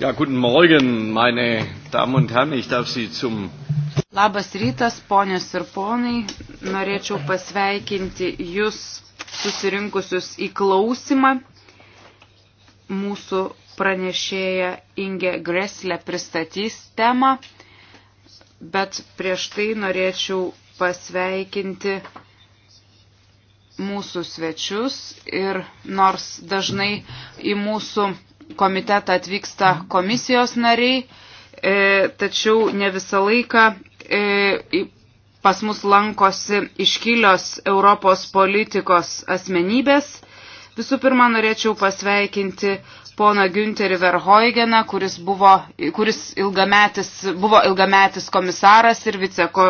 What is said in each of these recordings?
Ja, guten Morgen, meine Damen und Herren, ich darf Sie zum. Labas rytas, ponios ir ponai. Norėčiau pasveikinti Jūs susirinkusius į klausimą. Mūsų pranešėja Inge Greslė pristatys temą, bet prieš tai norėčiau pasveikinti mūsų svečius ir nors dažnai į mūsų komitetą atvyksta komisijos nariai, e, tačiau ne visą laiką e, pas mus lankosi iškilios Europos politikos asmenybės. Visų pirma, norėčiau pasveikinti poną Günterį Verhoigeną, kuris, buvo, kuris ilgametis, buvo ilgametis komisaras ir viceko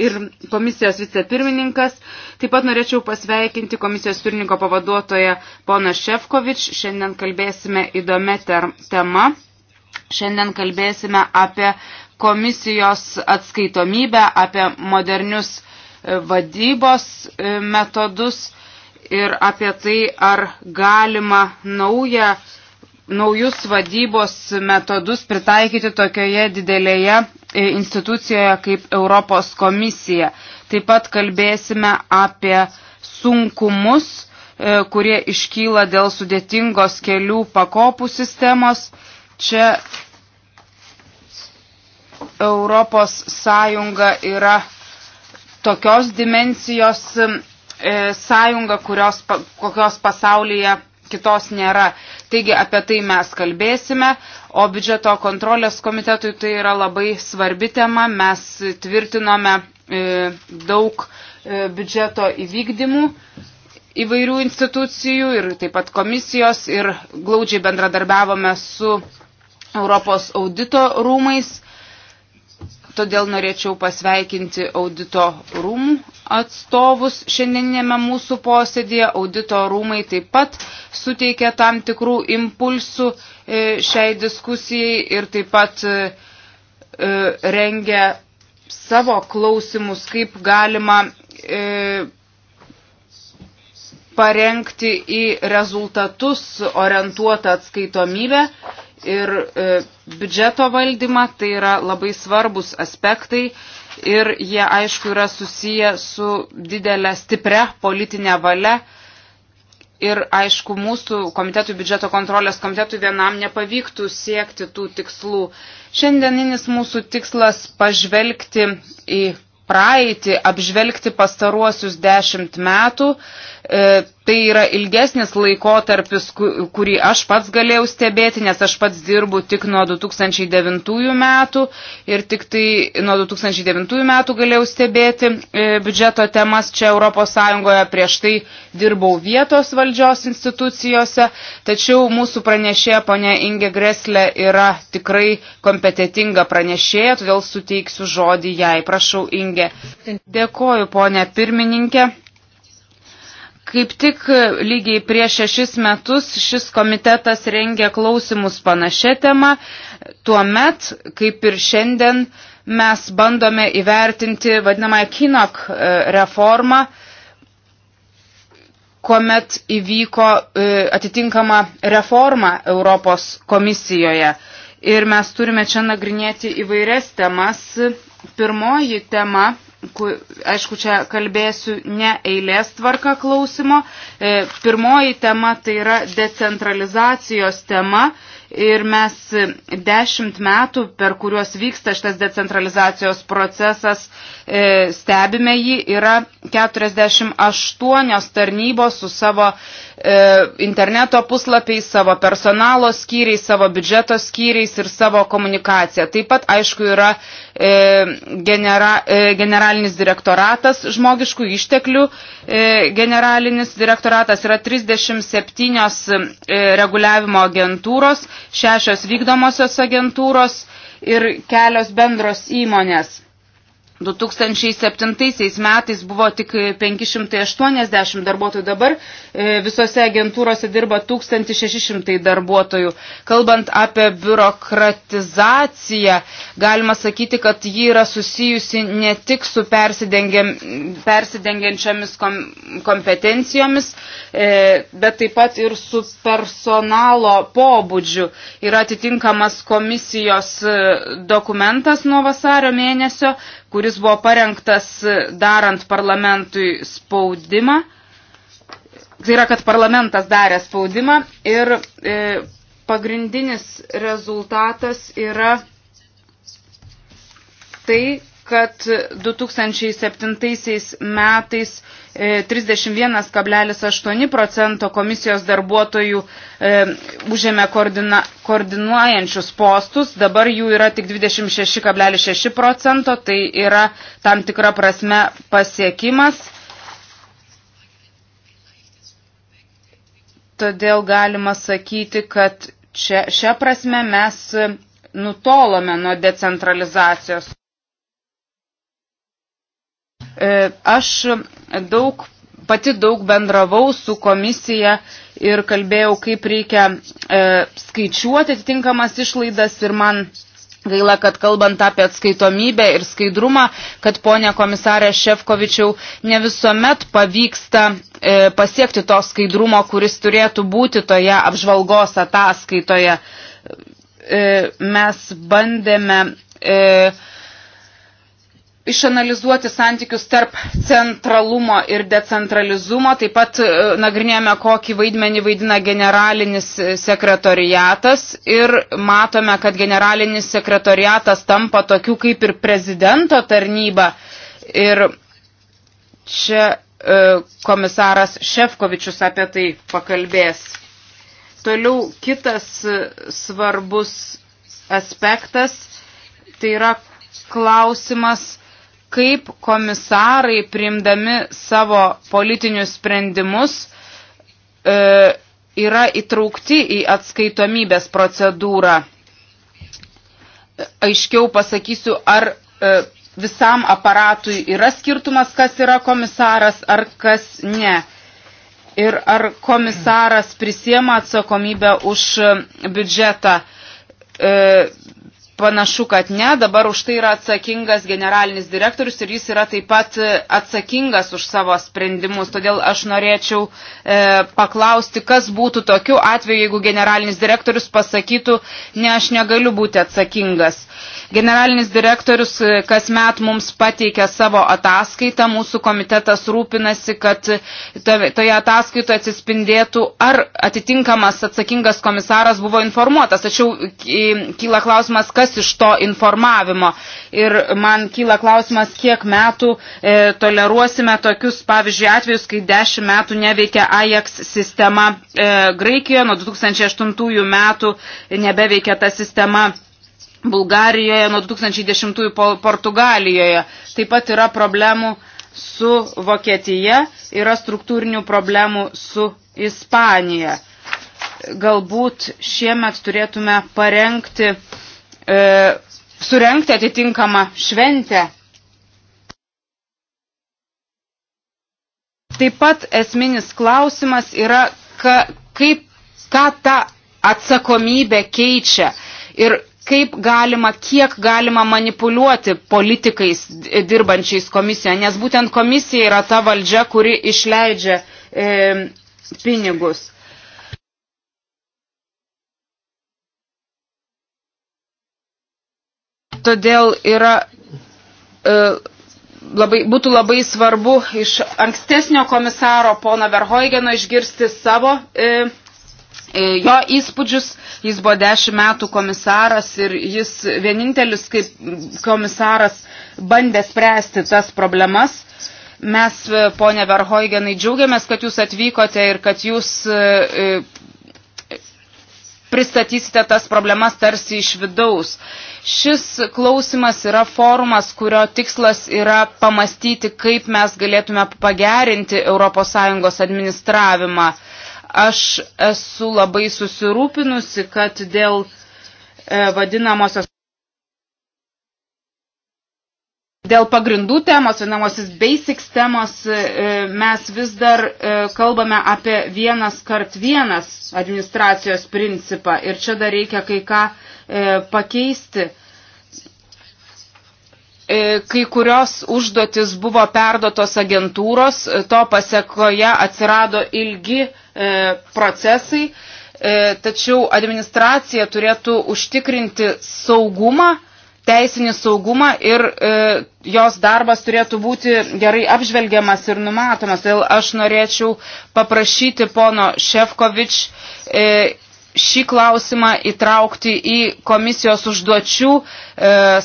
ir komisijos vicepirmininkas. Taip pat norėčiau pasveikinti komisijos pirmininko pavaduotoją poną Šefkovič. Šiandien kalbėsime įdomią temą. Šiandien kalbėsime apie komisijos atskaitomybę, apie modernius e, vadybos e, metodus ir apie tai, ar galima naują naujus vadybos metodus pritaikyti tokioje didelėje e, institucijoje kaip Europos komisija. Taip pat kalbėsime apie sunkumus, e, kurie iškyla dėl sudėtingos kelių pakopų sistemos. Čia Europos sąjunga yra tokios dimensijos e, sąjunga, kurios, kokios pasaulyje kitos nėra. Taigi apie tai mes kalbėsime, o biudžeto kontrolės komitetui tai yra labai svarbi tema. Mes tvirtinome e, daug e, biudžeto įvykdymų įvairių institucijų ir taip pat komisijos ir glaudžiai bendradarbiavome su Europos audito rūmais todėl norėčiau pasveikinti audito rūmų atstovus šiandieninėme mūsų posėdėje. Audito rūmai taip pat suteikė tam tikrų impulsų e, šiai diskusijai ir taip pat e, e, rengia savo klausimus, kaip galima parengti į rezultatus orientuotą atskaitomybę ir e, biudžeto valdymą, tai yra labai svarbus aspektai ir jie aišku yra susiję su didelė stipria politinė valia. Ir aišku, mūsų komitetui, biudžeto kontrolės komitetui vienam nepavyktų siekti tų tikslų. Šiandieninis mūsų tikslas pažvelgti į praeitį, apžvelgti pastaruosius dešimt metų. E, tai yra ilgesnis laikotarpis, kurį aš pats galėjau stebėti, nes aš pats dirbu tik nuo 2009 metų ir tik tai nuo 2009 metų galėjau stebėti e, biudžeto temas čia ES, prieš tai dirbau vietos valdžios institucijose, tačiau mūsų pranešėja ponė Inge Greslė yra tikrai kompetitinga pranešėja, todėl suteiksiu žodį jai. Prašau, Inge. Kienge. Dėkoju, ponė pirmininkė. Kaip tik lygiai prieš šešis metus šis komitetas rengė klausimus panašią temą. Tuomet, kaip ir šiandien, mes bandome įvertinti vadinamąją Kinok e, reformą, kuomet įvyko e, atitinkama reforma Europos komisijoje. Ir mes turime čia nagrinėti įvairias temas Pirmoji tema, kur, aišku, čia kalbėsiu ne eilės tvarka klausimo. E, pirmoji tema tai yra decentralizacijos tema ir mes dešimt metų, per kuriuos vyksta šitas decentralizacijos procesas, e, stebime jį, yra 48 tarnybos su savo E, interneto puslapiais, savo personalo skyriais, savo biudžeto skyriais ir savo komunikaciją. Taip pat, aišku, yra e, genera, e, generalinis direktoratas, žmogiškų išteklių generalinis direktoratas yra 37 reguliavimo agentūros, 6 vykdomosios agentūros ir kelios bendros įmonės. 2007 metais buvo tik 580 darbuotojų, dabar e, visose agentūrose dirba 1600 darbuotojų. Kalbant apie biurokratizaciją, galima sakyti, kad ji yra susijusi ne tik su persidengiančiamis kom, kompetencijomis, e, bet taip pat ir su personalo pobūdžiu. Yra atitinkamas komisijos e, dokumentas nuo vasario mėnesio, kuris buvo parengtas darant parlamentui spaudimą. Tai yra, kad parlamentas darė spaudimą ir e, pagrindinis rezultatas yra tai, kad 2007 metais 31,8 e, procento komisijos darbuotojų e, užėmė koordina, koordinuojančius postus, dabar jų yra tik 26,6 procento, tai yra tam tikra prasme pasiekimas. Todėl galima sakyti, kad čia, šią prasme mes nutolome nuo decentralizacijos. E, aš daug, pati daug bendravau su komisija ir kalbėjau, kaip reikia e, skaičiuoti atitinkamas išlaidas ir man Gaila, kad kalbant apie atskaitomybę ir skaidrumą, kad ponė komisarė Šefkovičiau ne visuomet pavyksta e, pasiekti to skaidrumo, kuris turėtų būti toje apžvalgos ataskaitoje. E, mes bandėme e, išanalizuoti santykius tarp centralumo ir decentralizumo. Taip pat e, nagrinėjame, kokį vaidmenį vaidina generalinis e, sekretoriatas ir matome, kad generalinis sekretoriatas tampa tokiu kaip ir prezidento tarnyba. Ir čia e, komisaras Šefkovičius apie tai pakalbės. Toliau kitas svarbus aspektas, tai yra klausimas, kaip komisarai primdami savo politinius sprendimus e, yra įtraukti į atskaitomybės procedūrą. Aiškiau pasakysiu, ar e, visam aparatui yra skirtumas, kas yra komisaras ar kas ne. Ir ar komisaras prisiema atsakomybę už biudžetą. E, Panašu, kad ne, dabar už tai yra atsakingas generalinis direktorius ir jis yra taip pat e, atsakingas už savo sprendimus. Todėl aš norėčiau e, paklausti, kas būtų tokiu atveju, jeigu generalinis direktorius pasakytų, ne, aš negaliu būti atsakingas. Generalinis direktorius e, kasmet mums pateikia savo ataskaitą, mūsų komitetas rūpinasi, kad toje ataskaitoje atsispindėtų, ar atitinkamas atsakingas komisaras buvo informuotas. Tačiau e, kyla klausimas, kas naudas iš to informavimo. Ir man kyla klausimas, kiek metų e, toleruosime tokius, pavyzdžiui, atvejus, kai 10 metų neveikia AJAX sistema e, Graikijoje, nuo 2008 metų nebeveikia ta sistema. Bulgarijoje, nuo 2010 Portugalijoje. Taip pat yra problemų su Vokietija, yra struktūrinių problemų su Ispanija. Galbūt šiemet turėtume parengti e, surenkti atitinkamą šventę. Taip pat esminis klausimas yra, ka, kaip, ką ta atsakomybė keičia ir kaip galima, kiek galima manipuliuoti politikais dirbančiais komisijoje, nes būtent komisija yra ta valdžia, kuri išleidžia e, pinigus. Todėl yra e, labai, būtų labai svarbu iš ankstesnio komisaro pono Verhoigeno išgirsti savo e, e, jo įspūdžius. Jis buvo dešimt metų komisaras ir jis vienintelis kaip komisaras bandė spręsti tas problemas. Mes, e, ponė Verhoigenai, džiaugiamės, kad jūs atvykote ir kad jūs e, e pristatysite tas problemas tarsi iš vidaus. Šis klausimas yra forumas, kurio tikslas yra pamastyti, kaip mes galėtume pagerinti ES administravimą. Aš esu labai susirūpinusi, kad dėl e, vadinamosios Dėl pagrindų temos, vienamosios basics temos, e, mes vis dar e, kalbame apie vienas kart vienas administracijos principą ir čia dar reikia kai ką e, pakeisti kai kurios užduotis buvo perdotos agentūros, to pasiekoje atsirado ilgi procesai, tačiau administracija turėtų užtikrinti saugumą teisinį saugumą ir e, jos darbas turėtų būti gerai apžvelgiamas ir numatomas. Todėl aš norėčiau paprašyti pono Šefkovič e, šį klausimą įtraukti į komisijos užduočių e,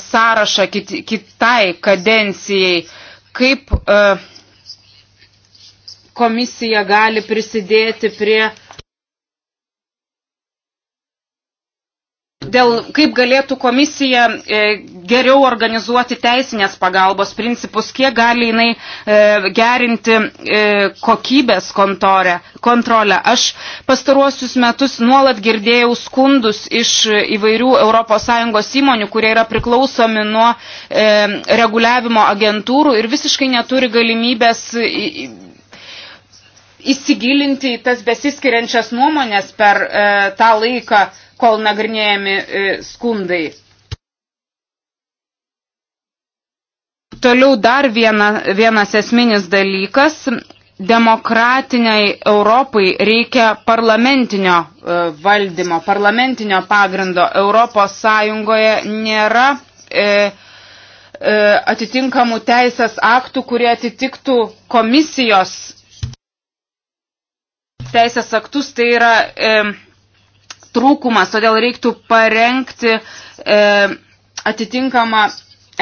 sąrašą kit, kitai kadencijai. Kaip e, komisija gali prisidėti prie dėl kaip galėtų komisija e, geriau organizuoti teisinės pagalbos principus, kiek gali jinai e, gerinti e, kokybės kontorę, kontrolę. Aš pastaruosius metus nuolat girdėjau skundus iš įvairių ES įmonių, kurie yra priklausomi nuo reguliavimo agentūrų ir visiškai neturi galimybės įsigilinti į tas besiskiriančias nuomonės per e, tą laiką, kol nagrinėjami e, skundai. Toliau dar viena, vienas esminis dalykas. Demokratiniai Europai reikia parlamentinio e, valdymo, parlamentinio pagrindo. Europos Sąjungoje nėra e, e, atitinkamų teisės aktų, kurie atitiktų komisijos teisės aktus. Tai yra e, trūkumas, todėl reiktų parengti e, atitinkamą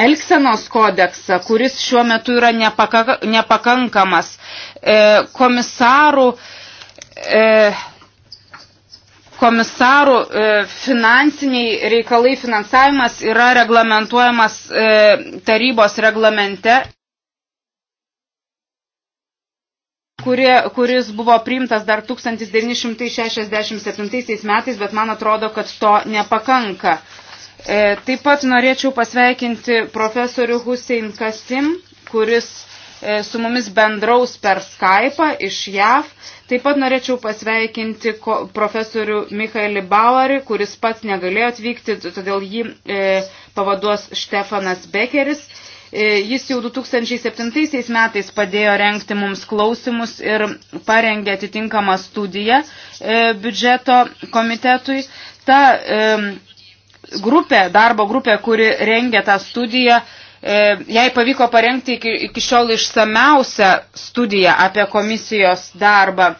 Elksenos kodeksą, kuris šiuo metu yra nepaka, nepakankamas. E, komisarų, e, komisarų e, finansiniai reikalai finansavimas yra reglamentuojamas e, tarybos reglamente. kurie, kuris buvo priimtas dar 1967 metais, bet man atrodo, kad to nepakanka. E, taip pat norėčiau pasveikinti profesorių Hussein Kasim, kuris e, su mumis bendraus per Skype iš JAV. Taip pat norėčiau pasveikinti profesorių Michaelį Bauerį, kuris pats negalėjo atvykti, todėl jį e, pavaduos Štefanas Bekeris. E, jis jau 2007 metais padėjo renkti mums klausimus ir parengė atitinkamą studiją e, biudžeto komitetui. Ta e, grupė, darbo grupė, kuri rengė tą studiją, jai pavyko parengti iki, iki šiol išsameusią studiją apie komisijos darbą.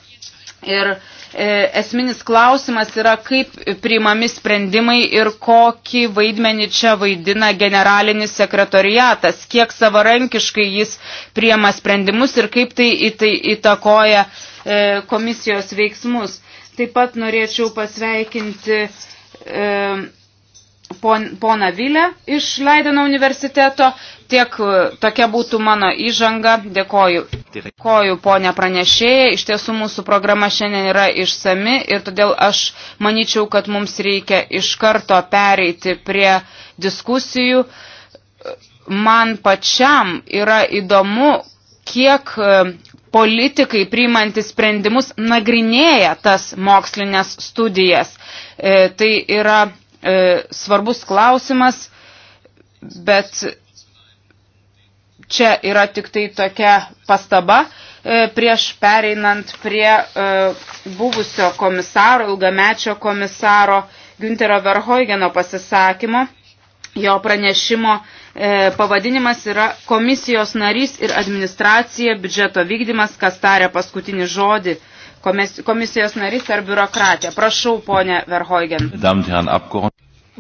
Ir E, esminis klausimas yra, kaip priimami sprendimai ir kokį vaidmenį čia vaidina generalinis sekretoriatas, kiek savarankiškai jis priima sprendimus ir kaip tai, tai įtakoja e, komisijos veiksmus. Taip pat norėčiau pasveikinti e, pon, poną Vilę iš Leideno universiteto. Tiek e, tokia būtų mano įžanga. Dėkoju. Dėkoju, ponė pranešėja. Iš tiesų mūsų programa šiandien yra išsami ir todėl aš manyčiau, kad mums reikia iš karto pereiti prie diskusijų. Man pačiam yra įdomu, kiek e, politikai priimantis sprendimus nagrinėja tas mokslinės studijas. E, tai yra e, svarbus klausimas, bet čia yra tik tai tokia pastaba e, prieš pereinant prie e, buvusio komisaro, ilgamečio komisaro Günterio Verhoigeno pasisakymo. Jo pranešimo e, pavadinimas yra Komisijos narys ir administracija biudžeto vykdymas, kas tarė paskutinį žodį komisijos narys ar biurokratė. Prašau, ponė Verhoigen.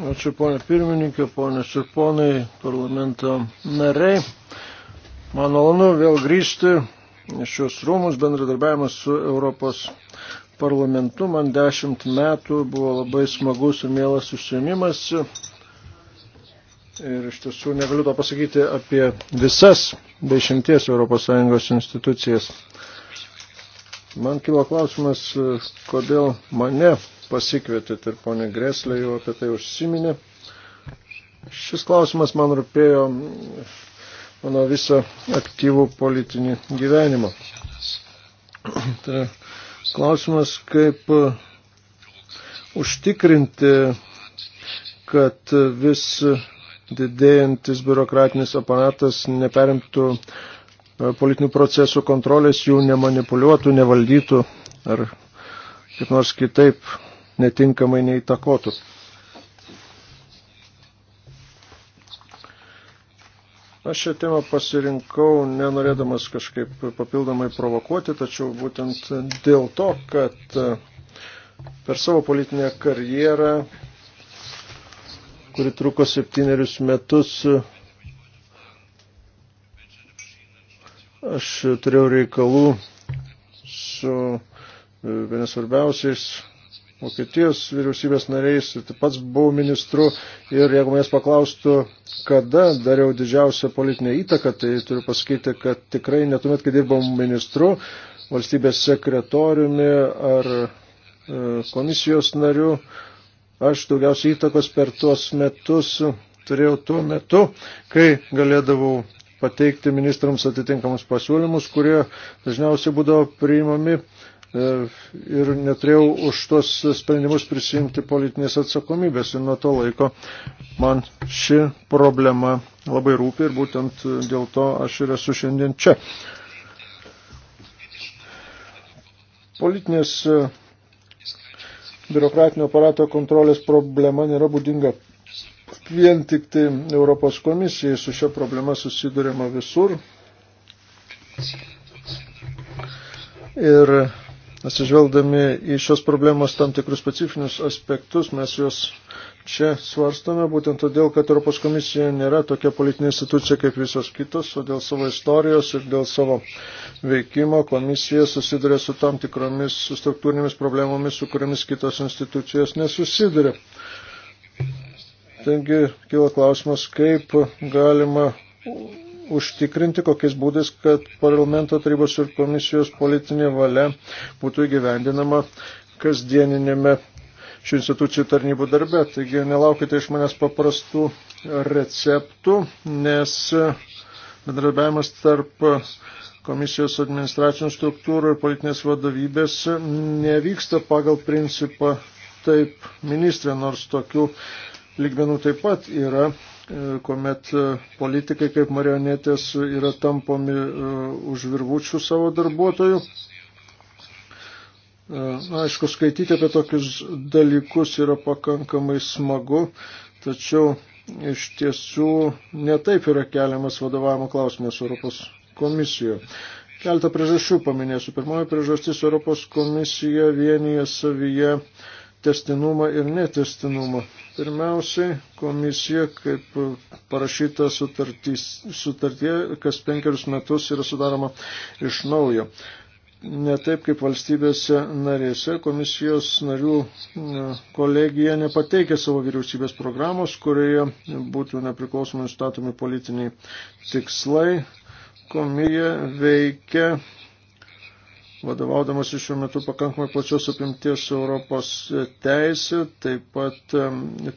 Ačiū, ponė pirmininkė, ponė ir ponai, parlamento nariai. Man malonu vėl grįžti iš šios rūmus bendradarbiavimas su Europos parlamentu. Man dešimt metų buvo labai smagus ir mielas užsienimas. Ir iš tiesų negaliu to pasakyti apie visas be šimties ES institucijas. Man kilo klausimas, kodėl mane pasikvietėte ir ponė Greslė jau apie tai užsiminė. Šis klausimas man rūpėjo mano visą aktyvų politinį gyvenimą. Tai yra klausimas, kaip uh, užtikrinti, kad vis didėjantis biurokratinis aparatas neperimtų uh, E, politinių procesų kontrolės, jų nemanipuliuotų, nevaldytų ar kaip nors kitaip netinkamai neįtakotų. Aš šią temą pasirinkau nenorėdamas kažkaip papildomai provokuoti, tačiau būtent dėl to, kad e, per savo politinę karjerą, kuri truko septynerius metus, Aš turėjau reikalų su e, vienas svarbiausiais Vokietijos vyriausybės nariais, taip pats buvau ministru ir jeigu manęs paklaustų, kada dariau didžiausią politinę įtaką, tai turiu pasakyti, kad tikrai netuomet, kai dirbau ministru, valstybės sekretoriumi ar e, komisijos nariu, aš daugiausiai įtakos per tuos metus turėjau tuo metu, kai galėdavau pateikti ministrams atitinkamus pasiūlymus, kurie dažniausiai būdavo priimami e, ir neturėjau už tos sprendimus prisijimti politinės atsakomybės. Ir nuo to laiko man ši problema labai rūpi ir būtent dėl to aš ir esu šiandien čia. Politinės e, biurokratinio aparato kontrolės problema nėra būdinga vien tik tai Europos komisijai su šia problema susidurima visur. Ir atsižvelgdami į šios problemos tam tikrus specifinius aspektus, mes juos čia svarstame, būtent todėl, kad Europos komisija nėra tokia politinė institucija kaip visos kitos, o dėl savo istorijos ir dėl savo veikimo komisija susiduria su tam tikromis struktūrinėmis problemomis, su kuriamis kitos institucijos nesusiduria. Taigi kilo klausimas, kaip galima užtikrinti, kokiais būdais, kad parlamento tarybos ir komisijos politinė valia būtų įgyvendinama kasdieninėme šių institucijų tarnybų darbe. Taigi nelaukite iš manęs paprastų receptų, nes bendradarbiavimas tarp komisijos administracinių struktūrų ir politinės vadovybės nevyksta pagal principą taip ministrė, nors tokių lygmenų taip pat yra, e, kuomet e, politikai kaip marionetės yra tampomi e, už virvučių savo darbuotojų. Na, aišku, skaityti apie tokius dalykus yra pakankamai smagu, tačiau iš tiesų netaip yra keliamas vadovavimo klausimas Europos komisijoje. Keltą priežasčių paminėsiu. Pirmoji priežastis Europos komisija vienyje savyje testinumą ir netestinumą. Pirmiausiai, komisija, kaip parašyta sutartys, sutartie, kas penkerius metus yra sudaroma iš naujo. Ne taip kaip valstybėse narėse, komisijos narių e, kolegija nepateikė savo vyriausybės programos, kurioje būtų nepriklausomai nustatomi politiniai tikslai. Komija veikia vadovaudamas šiuo metu pakankamai plačios apimties Europos teisė, taip pat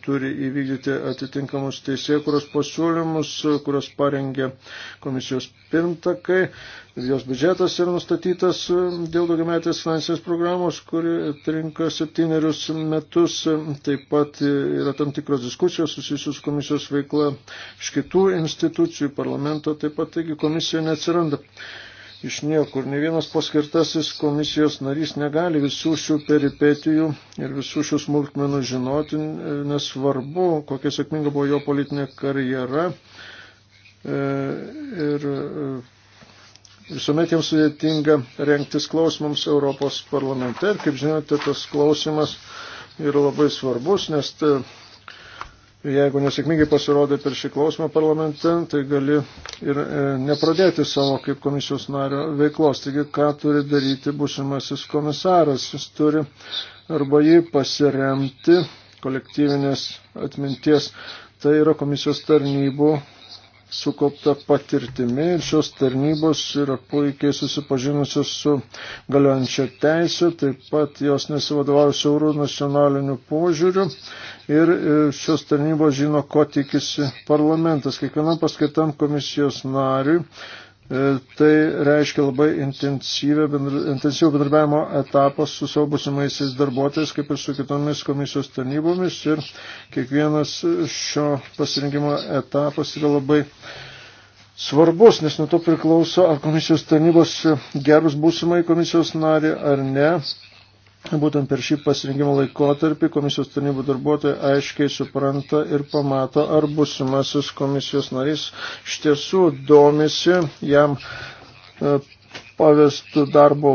turi įvykdyti atitinkamus teisėkuros pasiūlymus, kurios parengė komisijos pirmtakai. Jos biudžetas yra nustatytas dėl daugiametės finansinės programos, kuri trinka septynerius metus. Taip pat yra tam tikros diskusijos susijusios komisijos veikla iš kitų institucijų, parlamento, taip pat taigi komisija neatsiranda iš niekur. Ne vienas paskirtasis komisijos narys negali visų šių peripetijų ir visų šių smulkmenų žinoti, nesvarbu, kokia sėkminga buvo jo politinė karjera. E, ir e, visuomet jiems sudėtinga renktis klausimams Europos parlamente. Ir kaip žinote, tas klausimas yra labai svarbus, nes e, jeigu nesėkmingai pasirodai per šį klausimą parlamente, tai gali ir e, nepradėti savo kaip komisijos nario veiklos. Taigi, ką turi daryti būsimasis komisaras? Jis turi arba jį pasiremti kolektyvinės atminties. Tai yra komisijos tarnybų sukaupta patirtimi ir šios tarnybos yra puikiai susipažinusios su galiojančia teisė, taip pat jos nesivadovauja siaurų nacionalinių požiūrių ir e, šios tarnybos žino, ko tikisi parlamentas. Kiekvienam paskirtam komisijos nariui E, tai reiškia labai intensyvų bendradarbiavimo etapą su savo busimaisiais darbuotojais, kaip ir su kitomis komisijos tarnybomis. Ir kiekvienas šio pasirinkimo etapas yra labai svarbus, nes nuo to priklauso, ar komisijos tarnybos gerus būsimai komisijos nari ar ne. Būtent per šį pasirinkimo laikotarpį komisijos tarnybų darbuotojai aiškiai supranta ir pamato, ar busimasis komisijos narys iš tiesų domisi jam e, pavestų darbo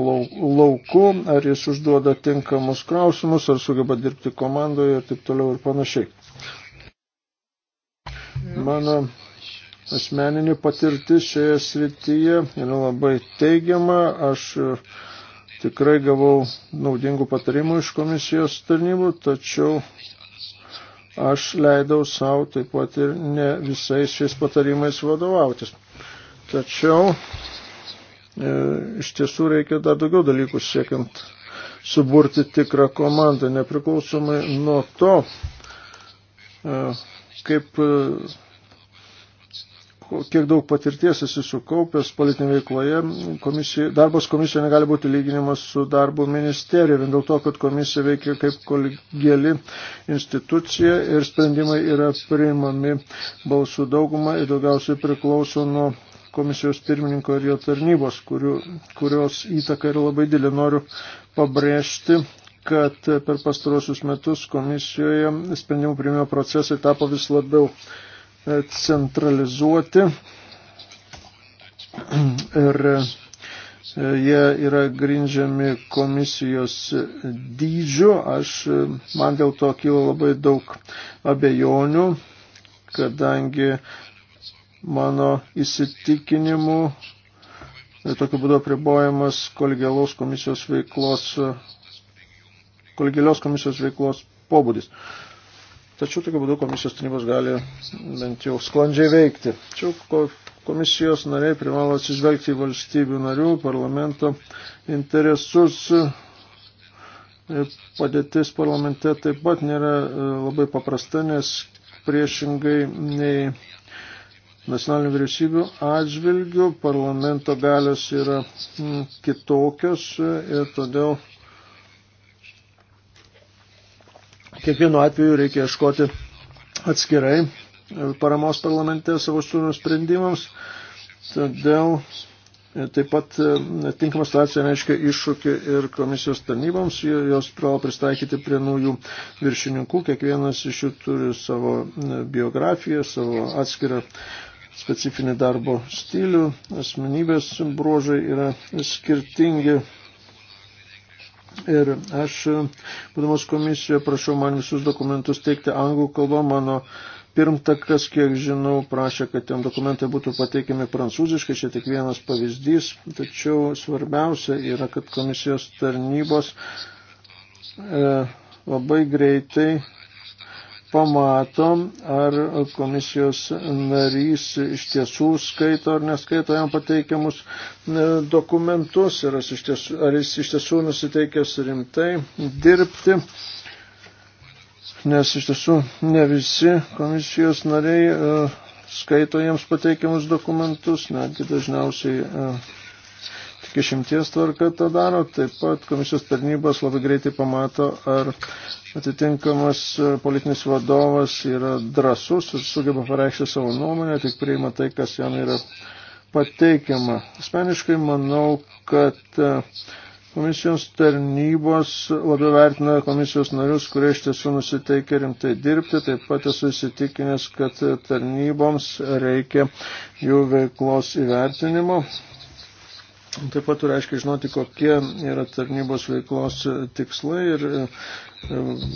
lauku, ar jis užduoda tinkamus klausimus, ar sugeba dirbti komandoje ir taip toliau ir panašiai. Mano asmeninė patirtis šioje srityje yra labai teigiama. Aš Tikrai gavau naudingų patarimų iš komisijos tarnybų, tačiau aš leidau savo taip pat ir ne visais šiais patarimais vadovautis. Tačiau e, iš tiesų reikia dar daugiau dalykų siekiant suburti tikrą komandą, nepriklausomai nuo to, e, kaip e, kiek daug patirties esi sukaupęs politinėje veikloje, komisija, darbas komisijoje negali būti lyginimas su darbu ministerija, vien dėl to, kad komisija veikia kaip kolegėli institucija ir sprendimai yra priimami balsų daugumą ir daugiausiai priklauso nuo komisijos pirmininko ir jo tarnybos, kurių, kurios įtaka yra labai didelė. Noriu pabrėžti, kad per pastarosius metus komisijoje sprendimų priimimo procesai tapo vis labiau centralizuoti ir e, jie yra grindžiami komisijos dydžiu. Aš, e, man dėl to kyla labai daug abejonių, kadangi mano įsitikinimu e, tokiu būdu apribojamas kolegialaus komisijos veiklos kolegialios komisijos veiklos pobūdis. Uh, Tačiau tokiu būdu komisijos tarnybos gali bent jau sklandžiai veikti. Tačiau komisijos nariai privalo atsižvelgti į valstybių narių, parlamento interesus. Padėtis parlamente taip pat nėra e, labai paprasta, nes priešingai nei nacionalinių vyriausybių atžvilgių parlamento galios yra mm, kitokios e, ir todėl Kiekvienu atveju reikia ieškoti atskirai e, paramos parlamente savo siūlymus sprendimams. Todėl e, taip pat e, tinkama situacija reiškia iššūkį ir komisijos tarnyboms. Jos privalo pristaikyti prie naujų viršininkų. Kiekvienas iš jų turi savo biografiją, savo atskirą specifinį darbo stilių. Asmenybės bruožai yra skirtingi Ir aš, būdamas komisijoje, prašau man visus dokumentus teikti anglų kalbą. Mano pirmtakas, kiek žinau, prašė, kad tiem dokumentai būtų pateikiami prancūziškai, čia tik vienas pavyzdys. Tačiau svarbiausia yra, kad komisijos tarnybos e, labai greitai pamatom, ar komisijos narys iš tiesų skaito ar neskaito jam pateikiamus e, dokumentus, ar jis iš tiesų, ar jis iš tiesų nusiteikęs rimtai dirbti, nes iš tiesų ne visi komisijos nariai e, skaito jiems pateikiamus dokumentus, netgi dažniausiai e, išimties tvarka tą daro. Taip pat komisijos tarnybos labai greitai pamato, ar atitinkamas e, politinis vadovas yra drasus ir sugeba pareikšti savo nuomonę, tik priima tai, kas jam yra pateikiama. Asmeniškai manau, kad e, komisijos tarnybos labiau vertina komisijos narius, kurie iš tiesų nusiteikia rimtai dirbti. Taip pat esu įsitikinęs, kad tarnyboms reikia jų veiklos įvertinimo. Taip pat turi aiškiai žinoti, kokie yra tarnybos veiklos tikslai ir e,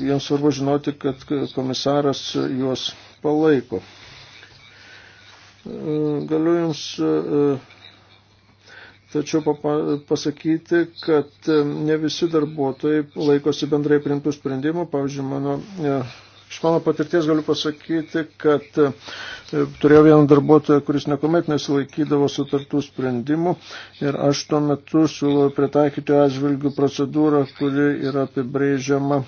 jiems svarbu žinoti, kad komisaras juos palaiko. E, galiu jums e, tačiau pasakyti, kad ne visi darbuotojai laikosi bendrai primtų sprendimų. Pavyzdžiui, mano Iš mano patirties galiu pasakyti, kad e, turėjau vieną darbuotoją, kuris niekuomet nesilaikydavo sutartų sprendimų ir aš tuo metu siūlau pritaikyti atžvilgių procedūrą, kuri yra apibrėžiama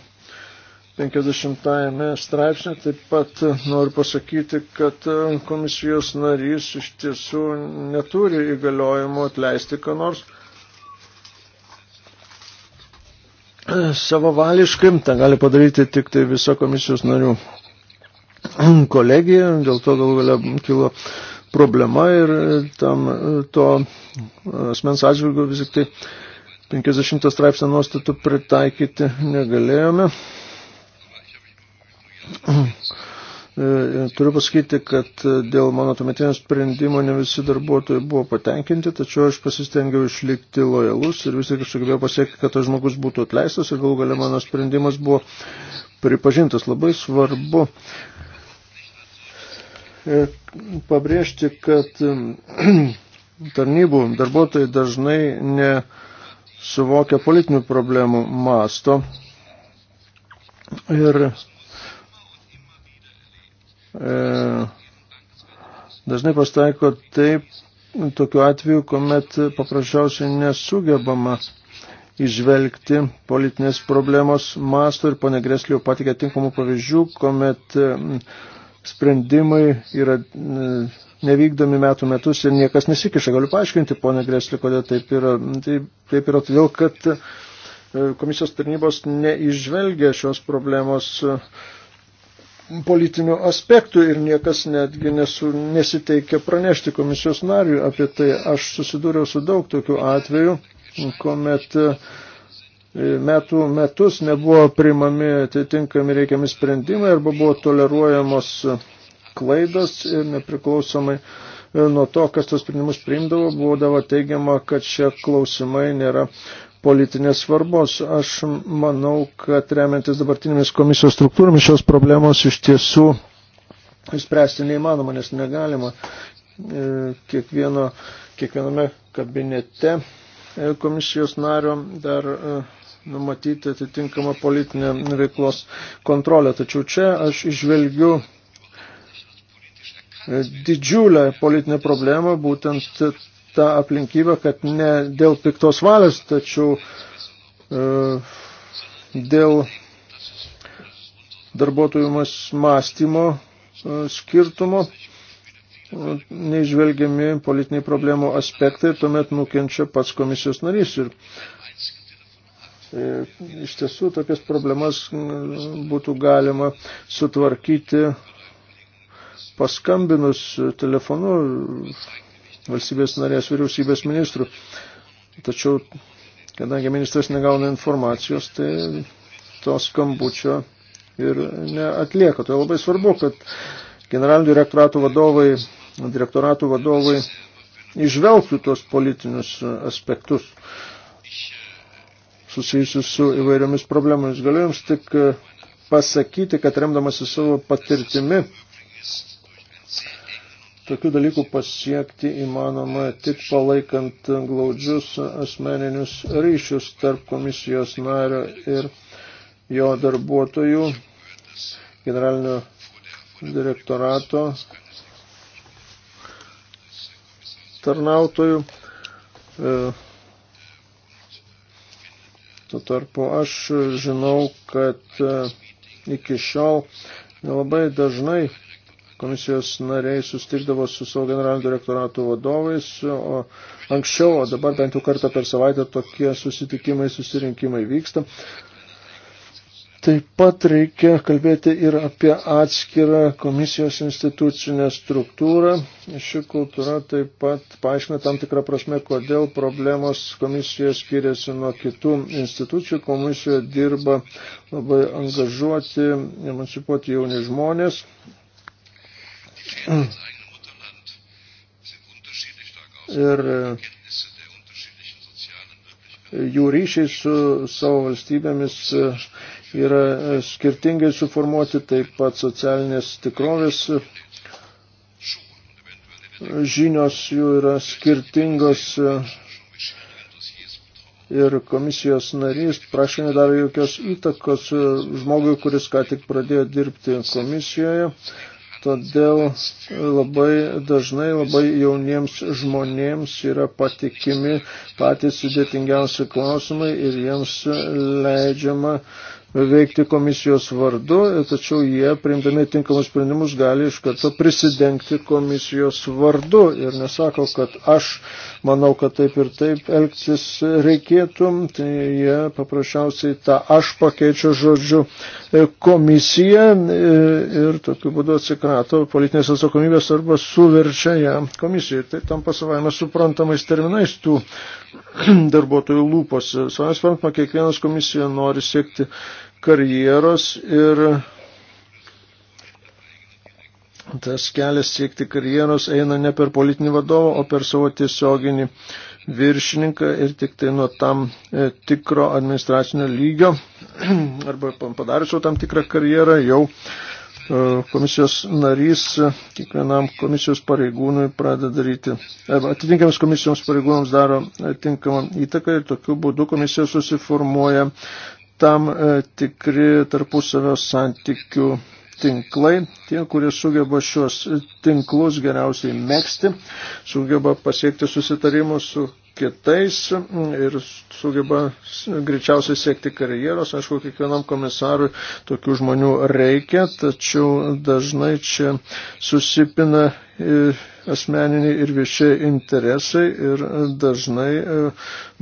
50 straipsnė. Taip pat noriu pasakyti, kad e, komisijos narys iš tiesų neturi įgaliojimo atleisti ką nors. savavališkai, tą gali padaryti tik tai viso komisijos narių kolegija, dėl to gal galia kilo problema ir tam to asmens atžvilgių vis tik tai 50 straipsnio nuostatų pritaikyti negalėjome. E, e, turiu pasakyti, kad e, dėl mano tuometinio sprendimo ne visi darbuotojai buvo patenkinti, tačiau aš pasistengiau išlikti lojalus ir vis tik aš sugebėjau pasiekti, kad tas žmogus būtų atleistas ir gal galia mano sprendimas buvo pripažintas. Labai svarbu pabrėžti, kad tarnybų darbuotojai dažnai nesuvokia politinių problemų masto ir E, dažnai pastaiko taip, tokiu atveju, kuomet paprasčiausiai nesugebama išvelgti politinės problemos masto ir ponė Greslio patikė tinkamų pavyzdžių, kuomet sprendimai yra e, nevykdomi metų metus ir niekas nesikiša. Galiu paaiškinti, ponė Greslio, kodėl taip yra. Taip, taip yra todėl, kad e, komisijos tarnybos neižvelgia šios problemos politinių aspektų ir niekas netgi nesu, nesiteikia pranešti komisijos nariui apie tai. Aš susidūriau su daug tokių atvejų, kuomet e, metų metus nebuvo priimami atitinkami reikiami sprendimai arba buvo toleruojamos klaidos ir nepriklausomai e, nuo to, kas tos sprendimus priimdavo, būdavo teigiama, kad šie klausimai nėra politinės svarbos. Aš manau, kad remiantis dabartinėmis komisijos struktūromis šios problemos iš tiesų spręsti neįmanoma, nes negalima e, kiekvieno, kiekviename kabinete e, komisijos nario dar e, numatyti atitinkamą politinę veiklos kontrolę. Tačiau čia aš išvelgiu didžiulę politinę problemą, būtent tą aplinkybę, kad ne dėl piktos valios, tačiau e, dėl darbuotojų mąstymo e, skirtumo e, neižvelgiami politiniai problemų aspektai ir tuomet nukenčia pats komisijos narys. Ir e, Iš tiesų, tokias problemas e, būtų galima sutvarkyti paskambinus telefonu valstybės narės vyriausybės ministrų. Tačiau, kadangi ministras negauna informacijos, tai to skambučio ir neatlieka. Tai labai svarbu, kad generalinių direktoratų vadovai, direktoratų vadovai išvelgtų tos politinius aspektus susijusius su įvairiomis problemomis. Galiu jums tik pasakyti, kad remdamasi savo patirtimi, Tokių dalykų pasiekti įmanoma tik palaikant glaudžius asmeninius ryšius tarp komisijos nario ir jo darbuotojų, generalinio direktorato tarnautojų. E, tuo tarpu aš žinau, kad e, iki šiol nelabai dažnai komisijos nariai sustiždavo su savo generalinio direktorato vadovais, o anksčiau, o dabar bent jau kartą per savaitę tokie susitikimai, susirinkimai vyksta. Taip pat reikia kalbėti ir apie atskirą komisijos institucinę struktūrą. Ši kultūra taip pat paaiškina tam tikrą prasme, kodėl problemos komisijoje skiriasi nuo kitų institucijų. Komisijoje dirba labai angažuoti, emancipuoti jauni žmonės. Mm. Ir e, jų ryšiai su savo valstybėmis e, yra e, skirtingai suformuoti, taip pat socialinės tikrovės žinios jų yra skirtingos ir komisijos narys prašymė dar jokios įtakos žmogui, kuris ką tik pradėjo dirbti komisijoje. Todėl labai dažnai labai jauniems žmonėms yra patikimi patys sudėtingiausi klausimai ir jiems leidžiama veikti komisijos vardu, tačiau jie, priimdami tinkamus sprendimus, gali iš karto prisidengti komisijos vardu ir nesako, kad aš manau, kad taip ir taip elgtis reikėtų, tai jie paprasčiausiai tą aš pakeičia žodžiu komisiją ir tokiu būdu atsikrato politinės atsakomybės arba suverčia ją komisijai. Tai tam pasavaime suprantamais terminais tų darbuotojų lūpose. Savai suprantama, kiekvienas komisija nori siekti karjeros ir tas kelias siekti karjeros eina ne per politinį vadovą, o per savo tiesioginį viršininką ir tik tai nuo tam e, tikro administracinio lygio arba padariusiu tam tikrą karjerą jau e, komisijos narys kiekvienam komisijos pareigūnui pradeda daryti, e, atitinkiams komisijoms pareigūnams daro atitinkamą įtaką ir tokiu būdu komisija susiformuoja tam e, tikri tarpusavio santykių tinklai, tie, kurie sugeba šios tinklus geriausiai mėgsti, sugeba pasiekti susitarimus su kitais ir sugeba greičiausiai siekti karjeros. Aišku, kiekvienam komisarui tokių žmonių reikia, tačiau dažnai čia susipina e, asmeniniai ir viešiai interesai ir dažnai e,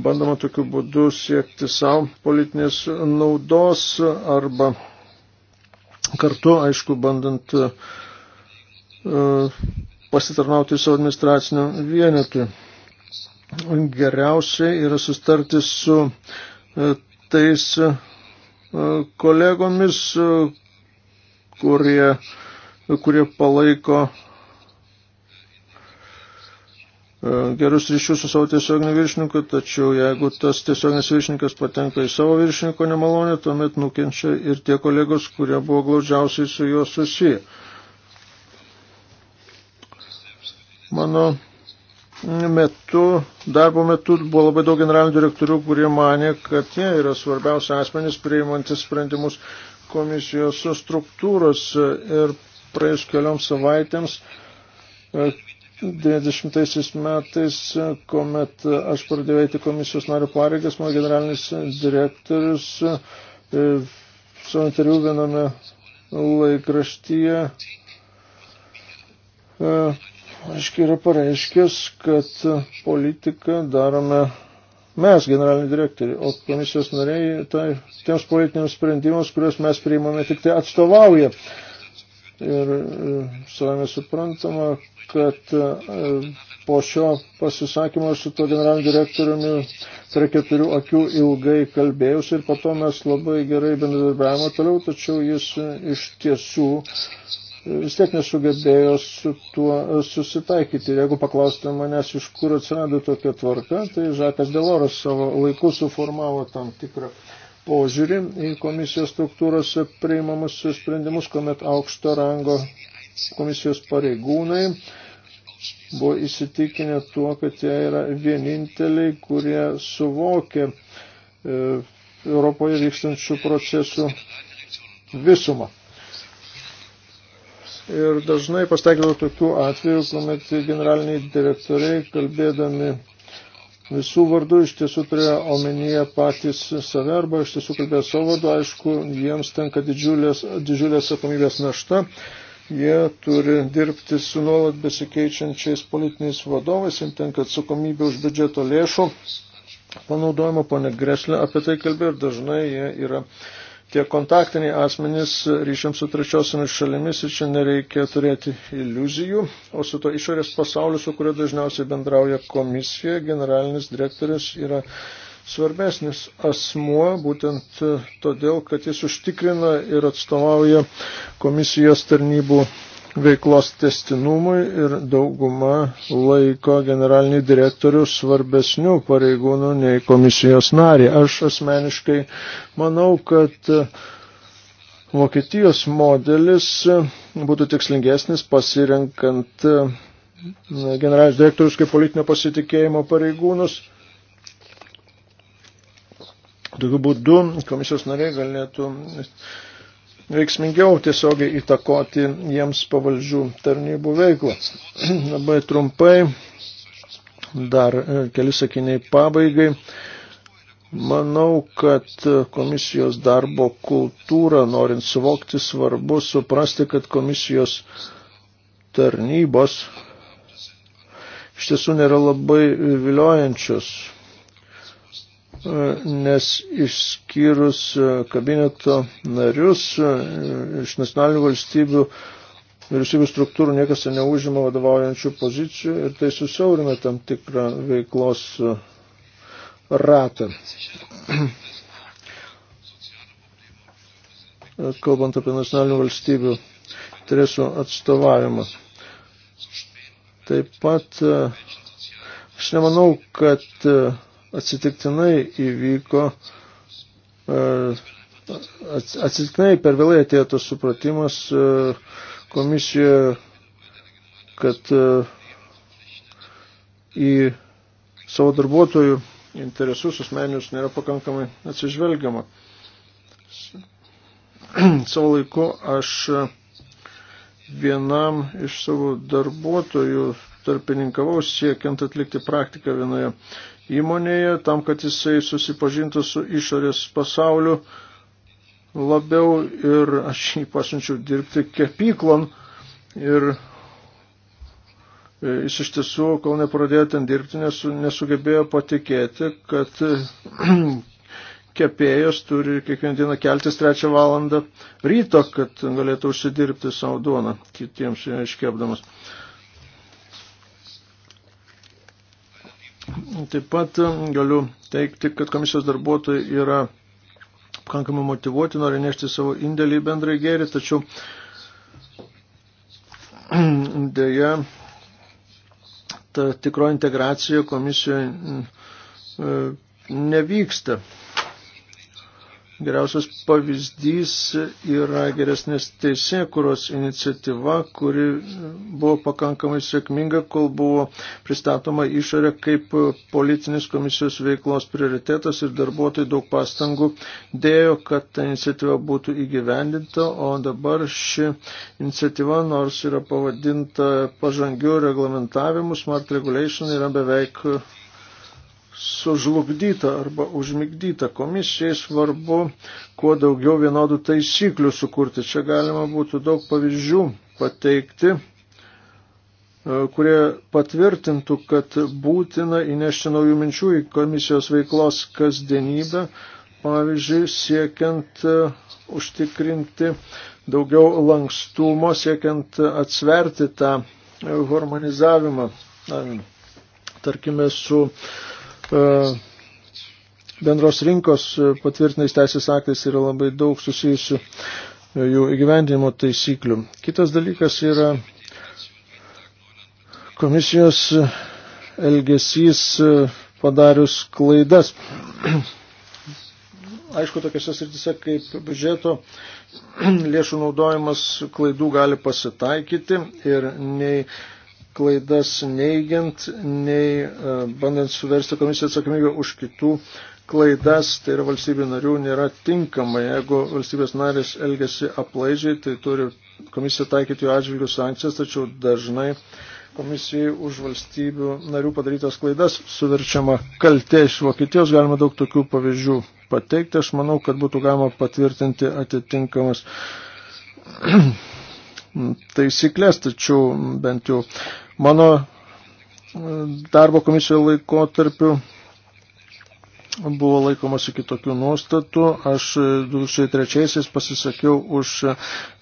bandoma tokiu būdu siekti savo politinės naudos arba kartu, aišku, bandant e, pasitarnauti savo administracinio vienetui. Geriausiai yra sustarti su e, tais kolegomis, kurie, kurie palaiko E, gerus ryšius su savo tiesioginiu viršininku, tačiau jeigu tas tiesioginis viršininkas patenka į savo viršininko nemalonę, tuomet nukenčia ir tie kolegos, kurie buvo glaudžiausiai su juo susiję. Mano metu, darbo metu buvo labai daug generalinių direktorių, kurie manė, kad jie yra svarbiausia asmenys priimantis sprendimus komisijos struktūros ir praėjus kelioms savaitėms e, 90 metais, kuomet aš pradėjau eiti komisijos nario pareigas, mano generalinis direktorius e, savo interviu viename laikraštyje e, aiškiai yra pareiškęs, kad politiką darome mes, generaliniai direktoriai, o komisijos nariai tai, tiems politiniams sprendimams, kuriuos mes priimame, tik tai atstovauja. Ir e, savame suprantama, kad e, po šio pasisakymo su to generaliniu direktoriumi prie keturių akių ilgai kalbėjus ir po to mes labai gerai bendradarbiavome toliau, tačiau jis e, iš tiesų vis tiek nesugebėjo su tuo susitaikyti. Ir jeigu paklausite manęs, iš kur atsirado tokia tvarka, tai Žakas Deloras savo laiku suformavo tam tikrą požiūrį į komisijos struktūros priimamus sprendimus, kuomet aukšto rango komisijos pareigūnai buvo įsitikinę tuo, kad jie yra vieninteliai, kurie suvokė e, Europoje vykstančių procesų visumą. Ir dažnai pasteikdavo tokių atvejų, kuomet generaliniai direktoriai, kalbėdami visų vardų iš tiesų turėjo omenyje patys save arba iš tiesų kalbėjo savo vardu, aišku, jiems tenka didžiulės, didžiulės atsakomybės našta. Jie turi dirbti su nuolat besikeičiančiais politiniais vadovais, jiems tenka atsakomybė už biudžeto lėšų panaudojimą. Pone Greslė apie tai kalbėjo ir dažnai jie yra uh, tie kontaktiniai asmenys ryšiams su trečiosiomis šalimis ir čia nereikia turėti iliuzijų, o su to išorės pasauliu, su kuriuo dažniausiai bendrauja komisija, generalinis direktorius yra svarbesnis asmuo, būtent todėl, kad jis užtikrina ir atstovauja komisijos tarnybų veiklos testinumui ir dauguma laiko generalinių direktorių svarbesnių pareigūnų nei komisijos narį. Aš asmeniškai manau, kad Vokietijos modelis būtų tikslingesnis pasirinkant e, generalinius direktorius kaip politinio pasitikėjimo pareigūnus. Tokiu būdu komisijos nariai galėtų veiksmingiau tiesiogiai įtakoti jiems pavaldžių tarnybų veiklą. Labai trumpai, dar e, keli sakiniai pabaigai. Manau, kad komisijos darbo kultūra, norint suvokti, svarbu suprasti, kad komisijos tarnybos iš tiesų nėra labai viliojančios nes išskyrus e, kabineto narius e, iš nacionalinių valstybių vyriausybių struktūrų niekas neužima vadovaujančių pozicijų ir tai susiaurina tam tikrą veiklos e, ratą. Kalbant apie nacionalinių valstybių interesų atstovavimą. Taip pat aš nemanau, kad atsitiktinai įvyko, e, atsitiktinai per vėlai atėjo tas supratimas e, komisijoje, kad e, į savo darbuotojų interesus asmeninius nėra pakankamai atsižvelgiama. Savo laiku aš vienam iš savo darbuotojų tarpininkavau siekiant atlikti praktiką vienoje įmonėje, tam, kad jisai susipažintų su išorės pasauliu labiau ir aš jį pasiunčiau dirbti kepyklon ir e, jis iš tiesų, kol nepradėjo ten dirbti, nesu, nesugebėjo patikėti, kad kepėjas turi kiekvieną dieną keltis trečią valandą ryto, kad galėtų užsidirbti savo duoną kitiems iškepdamas. Taip pat e, galiu teikti, kad komisijos darbuotojai yra pakankamai motivuoti, nori nešti savo indėlį į bendrąjį gėrį, tačiau dėja ta tikro integracija komisijoje e, nevyksta. Geriausias pavyzdys yra geresnės teisėkuros iniciatyva, kuri buvo pakankamai sėkminga, kol buvo pristatoma išorė kaip politinis komisijos veiklos prioritetas ir darbuotojai daug pastangų dėjo, kad ta iniciatyva būtų įgyvendinta, o dabar ši iniciatyva, nors yra pavadinta pažangių reglamentavimu, smart regulation, yra beveik sužlugdyta arba užmigdyta. Komisijai svarbu kuo daugiau vienodų taisyklių sukurti. Čia galima būtų daug pavyzdžių pateikti, e, kurie patvirtintų, kad būtina įnešti naujų minčių į komisijos veiklos kasdienybę, pavyzdžiui, siekiant e, užtikrinti daugiau lankstumo, siekiant atsverti tą e, harmonizavimą, tarkime, su uh, E, bendros rinkos e, patvirtinais teisės aktais yra labai daug susijusių e, jų įgyvendinimo taisyklių. Kitas dalykas yra komisijos elgesys padarius klaidas. Aišku, tokiuose srityse kaip biudžeto lėšų naudojimas klaidų gali pasitaikyti ir nei klaidas neigiant, nei e, bandant suversti komisiją atsakomybę už kitų klaidas, tai yra valstybių narių, nėra tinkama. Jeigu valstybės narės elgesi aplaidžiai, tai turi komisija taikyti jų atžvilgių sankcijas, tačiau dažnai komisijai už valstybių narių padarytas klaidas suverčiama kaltė iš Vokietijos. Galima daug tokių pavyzdžių pateikti. Aš manau, kad būtų galima patvirtinti atitinkamas taisyklės, tačiau bent jau Mano e, darbo komisijoje laikotarpiu buvo laikomasi kitokių nuostatų. Aš 2003-aisiais e, pasisakiau už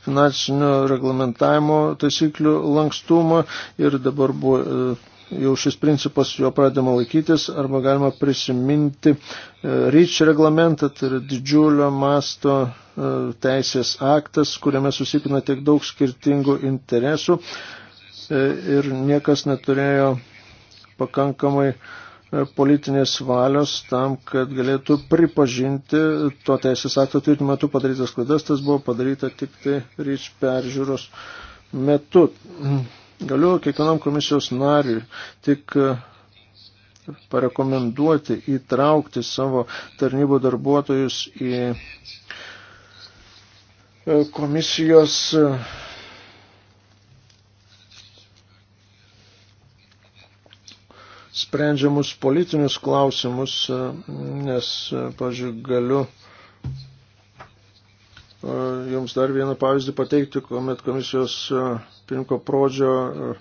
finansinio reglamentavimo taisyklių lankstumą ir dabar buvo e, jau šis principas jo pradėma laikytis arba galima prisiminti REACH reglamentą, tai yra didžiulio masto teisės aktas, kuriame susipina tiek daug skirtingų interesų E, ir niekas neturėjo pakankamai e, politinės valios tam, kad galėtų pripažinti to teisės akto tvirtinimo metu padarytas klaidas, tas buvo padaryta tik tai ryč peržiūros metu. Galiu kiekvienam komisijos nariui tik e, parekomenduoti įtraukti savo tarnybų darbuotojus į komisijos sprendžiamus politinius klausimus, e, nes, e, pažiūrėjau, galiu e, jums dar vieną pavyzdį pateikti, kuomet komisijos pirmko prodžio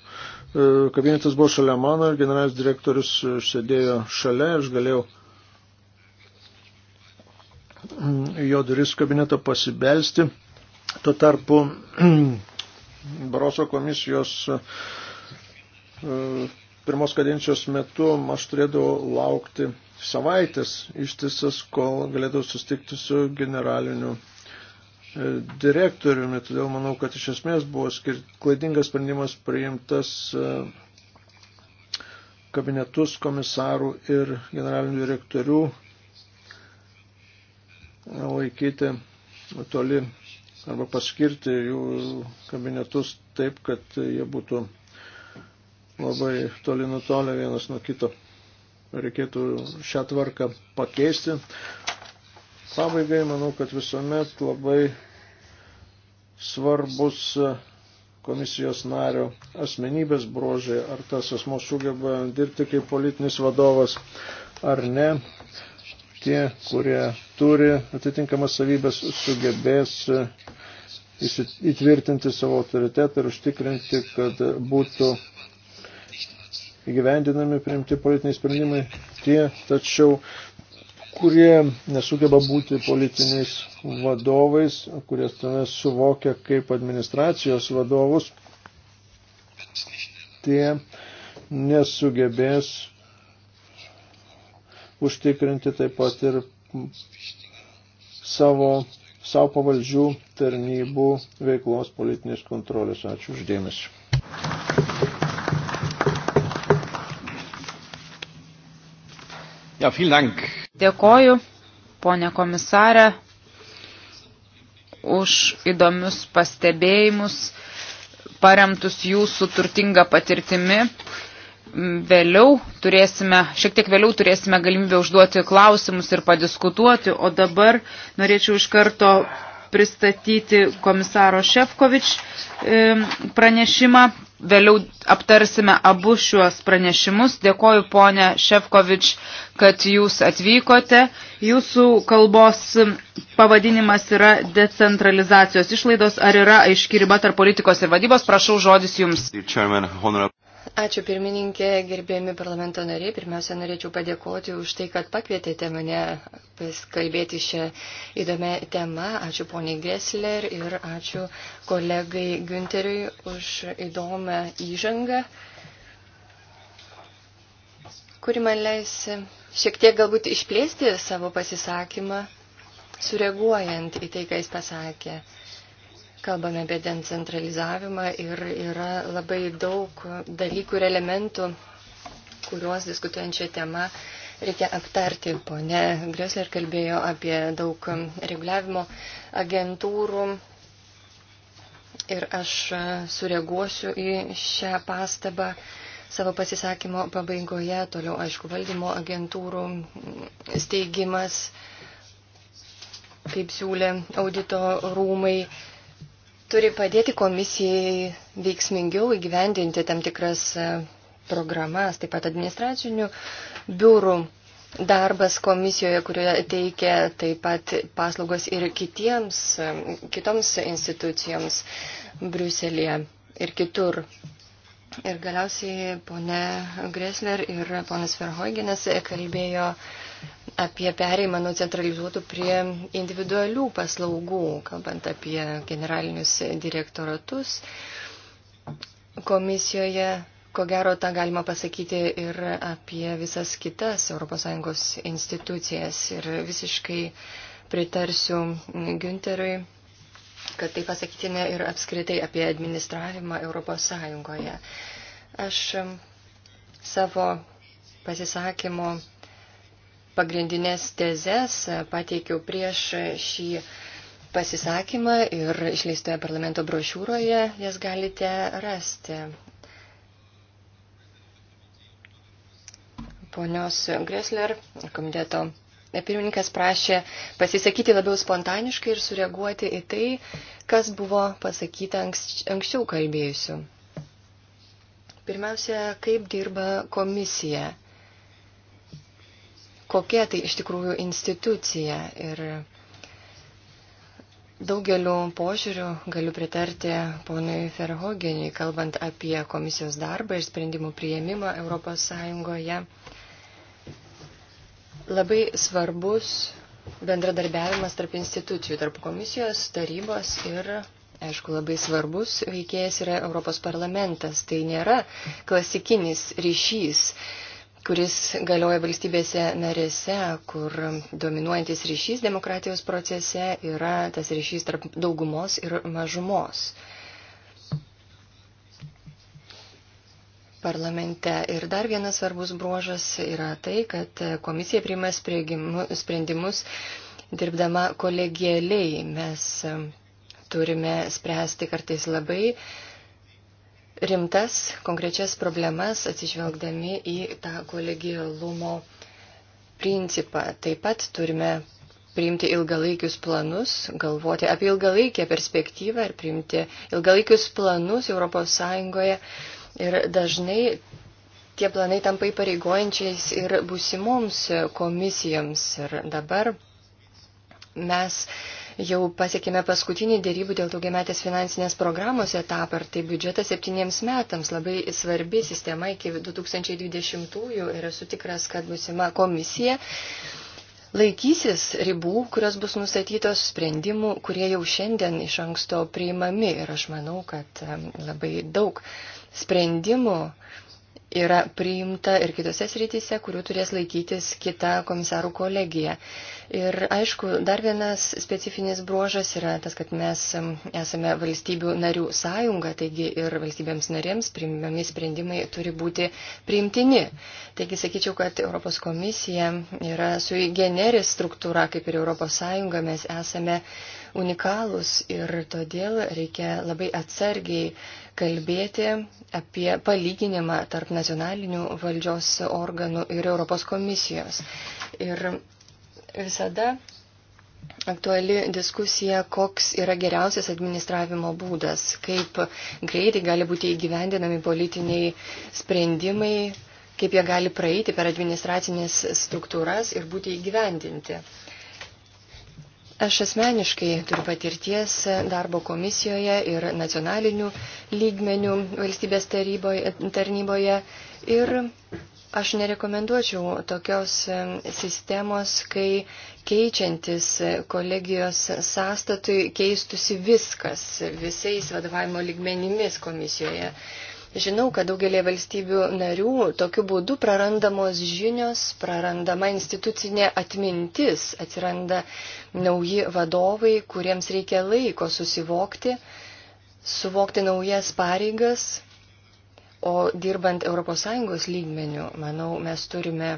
kabinetas buvo šalia mano ir generalinis direktorius sėdėjo šalia, aš galėjau mm, jo duris kabinetą pasibelsti. Tuo tarpu Baroso komisijos pirmos kadencijos metu aš turėdavau laukti savaitės ištisas, kol galėdavau sustikti su generaliniu e, direktoriumi. Todėl manau, kad iš esmės buvo skir... klaidingas sprendimas priimtas e, kabinetus komisarų ir generalinių direktorių e, laikyti toli arba paskirti jų kabinetus taip, kad jie būtų labai toli nutolę vienas nuo kito. Reikėtų šią tvarką pakeisti. Pabaigai manau, kad visuomet labai svarbus komisijos nario asmenybės brožai, ar tas asmo sugeba dirbti kaip politinis vadovas ar ne. Tie, kurie turi atitinkamas savybės, sugebės įtvirtinti savo autoritetą ir užtikrinti, kad būtų įgyvendinami priimti politiniai sprendimai tie, tačiau kurie nesugeba būti politiniais vadovais, kurie tave suvokia kaip administracijos vadovus, tie nesugebės užtikrinti taip pat ir savo, savo pavaldžių tarnybų veiklos politinės kontrolės. Ačiū uždėmesi. Ja, Dėkoju, ponė komisarė, už įdomius pastebėjimus, paremtus jūsų turtinga patirtimi. Vėliau turėsime, šiek tiek vėliau turėsime galimybę užduoti klausimus ir padiskutuoti, o dabar norėčiau iš karto pristatyti komisaro Šefkovič pranešimą vėliau aptarsime abu šiuos pranešimus. Dėkoju ponė Šefkovič, kad jūs atvykote. Jūsų kalbos pavadinimas yra decentralizacijos išlaidos. Ar yra aiški riba tarp politikos ir vadybos? Prašau žodis jums. Ačiū pirmininkė, gerbėjami parlamento nariai. Pirmiausia, norėčiau padėkoti už tai, kad pakvietėte mane kalbėti šią įdomią temą. Ačiū poniai Gessler ir ačiū kolegai Günteriui už įdomią įžangą, kuri man leis šiek tiek galbūt išplėsti savo pasisakymą, sureaguojant į tai, ką jis pasakė kalbame apie decentralizavimą ir yra labai daug dalykų ir elementų, kuriuos diskutuojant šią temą reikia aptarti. Pone Gresler kalbėjo apie daug reguliavimo agentūrų ir aš sureaguosiu į šią pastabą. Savo pasisakymo pabaigoje toliau, aišku, valdymo agentūrų steigimas, kaip siūlė audito rūmai, turi padėti komisijai veiksmingiau įgyvendinti tam tikras e, programas, taip pat administracinių biurų darbas komisijoje, kurioje teikia taip pat paslaugos ir kitiems, e, kitoms institucijoms Briuselėje ir kitur. Ir galiausiai ponė Gresler ir ponas Verhoiginas kalbėjo uh, apie pereimą nuo centralizuotų prie individualių paslaugų, kalbant apie generalinius direktoratus. Komisijoje, ko gero, tą galima pasakyti ir apie visas kitas ES institucijas. Ir visiškai pritarsiu Günterui kad tai pasakytina ir apskritai apie administravimą Europos Sąjungoje. Aš savo pasisakymo pagrindinės tezes e, pateikiau prieš šį pasisakymą ir išleistoje parlamento brošiūroje jas galite rasti. Ponios Gresler, komiteto pirmininkas prašė pasisakyti labiau spontaniškai ir sureaguoti į tai, kas buvo pasakyta anksčiau kalbėjusiu. Pirmiausia, kaip dirba komisija kokia tai iš tikrųjų institucija. Ir daugeliu požiūrių galiu pritarti ponui Ferhogeniui, kalbant apie komisijos darbą ir sprendimų prieimimą Europos Sąjungoje. Labai svarbus bendradarbiavimas tarp institucijų, tarp komisijos, tarybos ir aišku, labai svarbus veikėjas yra Europos parlamentas. Tai nėra klasikinis ryšys kuris galioja valstybėse narėse, kur dominuojantis ryšys demokratijos procese yra tas ryšys tarp daugumos ir mažumos. Parlamente. Ir dar vienas svarbus bruožas yra tai, kad komisija priima sprendimus dirbdama kolegialiai. Mes turime spręsti kartais labai uh, rimtas, konkrečias problemas atsižvelgdami į tą kolegialumo principą. Taip pat turime priimti ilgalaikius planus, galvoti apie ilgalaikę perspektyvą ir priimti ilgalaikius planus ES. Ir dažnai tie planai tampa įpareigojančiais ir būsimoms komisijoms. Ir dabar Mes jau pasiekėme paskutinį dėrybų dėl daugiametės finansinės programos etapą ir tai biudžetas septyniems metams labai svarbi sistema iki 2020-ųjų ir esu tikras, kad būsima komisija laikysis ribų, kurios bus nustatytos sprendimų, kurie jau šiandien iš anksto priimami ir aš manau, kad um, labai daug sprendimų yra priimta ir kitose srityse, kurių turės laikytis kita komisarų kolegija. Ir aišku, dar vienas specifinis bruožas yra tas, kad mes esame valstybių narių sąjunga, taigi ir valstybėms narėms priimami sprendimai turi būti priimtini. Taigi sakyčiau, kad Europos komisija yra sui generis struktūra, kaip ir Europos sąjunga, mes esame unikalūs ir todėl reikia labai atsargiai kalbėti apie palyginimą tarp nacionalinių valdžios organų ir Europos komisijos. Ir visada aktuali diskusija, koks yra geriausias administravimo būdas, kaip greitai gali būti įgyvendinami politiniai sprendimai, kaip jie gali praeiti per administracinės struktūras ir būti įgyvendinti. Aš asmeniškai turiu patirties darbo komisijoje ir nacionalinių lygmenių valstybės taryboje, tarnyboje ir aš nerekomenduočiau tokios sistemos, kai keičiantis kolegijos sąstatui keistusi viskas visais vadovavimo lygmenimis komisijoje. Žinau, kad daugelį valstybių narių tokiu būdu prarandamos žinios, prarandama institucinė atmintis, atsiranda nauji vadovai, kuriems reikia laiko susivokti, suvokti naujas pareigas, o dirbant ES lygmenių, manau, mes turime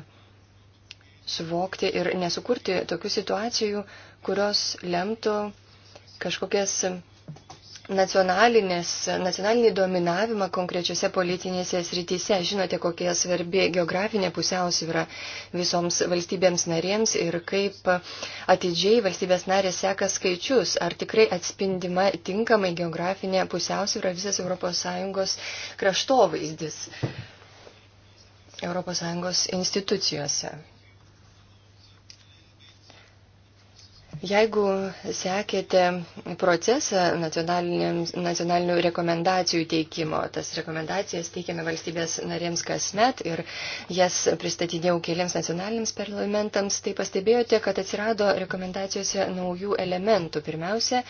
suvokti ir nesukurti tokių situacijų, kurios lemtų kažkokias nacionalinį dominavimą konkrečiose politinėse srityse. Žinote, kokia svarbi geografinė pusiausvyrą visoms valstybėms narėms ir kaip atidžiai valstybės narės seka skaičius, ar tikrai atspindima tinkamai geografinė pusiausvyrą visas ES kraštovaizdis ES institucijose. Jeigu sekėte procesą nacionalinių rekomendacijų teikimo, tas rekomendacijas teikiame valstybės narėms kasmet ir jas pristatydėjau keliams nacionaliniams parlamentams, tai pastebėjote, kad atsirado rekomendacijose naujų elementų. Pirmiausia,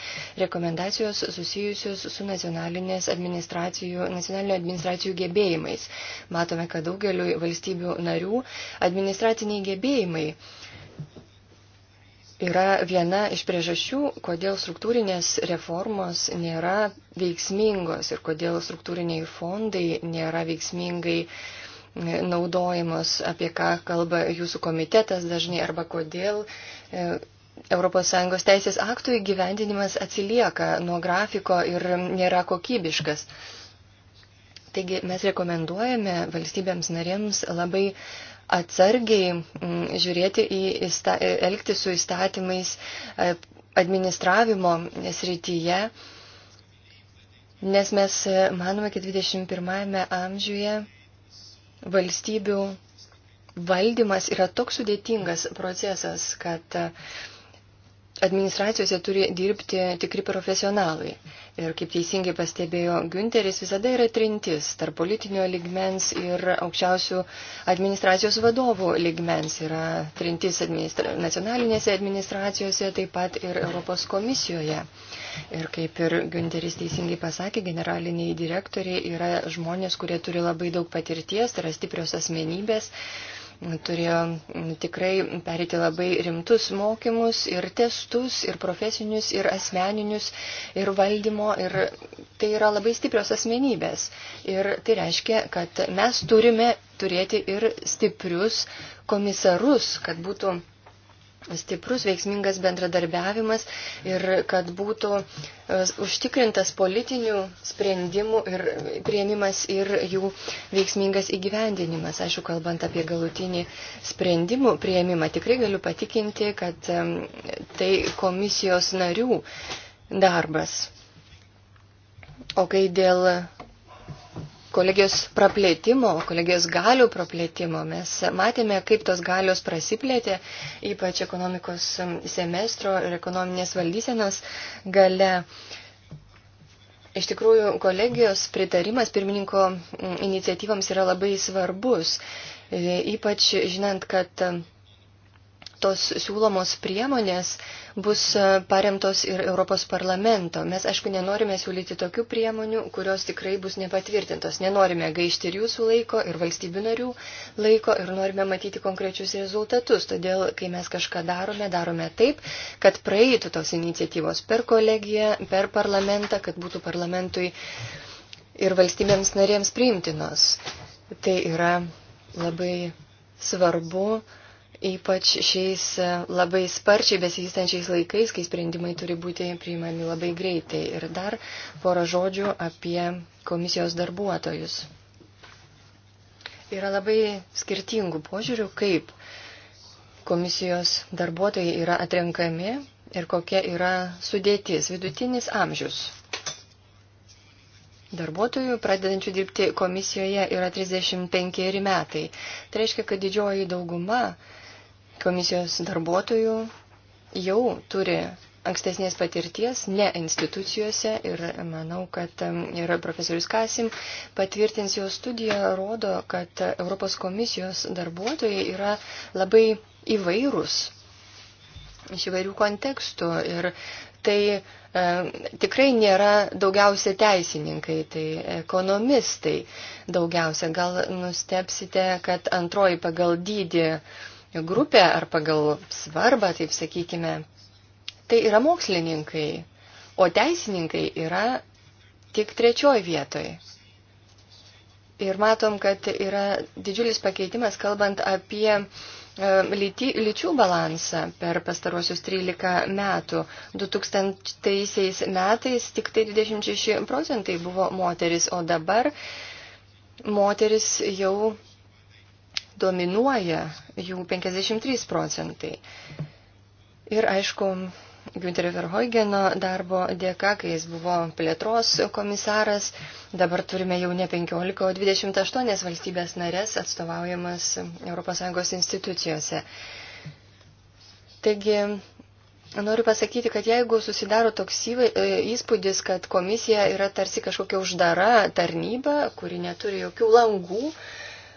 rekomendacijos susijusios su nacionalinės administracijų, nacionalinių administracijų gebėjimais. Matome, kad daugeliu valstybių narių administraciniai gebėjimai yra viena iš priežasčių, kodėl struktūrinės reformos nėra veiksmingos ir kodėl struktūriniai fondai nėra veiksmingai naudojamos, apie ką kalba jūsų komitetas dažnai, arba kodėl ES teisės aktų įgyvendinimas atsilieka nuo grafiko ir nėra kokybiškas. Taigi mes rekomenduojame valstybėms narėms labai atsargiai mm, žiūrėti į, e, elgti su įstatymais e, administravimo srityje, nes mes e, manome, kad 21 amžiuje valstybių valdymas yra toks sudėtingas procesas, kad administracijose turi dirbti tikri profesionalai. Ir kaip teisingai pastebėjo Günteris, visada yra trintis tarp politinio ligmens ir aukščiausių administracijos vadovų ligmens. Yra trintis administra nacionalinėse administracijose, taip pat ir Europos komisijoje. Ir kaip ir Günteris teisingai pasakė, generaliniai direktoriai yra žmonės, kurie turi labai daug patirties, tai yra stiprios asmenybės turėjo tikrai perėti labai rimtus mokymus ir testus, ir profesinius, ir asmeninius, ir valdymo. Ir tai yra labai stiprios asmenybės. Ir tai reiškia, kad mes turime turėti ir stiprius komisarus, kad būtų stiprus veiksmingas bendradarbiavimas ir kad būtų e, užtikrintas politinių sprendimų ir prieimimas ir jų veiksmingas įgyvendinimas. Aišku, kalbant apie galutinį sprendimų prieimimą, tikrai galiu patikinti, kad tai komisijos narių darbas. O kai dėl kolegijos praplėtimo, kolegijos galių praplėtimo. Mes matėme, kaip tos galios prasiplėtė, ypač ekonomikos semestro ir ekonominės valdysenos gale. Iš tikrųjų, kolegijos pritarimas pirmininko iniciatyvams yra labai svarbus, e, ypač žinant, kad tos siūlomos priemonės bus e, paremtos ir Europos parlamento. Mes, aišku, nenorime siūlyti tokių priemonių, kurios tikrai bus nepatvirtintos. Nenorime gaišti ir jūsų laiko, ir valstybių narių laiko, ir norime matyti konkrečius rezultatus. Todėl, kai mes kažką darome, darome taip, kad praeitų tos iniciatyvos per kolegiją, per parlamentą, kad būtų parlamentui ir valstybėms narėms priimtinos. Tai yra labai svarbu Ypač šiais e, labai sparčiai besivystančiais laikais, kai sprendimai turi būti priimami labai greitai. Ir dar porą žodžių apie komisijos darbuotojus. Yra labai skirtingų požiūrių, kaip komisijos darbuotojai yra atrenkami ir kokia yra sudėtis, vidutinis amžius. Darbuotojų pradedančių dirbti komisijoje yra 35 metai. Tai reiškia, kad didžioji dauguma komisijos darbuotojų jau turi ankstesnės patirties ne institucijose ir manau, kad ir profesorius Kasim patvirtins jo studiją, rodo, kad Europos komisijos darbuotojai yra labai įvairūs iš įvairių kontekstų ir tai e, tikrai nėra daugiausia teisininkai, tai ekonomistai daugiausia. Gal nustepsite, kad antroji pagal dydį e, grupę ar pagal svarbą, taip sakykime, tai yra mokslininkai, o teisininkai yra tik trečioj vietoj. Ir matom, kad yra didžiulis pakeitimas, kalbant apie e, lyti, lyčių balansą per pastaruosius 13 metų. 2000 metais tik tai 26 procentai buvo moteris, o dabar moteris jau dominuoja jų 53 procentai. Ir aišku, Günterio Verhoigeno darbo dėka, kai jis buvo plėtros komisaras, dabar turime jau ne 15, o 28 valstybės narės atstovaujamas ES institucijose. Taigi, Noriu pasakyti, kad jeigu susidaro toks e, įspūdis, kad komisija yra tarsi kažkokia uždara tarnyba, kuri neturi jokių langų,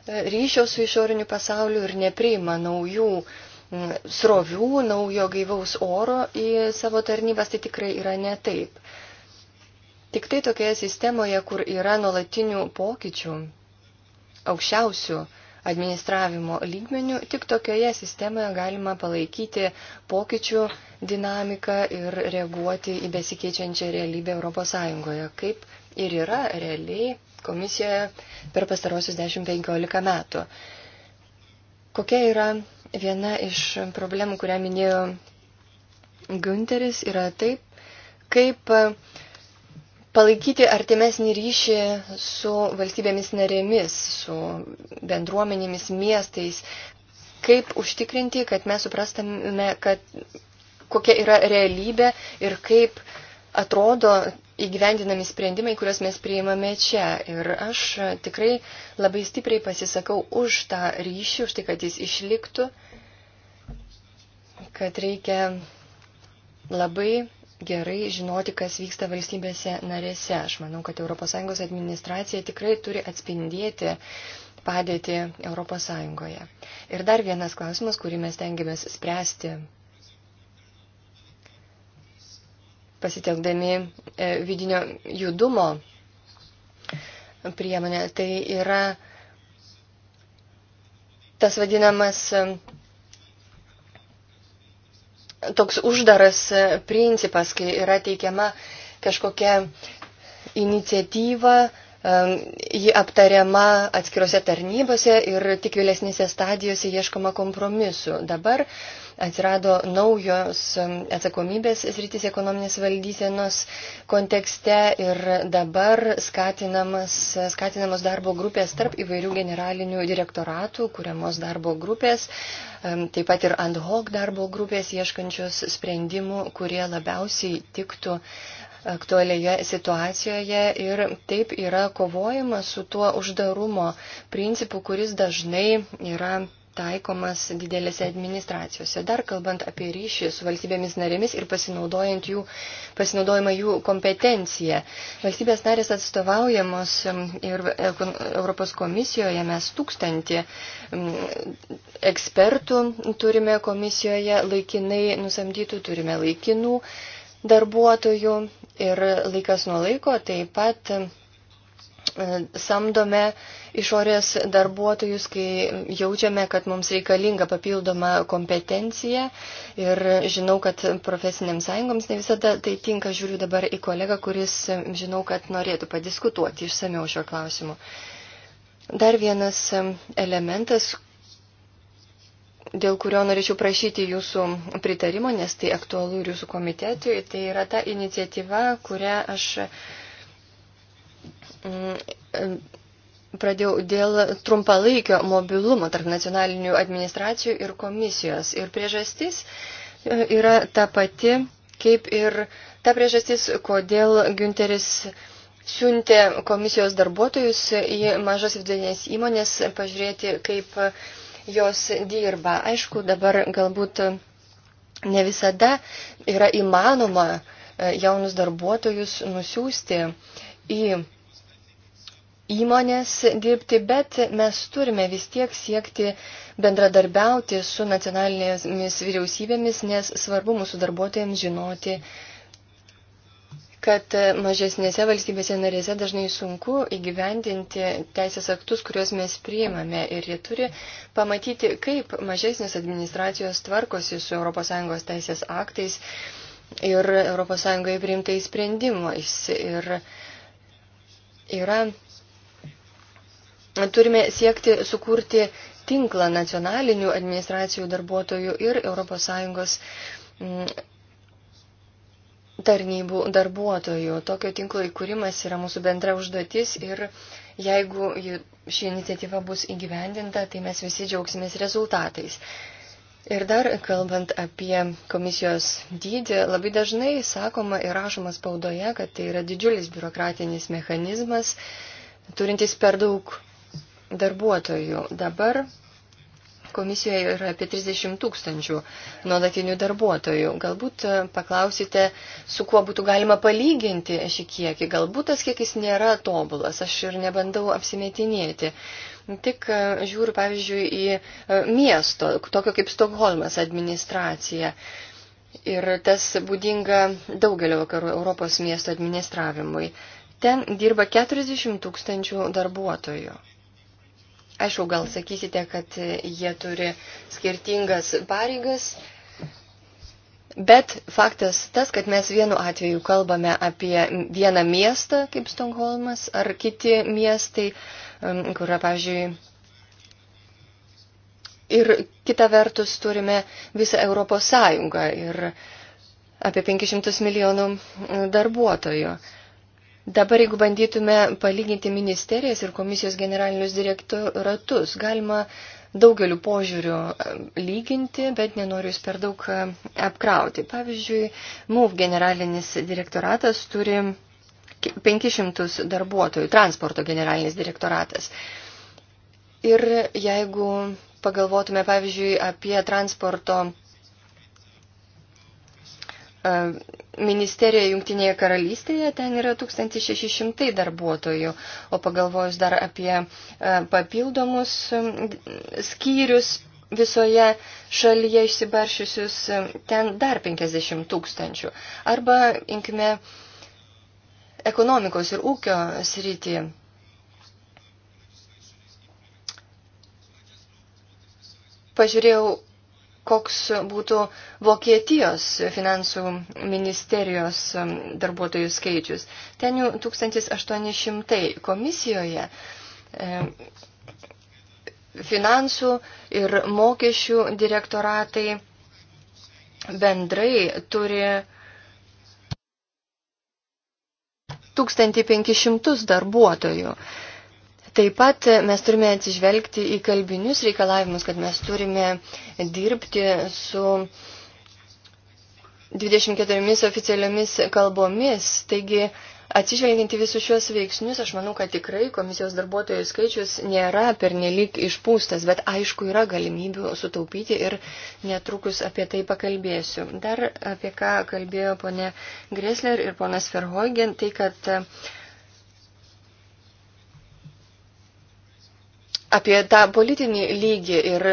ryšio su išoriniu pasauliu ir nepriima naujų mm, srovių, naujo gaivaus oro į savo tarnybas, tai tikrai yra ne taip. Tik tai tokioje sistemoje, kur yra nuolatinių pokyčių, aukščiausių administravimo lygmenių, tik tokioje sistemoje galima palaikyti pokyčių dinamiką ir reaguoti į besikeičiančią realybę ES, kaip ir yra realiai komisijoje per pastarosius 10-15 metų. Kokia yra viena iš problemų, kurią minėjo Günteris, yra taip, kaip palaikyti artimesnį ryšį su valstybėmis narėmis, su bendruomenėmis, miestais, kaip užtikrinti, kad mes suprastame, kad kokia yra realybė ir kaip atrodo įgyvendinami sprendimai, kuriuos mes priimame čia. Ir aš tikrai labai stipriai pasisakau už tą ryšį, už tai, kad jis išliktų, kad reikia labai gerai žinoti, kas vyksta valstybėse narėse. Aš manau, kad ES administracija tikrai turi atspindėti padėti ES. Ir dar vienas klausimas, kurį mes tengiamės spręsti pasitelkdami e, vidinio judumo priemonę. Tai yra tas vadinamas e, toks uždaras e, principas, kai yra teikiama kažkokia iniciatyva, ji aptariama atskirose tarnybose ir tik vėlesnėse stadijose ieškoma kompromisu. Dabar uh, atsirado naujos atsakomybės sritys ekonominės valdysenos kontekste ir dabar skatinamas, skatinamos darbo grupės tarp įvairių generalinių direktoratų, kuriamos darbo grupės, taip pat ir ad hoc darbo grupės ieškančios sprendimų, kurie labiausiai tiktų aktualioje situacijoje ir taip yra kovojama su tuo uždarumo principu, kuris dažnai yra taikomas didelėse administracijose. Dar kalbant apie ryšį su valstybėmis narėmis ir pasinaudojant jų, pasinaudojimą jų kompetenciją. Valstybės narės atstovaujamos um, ir Europos komisijoje mes tūkstantį um, ekspertų turime komisijoje laikinai nusamdytų, turime laikinų darbuotojų ir laikas nuo laiko taip pat um, E, samdome išorės darbuotojus, kai jaučiame, kad mums reikalinga papildoma kompetencija. Ir žinau, kad profesiniams sąjungoms ne visada tai tinka. Žiūriu dabar į kolegą, kuris e, žinau, kad norėtų padiskutuoti išsameu šio klausimu. Dar vienas e, elementas, dėl kurio norėčiau prašyti jūsų pritarimo, nes tai aktualu ir jūsų komitetui, tai yra ta iniciatyva, kurią aš Mm, pradėjau dėl trumpalaikio mobilumo tarp nacionalinių administracijų ir komisijos. Ir priežastis e, yra ta pati, kaip ir ta priežastis, kodėl Günteris siuntė komisijos darbuotojus į mažas vidutinės įmonės pažiūrėti, kaip jos dirba. Aišku, dabar galbūt ne visada yra įmanoma e, jaunus darbuotojus nusiųsti į įmonės dirbti, bet mes turime vis tiek siekti bendradarbiauti su nacionalinėmis vyriausybėmis, nes svarbu mūsų darbuotojams žinoti, kad mažesnėse valstybėse narėse dažnai sunku įgyvendinti teisės aktus, kuriuos mes priimame ir jie turi pamatyti, kaip mažesnės administracijos tvarkosi su ES teisės aktais ir ES priimtais sprendimais. Ir yra turime siekti sukurti tinklą nacionalinių administracijų darbuotojų ir ES mm, tarnybų darbuotojų. Tokio tinklo įkūrimas yra mūsų bendra užduotis ir jeigu ši iniciatyva bus įgyvendinta, tai mes visi džiaugsimės rezultatais. Ir dar kalbant apie komisijos dydį, labai dažnai sakoma ir rašoma spaudoje, kad tai yra didžiulis biurokratinis mechanizmas, turintis per daug darbuotojų. Dabar komisijoje yra apie 30 tūkstančių nuolatinių darbuotojų. Galbūt e, paklausite, su kuo būtų galima palyginti šį kiekį. Galbūt tas kiekis nėra tobulas, aš ir nebandau apsimetinėti. Tik e, žiūriu, pavyzdžiui, į e, miesto, tokio kaip Stokholmas administracija. Ir tas būdinga daugelio vakarų Europos miesto administravimui. Ten dirba 40 tūkstančių darbuotojų. Aišku, gal sakysite, kad jie turi skirtingas pareigas, bet faktas tas, kad mes vienu atveju kalbame apie vieną miestą, kaip Stokholmas, ar kiti miestai, kur yra, pavyzdžiui, ir kita vertus turime visą Europos Sąjungą ir apie 500 milijonų darbuotojų. Dabar, jeigu bandytume palyginti ministerijas ir komisijos generalinius direktoratus, galima daugeliu požiūrių lyginti, bet nenoriu jūs per daug apkrauti. Pavyzdžiui, MUV generalinis direktoratas turi 500 darbuotojų, transporto generalinis direktoratas. Ir jeigu pagalvotume, pavyzdžiui, apie transporto ministerija Jungtinėje karalystėje, ten yra 1600 darbuotojų, o pagalvojus dar apie papildomus skyrius visoje šalyje išsibaršiusius, ten dar 50 tūkstančių. Arba, inkime, ekonomikos ir ūkio srity. Pažiūrėjau koks būtų Vokietijos finansų ministerijos darbuotojų skaičius. Ten jų 1800 komisijoje finansų ir mokesčių direktoratai bendrai turi 1500 darbuotojų. Taip pat mes turime atsižvelgti į kalbinius reikalavimus, kad mes turime dirbti su 24 oficialiomis kalbomis. Taigi, atsižvelgiant į visus šios veiksnius, aš manau, kad tikrai komisijos darbuotojų skaičius nėra pernelyg išpūstas, bet aišku, yra galimybių sutaupyti ir netrukus apie tai pakalbėsiu. Dar apie ką kalbėjo ponė Gresler ir ponas Ferhogen, tai kad apie tą politinį lygį ir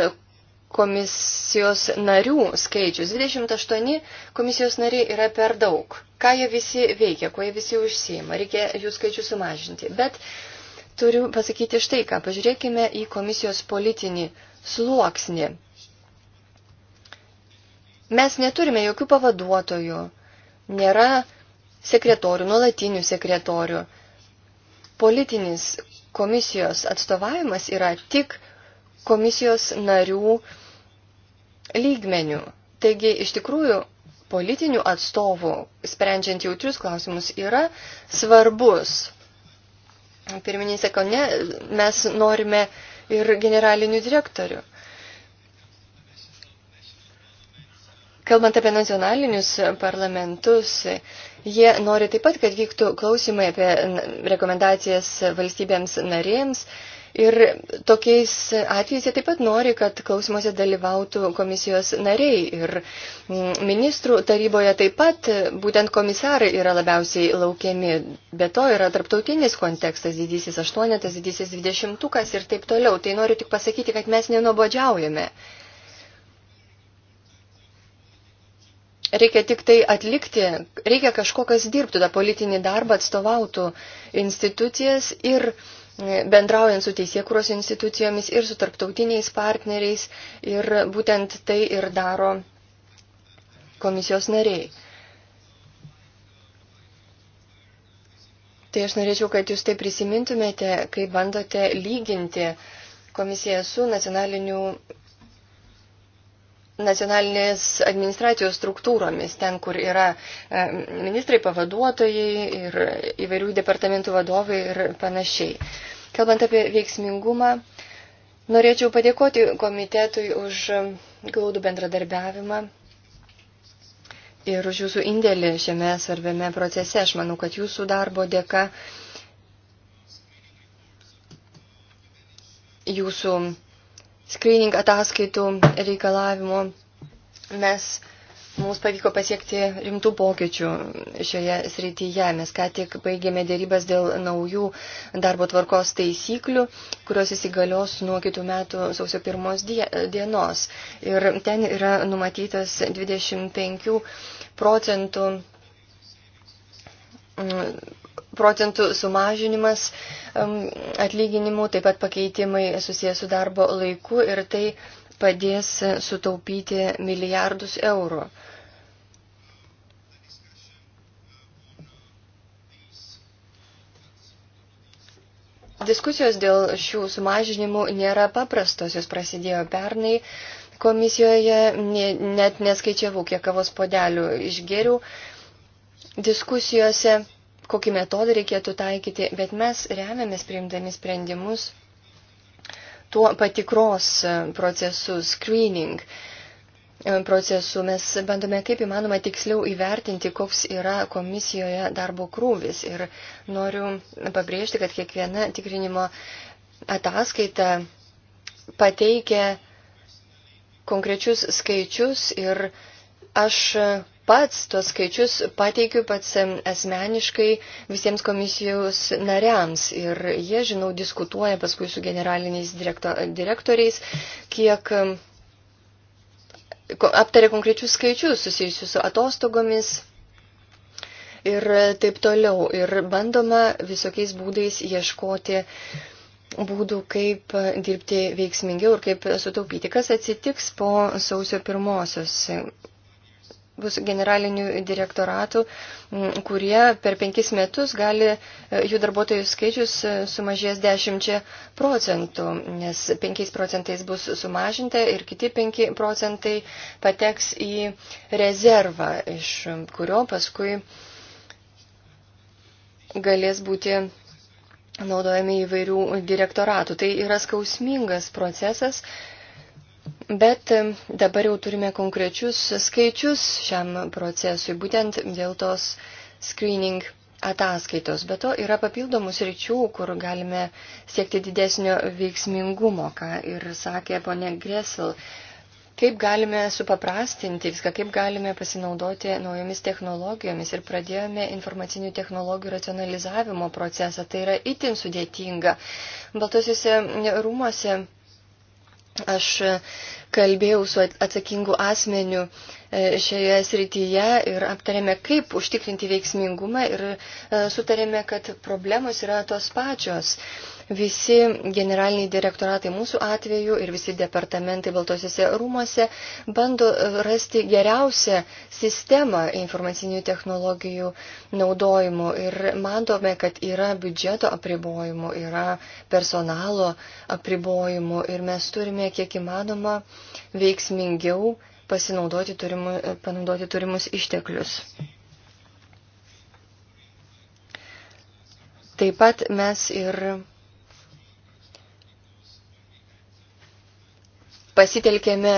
komisijos narių skaičius. 28 komisijos nariai yra per daug. Ką jie visi veikia, kuo jie visi užsijima, reikia jų skaičių sumažinti. Bet turiu pasakyti štai ką, pažiūrėkime į komisijos politinį sluoksnį. Mes neturime jokių pavaduotojų, nėra sekretorių, nuolatinių sekretorių. Politinis komisijos atstovavimas yra tik komisijos narių lygmenių. Taigi, iš tikrųjų, politinių atstovų, sprendžiant jautrius klausimus, yra svarbus. Pirminiai sako, ne, mes norime ir generalinių direktorių. Kalbant apie nacionalinius parlamentus, jie nori taip pat, kad vyktų klausimai apie rekomendacijas valstybėms narėms. Ir tokiais atvejais jie taip pat nori, kad klausimuose dalyvautų komisijos nariai. Ir mm, ministrų taryboje taip pat būtent komisarai yra labiausiai laukiami. Be to yra tarptautinis kontekstas, didysis aštuonetas, didysis dvidešimtukas ir taip toliau. Tai noriu tik pasakyti, kad mes nenobodžiaujame. Reikia tik tai atlikti, reikia kažko, kas dirbtų tą politinį darbą, atstovautų institucijas ir e, bendraujant su teisėkuros institucijomis ir su tarptautiniais partneriais. Ir būtent tai ir daro komisijos nariai. Tai aš norėčiau, kad jūs tai prisimintumėte, kai bandote lyginti komisiją su nacionaliniu nacionalinės administracijos struktūromis, ten, kur yra e, ministrai pavaduotojai ir įvairių departamentų vadovai ir panašiai. Kalbant apie veiksmingumą, norėčiau padėkoti komitetui už glaudų bendradarbiavimą ir už jūsų indėlį šiame svarbiame procese. Aš manau, kad jūsų darbo dėka jūsų screening ataskaitų reikalavimo mes, mums pavyko pasiekti rimtų pokyčių šioje srityje. Mes ką tik baigėme dėrybas dėl naujų darbo tvarkos taisyklių, kurios įsigalios nuo kitų metų sausio pirmos dienos. Ir ten yra numatytas 25 procentų mm, procentų sumažinimas atlyginimų, taip pat pakeitimai susijęs su darbo laiku ir tai padės sutaupyti milijardus eurų. Diskusijos dėl šių sumažinimų nėra paprastos, jos prasidėjo pernai komisijoje, net neskaičiavau, kiek kavos podelių išgeriau diskusijose kokį metodą reikėtų taikyti, bet mes remiamės priimdami sprendimus tuo patikros e, procesu, screening e, procesu. Mes bandome kaip įmanoma tiksliau įvertinti, koks yra komisijoje darbo krūvis. Ir noriu pabrėžti, kad kiekviena tikrinimo ataskaita pateikia konkrečius skaičius ir aš pats tuos skaičius pateikiu pats asmeniškai visiems komisijos nariams ir jie, žinau, diskutuoja paskui su generaliniais direkto, direktoriais, kiek aptarė konkrečius skaičius susijusius su atostogomis. Ir taip toliau. Ir bandoma visokiais būdais ieškoti būdų, kaip dirbti veiksmingiau ir kaip sutaupyti. Kas atsitiks po sausio pirmosios? bus generalinių direktoratų, kurie per penkis metus gali, e, jų darbuotojų skaičius e, sumažės 10 procentų, nes 5 procentais bus sumažinta ir kiti 5 procentai pateks į rezervą, iš kurio paskui galės būti naudojami įvairių direktoratų. Tai yra skausmingas procesas, Bet dabar jau turime konkrečius skaičius šiam procesui, būtent dėl tos screening ataskaitos. Be to yra papildomų sričių, kur galime siekti didesnio veiksmingumo, ką ir sakė ponė Gresel. Kaip galime supaprastinti viską, kaip galime pasinaudoti naujomis technologijomis ir pradėjome informacinių technologijų racionalizavimo procesą. Tai yra itin sudėtinga. Baltosiuose rūmose Aš e, kalbėjau su atsakingu asmeniu e, šioje srityje ir aptarėme, kaip užtikrinti veiksmingumą ir e, sutarėme, kad problemos yra tos pačios visi generaliniai direktoratai mūsų atveju ir visi departamentai Baltosiuose rūmose bando rasti geriausią sistemą informacinių technologijų naudojimo ir matome, kad yra biudžeto apribojimų, yra personalo apribojimų ir mes turime kiek įmanoma veiksmingiau pasinaudoti turimu, panaudoti turimus išteklius. Taip pat mes ir pasitelkėme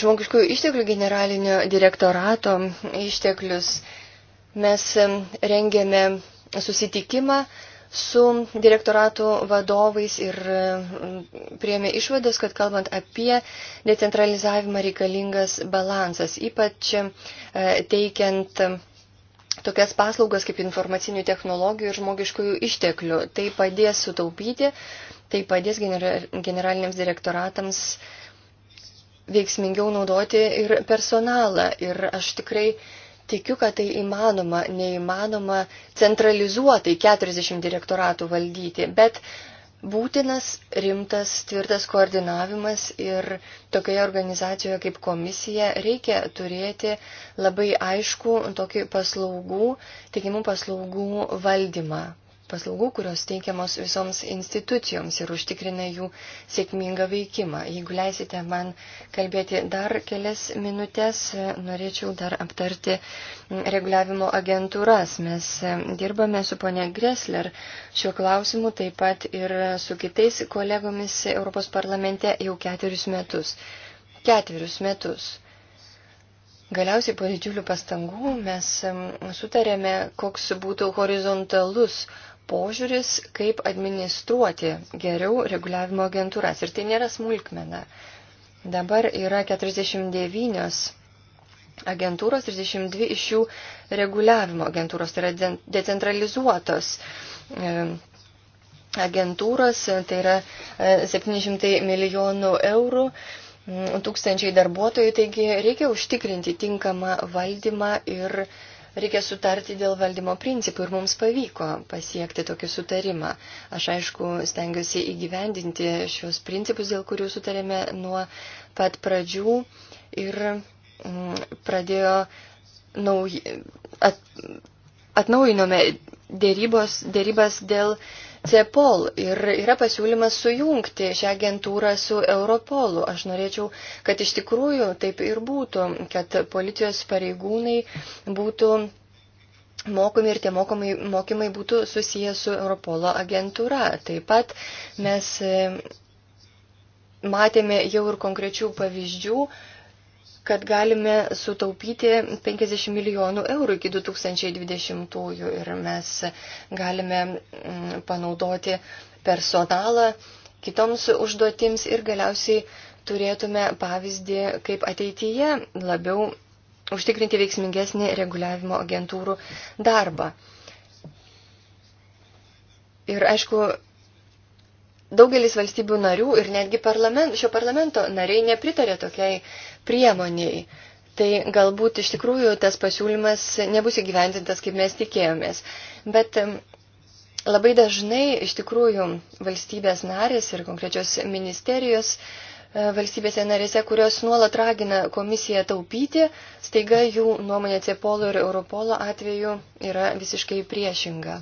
žmogiškųjų išteklių generalinio direktorato išteklius. Mes rengėme susitikimą su direktoratų vadovais ir priemė išvados, kad kalbant apie decentralizavimą reikalingas balansas, ypač teikiant tokias paslaugas kaip informacinių technologijų ir žmogiškųjų išteklių. Tai padės sutaupyti, tai padės generaliniams direktoratams uh, veiksmingiau naudoti ir personalą. Ir aš tikrai tikiu, kad tai įmanoma, neįmanoma centralizuotai 40 direktoratų valdyti, bet būtinas rimtas, tvirtas koordinavimas ir tokioje organizacijoje kaip komisija reikia turėti labai aišku tokį paslaugų, tikimų paslaugų valdymą paslaugų, kurios teikiamos visoms institucijoms ir užtikrina jų sėkmingą veikimą. Jeigu leisite man kalbėti dar kelias minutės, norėčiau dar aptarti reguliavimo agentūras. Mes e, dirbame su ponė Gressler šiuo klausimu, taip pat ir su kitais kolegomis Europos parlamente jau ketverius metus. Ketverius metus. Galiausiai po didžiulių pastangų mes sutarėme, koks būtų horizontalus požiūris, kaip administruoti geriau reguliavimo agentūras. Ir tai nėra smulkmena. Dabar yra 49 agentūros, 32 iš jų reguliavimo agentūros, tai yra decentralizuotos e, agentūros, tai yra 700 e, milijonų eurų, tūkstančiai darbuotojų, taigi reikia užtikrinti tinkamą valdymą ir reikia sutarti dėl valdymo principų ir mums pavyko pasiekti tokį sutarimą. Aš aišku stengiuosi įgyvendinti šios principus, dėl kurių sutarėme nuo pat pradžių ir mm, pradėjo nauj, at, atnaujinome dėrybos, dėrybas dėl uh, CEPOL ir yra pasiūlymas sujungti šią agentūrą su Europolu. Aš norėčiau, kad iš tikrųjų taip ir būtų, kad policijos pareigūnai būtų mokomi ir tie mokomai, mokymai būtų susiję su Europolo agentūra. Taip pat mes e, matėme jau ir konkrečių pavyzdžių, kad galime sutaupyti 50 milijonų eurų iki 2020-ųjų ir mes galime mm, panaudoti personalą kitoms užduotims ir galiausiai turėtume pavyzdį, kaip ateityje labiau užtikrinti veiksmingesnį reguliavimo agentūrų darbą. Ir aišku, daugelis valstybių narių ir netgi parlament, šio parlamento nariai nepritarė tokiai priemoniai. Tai galbūt iš tikrųjų tas pasiūlymas nebus įgyvendintas, kaip mes tikėjomės. Bet labai dažnai iš tikrųjų valstybės narės ir konkrečios ministerijos e, valstybėse narėse, kurios nuolat ragina komisiją taupyti, staiga jų nuomonė Cepolo ir Europolo atveju yra visiškai priešinga.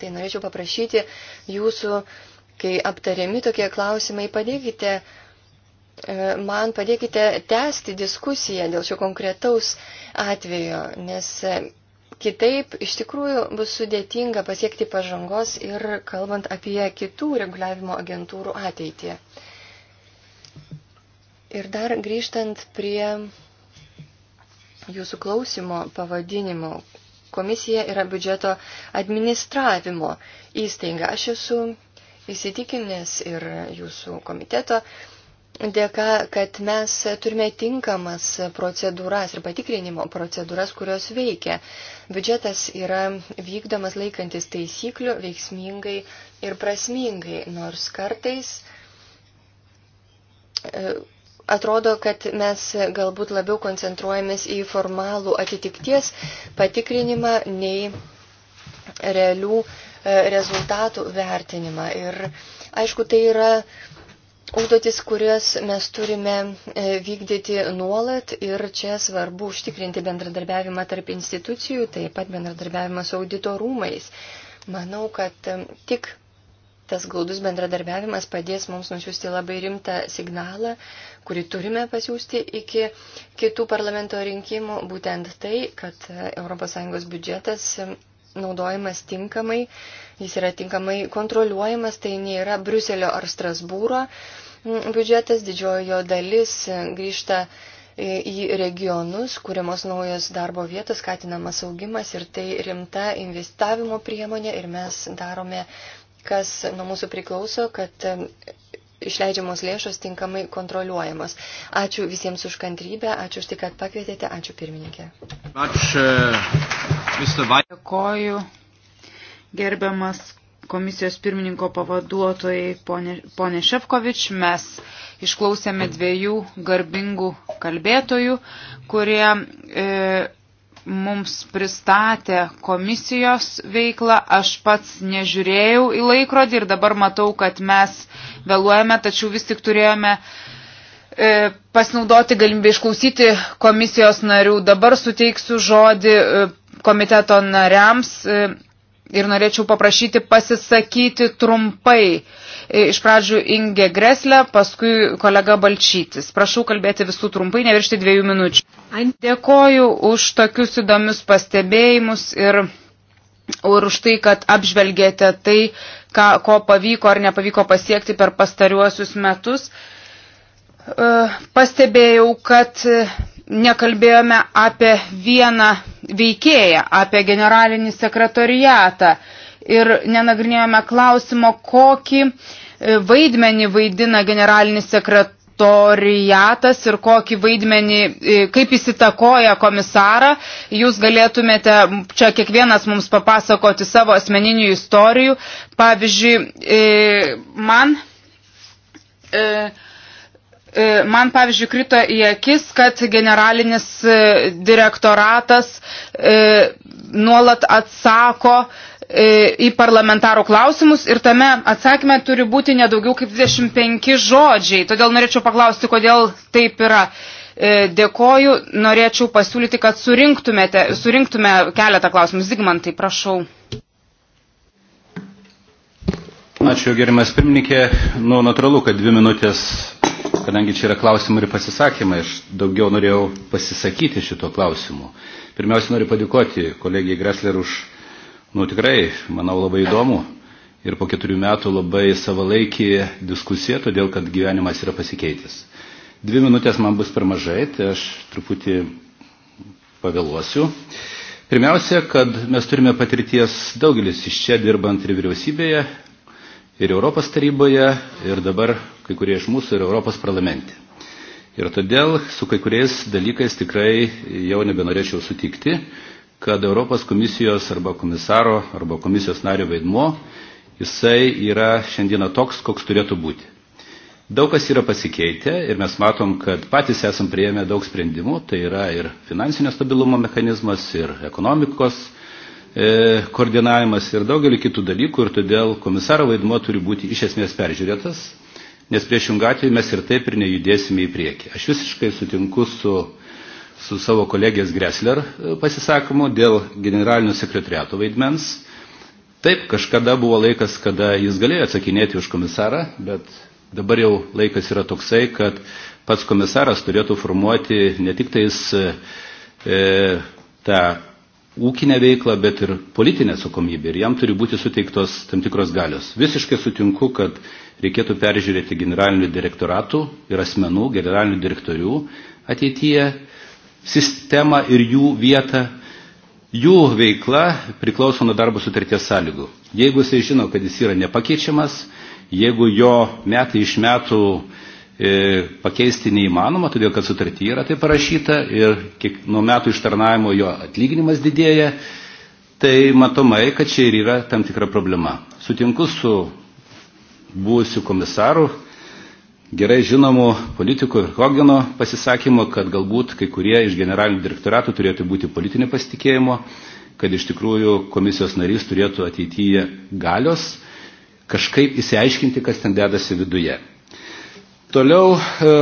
Tai norėčiau paprašyti jūsų Kai aptariami tokie klausimai, padėkite e, man, padėkite tęsti diskusiją dėl šio konkretaus atvejo, nes e, kitaip iš tikrųjų bus sudėtinga pasiekti pažangos ir kalbant apie kitų reguliavimo agentūrų ateitį. Ir dar grįžtant prie jūsų klausimo pavadinimo. Komisija yra biudžeto administravimo įstaiga. Aš esu įsitikinęs ir jūsų komiteto dėka, kad mes turime tinkamas procedūras ir patikrinimo procedūras, kurios veikia. Biudžetas yra vykdomas laikantis taisyklių veiksmingai ir prasmingai, nors kartais e, atrodo, kad mes galbūt labiau koncentruojamės į formalų atitikties patikrinimą nei realių E, rezultatų vertinimą. Ir aišku, tai yra užduotis, kurias mes turime e, vykdyti nuolat ir čia svarbu užtikrinti bendradarbiavimą tarp institucijų, taip pat bendradarbiavimą su auditorumais. Manau, kad e, tik tas glaudus bendradarbiavimas padės mums nusiųsti labai rimtą signalą, kurį turime pasiūsti iki kitų parlamento rinkimų, būtent tai, kad ES biudžetas naudojamas tinkamai, jis yra tinkamai kontroliuojamas, tai nėra Bruselio ar Strasbūro mm, biudžetas, didžioji jo dalis e, grįžta e, į regionus, kuriamos naujos darbo vietos, skatinamas augimas ir tai rimta investavimo priemonė ir mes darome, kas nuo mūsų priklauso, kad e, išleidžiamos lėšos tinkamai kontroliuojamos. Ačiū visiems už kantrybę, ačiū už tai, kad pakvietėte, ačiū pirmininkė. Ačiū. Dėkoju, gerbiamas komisijos pirmininko pavaduotojai, ponė, ponė Šefkovič, mes išklausėme dviejų garbingų kalbėtojų, kurie e, mums pristatė komisijos veiklą. Aš pats nežiūrėjau į laikrodį ir dabar matau, kad mes vėluojame, tačiau vis tik turėjome e, pasinaudoti galimybę išklausyti komisijos narių. Dabar suteiksiu žodį e, komiteto nariams e, ir norėčiau paprašyti pasisakyti trumpai. E, iš pradžių Inge Greslė, paskui kolega Balčytis. Prašau kalbėti visų trumpai, neviršti dviejų minučių. Dėkoju už tokius įdomius pastebėjimus ir, ir už tai, kad apžvelgėte tai, ką, ko pavyko ar nepavyko pasiekti per pastariuosius metus. E, pastebėjau, kad nekalbėjome apie vieną veikėją, apie generalinį sekretoriatą ir nenagrinėjome klausimo, kokį e, vaidmenį vaidina generalinis sekretoriatas ir kokį vaidmenį, e, kaip jis įtakoja komisarą. Jūs galėtumėte čia kiekvienas mums papasakoti savo asmeninių istorijų. Pavyzdžiui, e, man E, man, pavyzdžiui, krito į akis, kad generalinis e, direktoratas e, nuolat atsako į parlamentarų klausimus ir tame atsakyme turi būti nedaugiau kaip 25 žodžiai. Todėl norėčiau paklausti, kodėl taip yra dėkoju, norėčiau pasiūlyti, kad surinktumėte, surinktume keletą klausimų. Zigmantai, prašau. Ačiū, gerimas pirmininkė. Nu, natūralu, kad dvi minutės kadangi čia yra klausimai ir pasisakymai, aš daugiau norėjau pasisakyti šito klausimu. Pirmiausia, noriu padėkoti kolegijai Gresler už, nu tikrai, manau, labai įdomu ir po keturių metų labai savalaikį diskusiją, todėl kad gyvenimas yra pasikeitęs. Dvi minutės man bus per mažai, tai aš truputį pavėluosiu. Pirmiausia, kad mes turime patirties daugelis iš čia dirbant ir vyriausybėje, ir Europos taryboje, ir dabar kai kurie iš mūsų ir Europos parlamente. Ir todėl su kai kuriais dalykais tikrai jau nebenorėčiau sutikti, kad Europos komisijos arba komisaro arba komisijos nario vaidmuo jisai yra šiandieną toks, koks turėtų būti. Daug kas yra pasikeitę ir mes matom, kad patys esam prieėmę daug sprendimų, tai yra ir finansinio stabilumo mechanizmas, ir ekonomikos e, koordinavimas, ir daugelį kitų dalykų, ir todėl komisaro vaidmuo turi būti iš esmės peržiūrėtas, nes priešingą atveju mes ir taip ir nejudėsime į priekį. Aš visiškai sutinku su, su savo kolegės Gressler e, pasisakymu dėl generalinio sekretariato vaidmens. Taip, kažkada buvo laikas, kada jis galėjo atsakinėti už komisarą, bet dabar jau laikas yra toksai, kad pats komisaras turėtų formuoti ne tik tais e, e tą ūkinę veiklą, bet ir politinę atsakomybę ir jam turi būti suteiktos tam tikros galios. Visiškai sutinku, kad reikėtų peržiūrėti generalinių direktoratų ir asmenų, generalinių direktorių ateityje sistemą ir jų vietą. Jų veikla priklauso nuo darbo sutarties sąlygų. Jeigu jisai žino, kad jis yra nepakeičiamas, jeigu jo metai iš metų e, pakeisti neįmanoma, todėl kad sutartyje yra tai parašyta ir kiek nuo metų ištarnavimo jo atlyginimas didėja, tai matomai, kad čia ir yra tam tikra problema. Sutinku su buvusių komisarų, gerai žinomų politikų ir Hogino pasisakymo, kad galbūt kai kurie iš generalinių direktoratų turėtų būti politinio pasitikėjimo, kad iš tikrųjų komisijos narys turėtų ateityje galios kažkaip įsiaiškinti, kas ten dedasi viduje. Toliau e,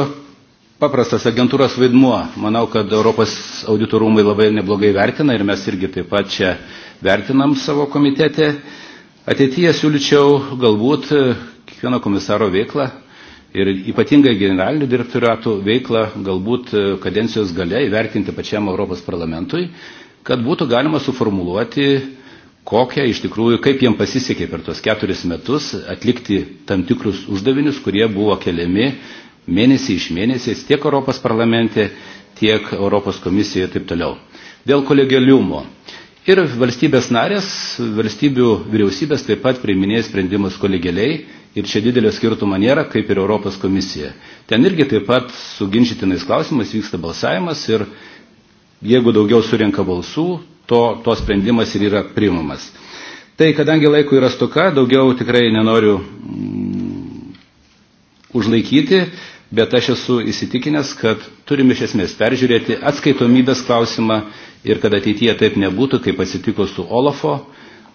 paprastas agentūros vaidmuo. Manau, kad Europos audito rūmai labai neblogai vertina ir mes irgi taip pat čia vertinam savo komitete. Ateityje siūlyčiau galbūt e, kiekvieno komisaro veiklą ir ypatingai generalinių direktoratų veiklą galbūt e, kadencijos gale įvertinti pačiam Europos parlamentui, kad būtų galima suformuluoti, kokią iš tikrųjų, kaip jiem pasisekė per tuos keturis metus atlikti tam tikrus uždavinius, kurie buvo keliami mėnesį iš mėnesiais tiek Europos parlamente, tiek Europos komisijoje ir taip toliau. Dėl kolegialiumo. Ir valstybės narės, valstybių vyriausybės taip pat priiminėja sprendimus kolegialiai ir čia didelio skirtumo nėra, kaip ir Europos komisija. Ten irgi taip pat su ginčytinais klausimais vyksta balsavimas ir jeigu daugiau surinka balsų, to, to sprendimas ir yra priimamas. Tai kadangi laiko yra stoka, daugiau tikrai nenoriu mm, užlaikyti, bet aš esu įsitikinęs, kad turime iš esmės peržiūrėti atskaitomybės klausimą ir kad ateityje taip nebūtų, kaip atsitiko su Olafo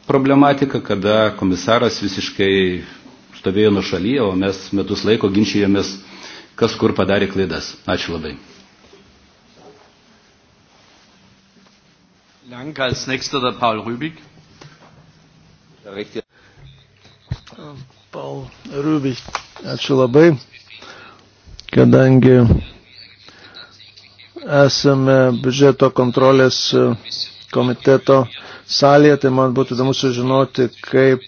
problematika, kada komisaras visiškai stovėjo nuo šalyje, o mes metus laiko ginčijomės, kas kur padarė klaidas. Ačiū labai. Dank, als nächster der Paul Rübig. Paul Rübig, ačiū labai, kadangi esame biudžeto kontrolės e, komiteto salėje, tai man būtų įdomu sužinoti, kaip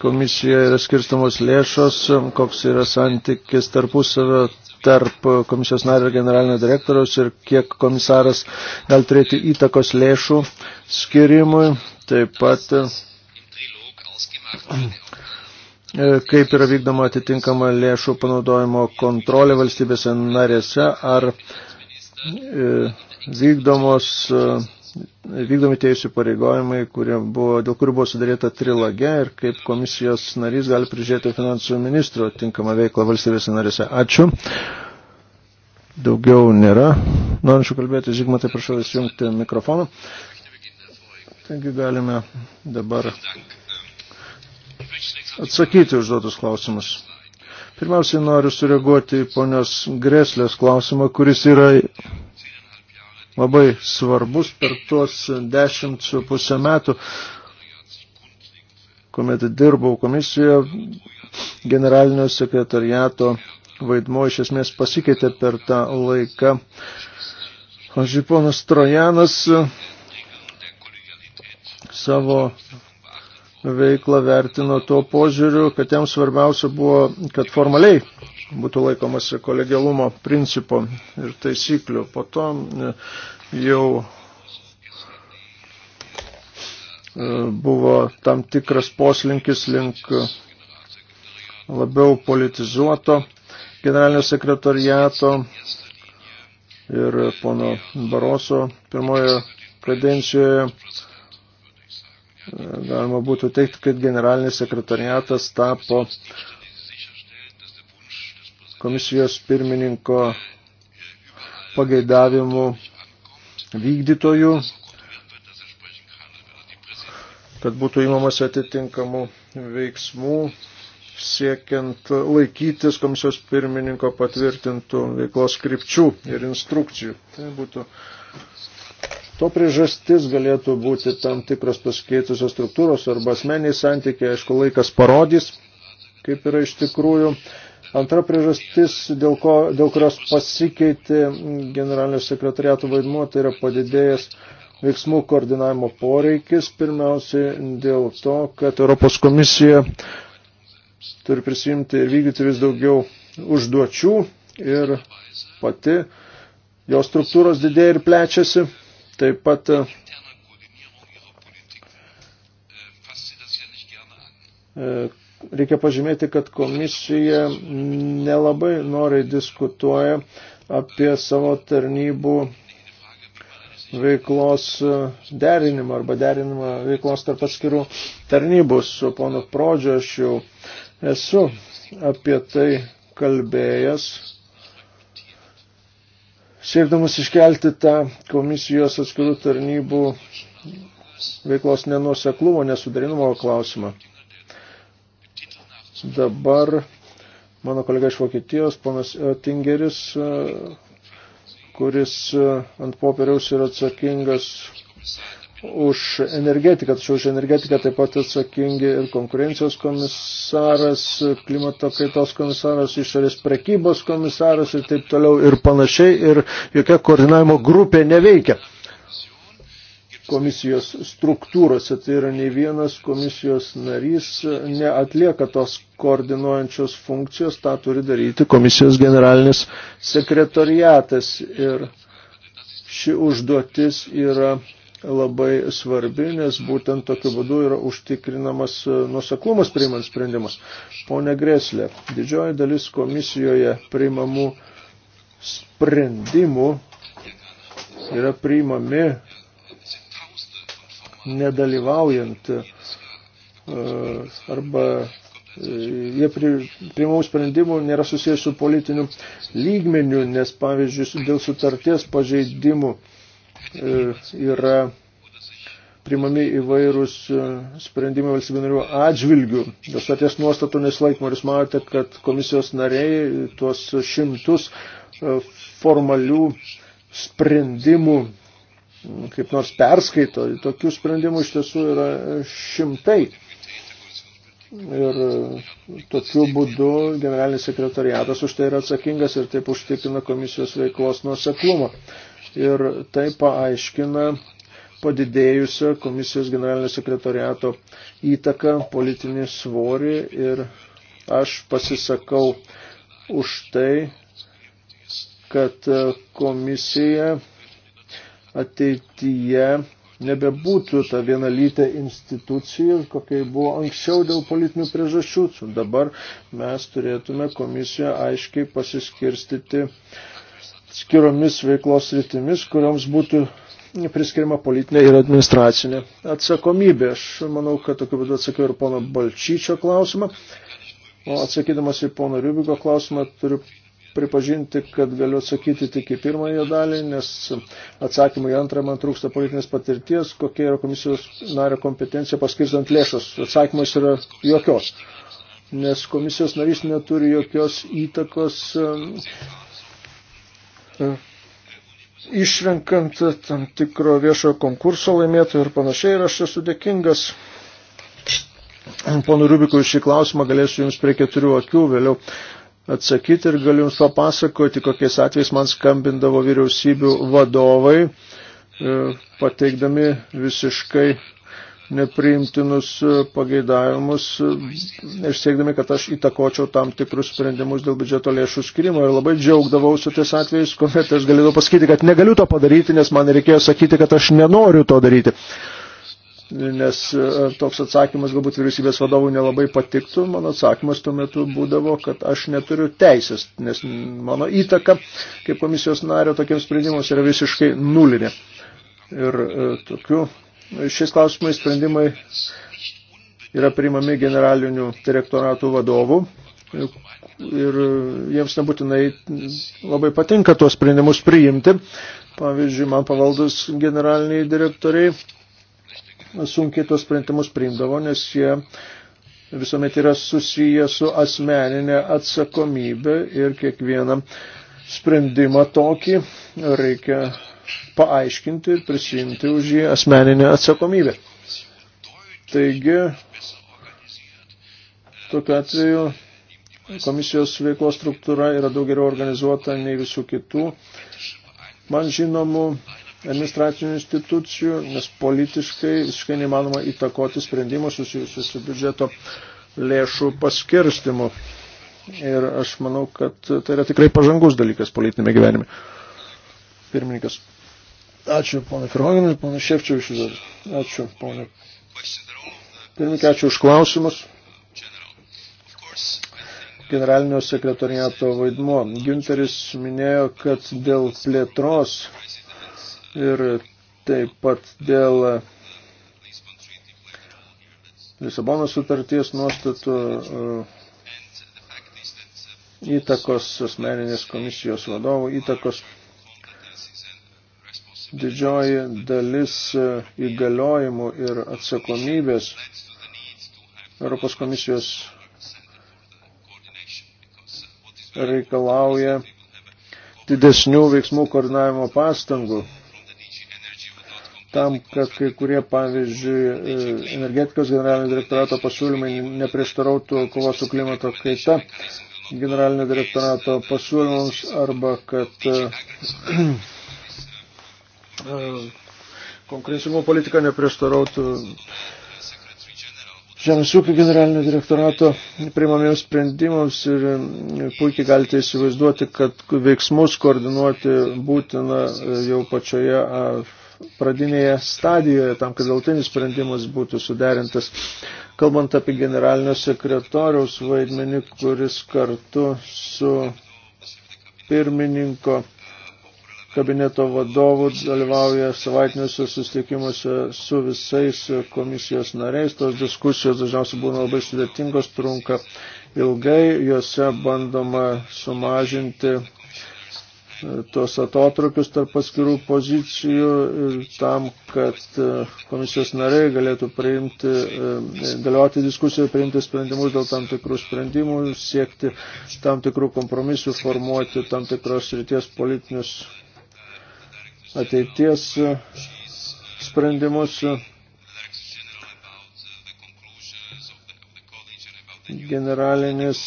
komisijoje yra skirstamos lėšos, koks yra santykis tarpusavio tarp komisijos nario ir generalinio direktoriaus ir kiek komisaras gali turėti įtakos lėšų skirimui. Taip pat e, kaip yra vykdoma atitinkama lėšų panaudojimo kontrolė valstybėse narėse, ar E, vykdomos, e, vykdomi tie įsipareigojimai, buvo, dėl kurių buvo sudaryta trilogė ir kaip komisijos narys gali prižiūrėti finansų ministro tinkamą veiklą valstybės narėse. Ačiū. Daugiau nėra. Norinčių kalbėti, Žygmatai, prašau įsijungti mikrofoną. Taigi galime dabar atsakyti užduotus klausimus. Pirmiausiai noriu sureaguoti į ponios Greslės klausimą, kuris yra labai svarbus per tuos dešimt su pusę metų, kuomet dirbau komisijoje, generalinio sekretariato vaidmo iš esmės pasikeitė per tą laiką. Aš ponas Trojanas savo veiklą vertino tuo požiūriu, kad jiems svarbiausia buvo, kad formaliai būtų laikomasi kolegialumo principo ir taisyklių. Po to e, jau e, buvo tam tikras poslinkis link labiau politizuoto generalinio sekretoriato ir pono Baroso pirmojo kadencijoje galima būtų teikti, kad generalinis sekretariatas tapo komisijos pirmininko pageidavimų vykdytojų, kad būtų įmamas atitinkamų veiksmų siekiant laikytis komisijos pirmininko patvirtintų veiklos krypčių ir instrukcijų. Tai būtų uh, To priežastis galėtų būti tam tikros pasikeitusios struktūros arba asmeniai santykiai, aišku, laikas parodys, kaip yra iš tikrųjų. Antra priežastis, dėl, ko, dėl kurios pasikeitė generalinio sekretariato vaidmuo, tai yra padidėjęs veiksmų koordinavimo poreikis, pirmiausiai dėl to, kad Europos komisija turi prisimti ir vykdyti vis daugiau užduočių ir pati jos struktūros didėja ir plečiasi. Taip pat e, reikia pažymėti, kad komisija nelabai noriai diskutuoja apie savo tarnybų veiklos derinimą arba derinimą veiklos tarp atskirų tarnybų. Su ponu Prodžiu aš jau esu apie tai kalbėjęs siekdamas iškelti tą komisijos atskirų tarnybų veiklos nenuoseklumo, nesudarinumo klausimą. Dabar mano kolega iš Vokietijos, ponas Tingeris, kuris ant popieriaus yra atsakingas už energetiką, tačiau už energetiką taip pat atsakingi ir konkurencijos komisaras, klimato kaitos komisaras, išorės prekybos komisaras ir taip toliau ir panašiai ir jokia koordinavimo grupė neveikia komisijos struktūrose, tai yra nei vienas komisijos narys neatlieka tos koordinuojančios funkcijos, tą turi daryti komisijos generalinis sekretoriatas ir ši užduotis yra labai svarbi, nes būtent tokiu būdu yra užtikrinamas e, nusaklumas priimant sprendimus. Pone Greslė, didžioji dalis komisijoje priimamų sprendimų yra priimami nedalyvaujant e, arba e, jie priimamų sprendimų nėra susijęs su politiniu lygmeniu, nes pavyzdžiui dėl sutarties pažeidimų E, yra primami įvairūs e, sprendimai valstybinarių atžvilgių. Dėl staties nuostatų nesilaikymo ir jūs matote, kad komisijos nariai tuos šimtus e, formalių sprendimų kaip nors perskaito. Tokių sprendimų iš tiesų yra šimtai. Ir tokiu būdu generalinis sekretariatas už tai yra atsakingas ir taip užtikrina komisijos veiklos nuoseklumą ir tai paaiškina padidėjusią komisijos generalinio sekretoriato įtaką, politinį svorį ir aš pasisakau už tai, kad komisija ateityje nebebūtų ta vienalytė institucija, kokia buvo anksčiau dėl politinių priežasčių. Dabar mes turėtume komisiją aiškiai pasiskirstyti uh, atskiromis veiklos rytimis, kurioms būtų priskirima politinė ir administracinė atsakomybė. Aš manau, kad tokiu būdu atsakiau ir pono Balčyčio klausimą. O atsakydamas į pono Riubiko klausimą turiu pripažinti, kad galiu atsakyti tik į pirmąją dalį, nes atsakymą į antrą man trūksta politinės patirties, kokia yra komisijos nario kompetencija paskirstant lėšas. Atsakymas yra jokios, nes komisijos narys neturi jokios įtakos E, išrenkant tam tikro viešojo konkurso laimėtojų ir panašiai. Ir aš esu dėkingas ponu Rubikui šį klausimą, galėsiu jums prie keturių akių vėliau atsakyti ir galiu jums papasakoti, kokiais atvejais man skambindavo vyriausybių vadovai, e, pateikdami visiškai nepriimtinus e, pageidavimus e, ir siekdami, kad aš įtakočiau tam tikrus sprendimus dėl biudžeto lėšų skirimo. Ir labai džiaugdavausi ties atvejais, kuomet aš galėjau pasakyti, kad negaliu to padaryti, nes man reikėjo sakyti, kad aš nenoriu to daryti. Nes e, toks atsakymas galbūt vyriausybės vadovų nelabai patiktų. Mano atsakymas tuo metu būdavo, kad aš neturiu teisės, nes mano įtaka kaip komisijos nario tokiems sprendimams yra visiškai nulinė. Ir tokiu Šiais klausimais sprendimai yra priimami generalinių direktoratų vadovų ir jiems nebūtinai labai patinka tuos sprendimus priimti. Pavyzdžiui, man pavaldus generaliniai direktoriai sunkiai tuos sprendimus priimdavo, nes jie visuomet yra susiję su asmeninė atsakomybė ir kiekvieną sprendimą tokį reikia paaiškinti ir prisimti už jį asmeninę atsakomybę. Taigi, tokiu atveju komisijos veiklos struktūra yra daug geriau organizuota nei visų kitų. Man žinomų administracinių institucijų, nes politiškai visiškai neįmanoma įtakoti sprendimus susijusius su biudžeto lėšų paskirstimu. Ir aš manau, kad tai yra tikrai pažangus dalykas politinėme gyvenime. Pirmininkas. Ačiū, ponai Firhoginai, ponai Šefčiovičiu dar. Ačiū, ponai. Pirmininkai, ačiū už klausimus. Generalinio sekretoriato vaidmuo. Günteris minėjo, kad dėl plėtros ir taip pat dėl Lisabono sutarties nuostatų uh, įtakos asmeninės komisijos vadovų įtakos Didžioji dalis e, įgaliojimų ir atsakomybės Europos komisijos reikalauja didesnių veiksmų koordinavimo pastangų. Tam, kad kai kurie, pavyzdžiui, e, energetikos generalinio direktorato pasiūlymai neprieštarautų kovos su klimato kaita generalinio direktorato pasiūlymams arba kad e, E, konkurencingumo politika neprieštarautų Žemės ūkio generalinio direktorato priimamiems sprendimams ir e, puikiai galite įsivaizduoti, kad veiksmus koordinuoti būtina e, jau pačioje pradinėje stadijoje, tam, kad galtinis sprendimas būtų suderintas. Kalbant apie generalinio sekretoriaus vaidmenį, kuris kartu su pirmininko kabineto vadovų dalyvauja savaitiniuose susitikimuose su visais komisijos nariais. Tos diskusijos dažniausiai būna labai sudėtingos, trunka ilgai, juose bandoma sumažinti e, tuos atotrukius tarp paskirų pozicijų e, tam, kad e, komisijos nariai galėtų priimti, dalyvauti diskusijoje, priimti sprendimus dėl tam tikrų sprendimų, siekti tam tikrų kompromisų, formuoti tam tikros ryties politinius ateities sprendimus. Generalinis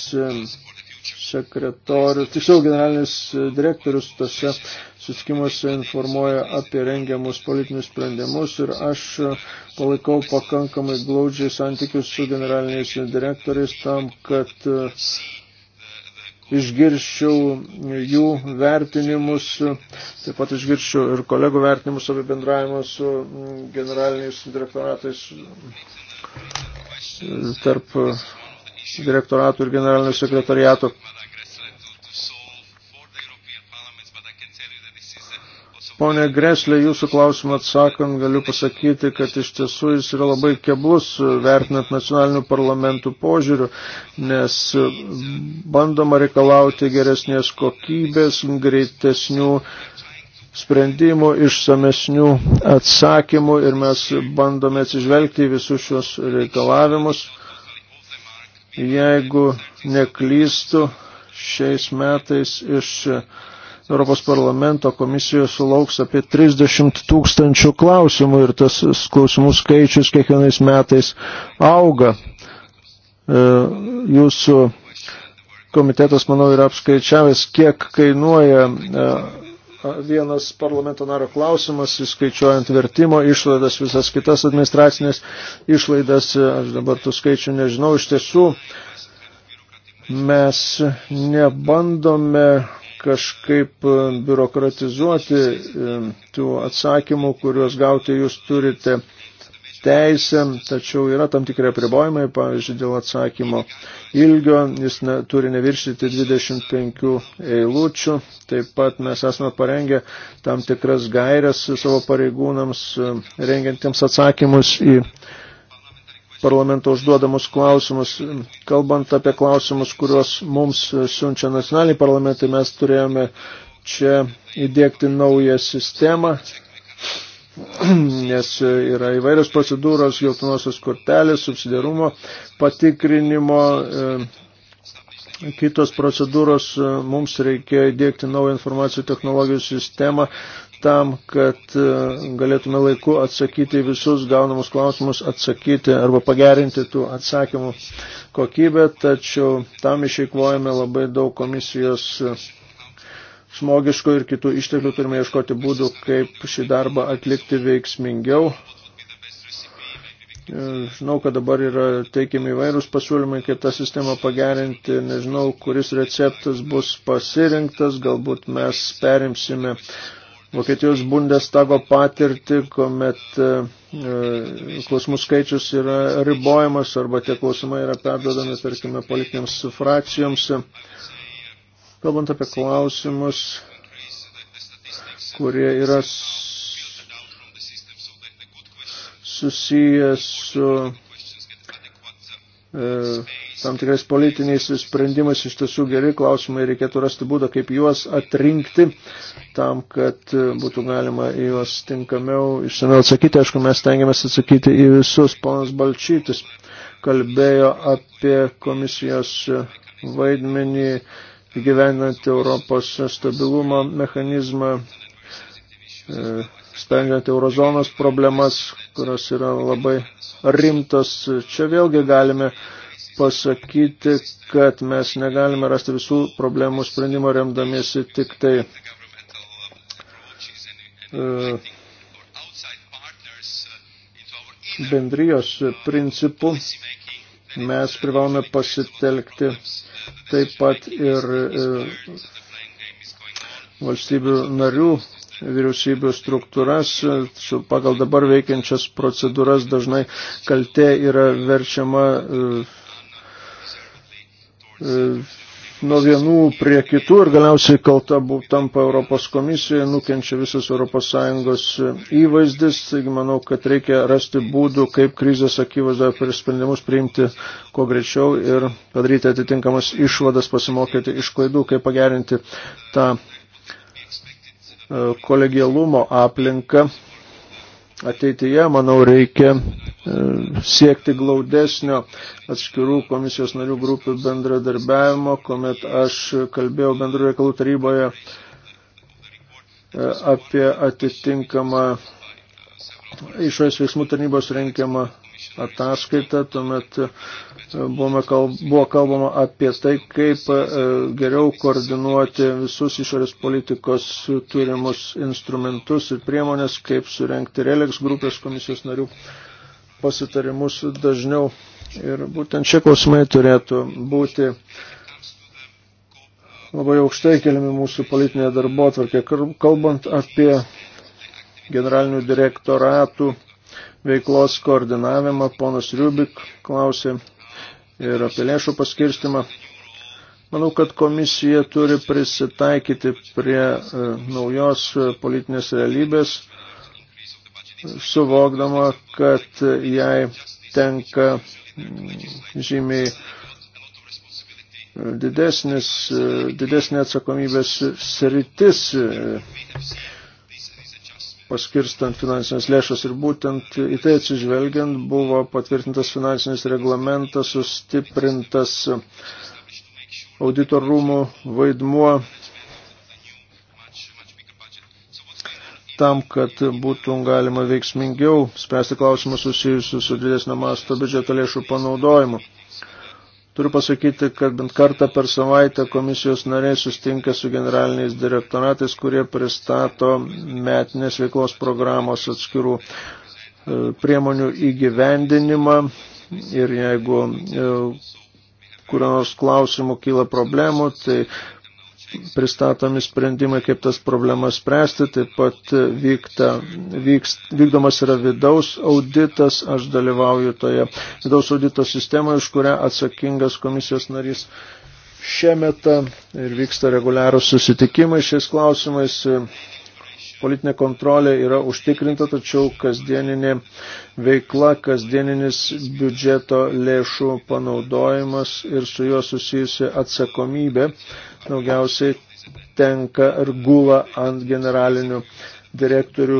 sekretorius, tiksliau generalinis direktorius tose susitikimuose informuoja apie rengiamus politinius sprendimus ir aš palaikau pakankamai glaudžiai santykius su generaliniais direktoriais tam, kad išgirščiau jų vertinimus, taip pat išgirščiau ir kolegų vertinimus apie bendravimą su mm, generaliniais direktoratais tarp direktoratų ir generalinio sekretariato. Pone Greslė, jūsų klausimą atsakant, galiu pasakyti, kad iš tiesų jis yra labai keblus, vertinant nacionalinių parlamentų požiūrių, nes bandoma reikalauti geresnės kokybės, greitesnių sprendimų, išsamesnių atsakymų ir mes bandome atsižvelgti į visus šios reikalavimus. Jeigu neklystu, šiais metais iš Europos parlamento komisijoje sulauks apie 30 tūkstančių klausimų ir tas klausimų skaičius kiekvienais metais auga. E, jūsų komitetas, manau, yra apskaičiavęs, kiek kainuoja e, vienas parlamento nario klausimas, įskaičiuojant vertimo išlaidas, visas kitas administracinės išlaidas. E, aš dabar tų skaičių nežinau. Iš tiesų, mes nebandome kažkaip e, biurokratizuoti e, tų atsakymų, kuriuos gauti jūs turite teisę, tačiau yra tam tikrai apribojimai, pavyzdžiui, dėl atsakymo ilgio, jis ne, turi neviršyti 25 eilučių, taip pat mes esame parengę tam tikras gairias savo pareigūnams, e, rengiantiems atsakymus į parlamento užduodamus klausimus. Kalbant apie klausimus, kuriuos mums siunčia nacionaliniai parlamentai, mes turėjome čia įdėkti naują sistemą, nes yra įvairios procedūros, geltonosios kortelės, subsidiarumo patikrinimo. E, kitos procedūros, mums reikėjo įdėkti naują informacijų technologijų sistemą, tam, kad e, galėtume laiku atsakyti visus gaunamus klausimus, atsakyti arba pagerinti tų atsakymų kokybę, tačiau tam išeikvojame labai daug komisijos e, smogiškų ir kitų išteklių, turime ieškoti būdų, kaip šį darbą atlikti veiksmingiau. E, žinau, kad dabar yra teikiami įvairūs pasiūlymai, kaip tą sistemą pagerinti. Nežinau, kuris receptas bus pasirinktas. Galbūt mes perimsime uh, Vokietijos bundestago patirtį, kuomet e, e, klausimų skaičius yra ribojamas arba tie klausimai yra perdodami, tarkime, politinėms frakcijoms. Kalbant apie klausimus, kurie yra susijęs su e, tam tikrais politiniais sprendimais iš tiesų geri klausimai, reikėtų rasti būdą, kaip juos atrinkti, tam, kad e, būtų galima į juos tinkamiau išsameu atsakyti. Aišku, mes tengiamės atsakyti į visus. Ponas Balčytis kalbėjo apie komisijos vaidmenį įgyvenant Europos stabilumo mechanizmą, e, sprendžiant eurozonos problemas, kurios yra labai rimtos. Čia vėlgi galime uh, pasakyti, kad mes negalime rasti visų problemų sprendimo remdamiesi tik tai e, bendrijos principų. Mes privalome pasitelkti taip pat ir e, valstybių narių vyriausybių struktūras, pagal dabar veikiančias procedūras dažnai kaltė yra verčiama e, nuo vienų prie kitų ir galiausiai kalta tampa Europos komisija, nukenčia visas ES e, įvaizdis, taigi manau, kad reikia rasti būdų, kaip krizės akivaizdoje per sprendimus priimti kuo greičiau ir padaryti atitinkamas išvadas, pasimokyti iš klaidų, kaip pagerinti tą e, kolegialumo aplinką ateityje, manau, reikia e, siekti glaudesnio atskirų komisijos narių grupių bendradarbiavimo, kuomet aš kalbėjau bendrų reikalų taryboje e, apie atitinkamą išorės veiksmų tarnybos renkiamą ataskaitą, tuomet e, kalb, buvo kalbama apie tai, kaip e, geriau koordinuoti visus išorės politikos turimus instrumentus ir priemonės, kaip surenkti Relex grupės komisijos narių pasitarimus dažniau. Ir būtent šie klausimai turėtų būti labai aukštai keliami mūsų politinėje darbo atvarkė. Kalbant apie generalinių direktoratų veiklos koordinavimą. Ponas Riubik klausė ir apie lėšų paskirstimą. Manau, kad komisija turi prisitaikyti prie e, naujos e, politinės realybės, suvokdama, kad jai tenka mm, žymiai e, didesnis, didesnė atsakomybės sritis paskirstant finansinės lėšas ir būtent į tai atsižvelgiant buvo patvirtintas finansinis reglamentas, sustiprintas auditorumų vaidmuo tam, kad būtų galima veiksmingiau spręsti klausimus susijusius su didesnio masto biudžeto lėšų panaudojimu. Turiu pasakyti, kad bent kartą per savaitę komisijos nariai sustinka su generaliniais direktoratais, kurie pristato metinės veiklos programos atskirų e, priemonių įgyvendinimą ir jeigu e, kurio nors klausimų kyla problemų, tai pristatomi sprendimai, kaip tas problemas spręsti, taip pat vykta, vyks, vykdomas yra vidaus auditas, aš dalyvauju toje vidaus audito sistemoje, už kurią atsakingas komisijos narys šiemet ir vyksta reguliarūs susitikimai šiais klausimais politinė kontrolė yra užtikrinta, tačiau kasdieninė veikla, kasdieninis biudžeto lėšų panaudojimas ir su juo susijusi atsakomybė daugiausiai tenka ar gula ant generalinių direktorių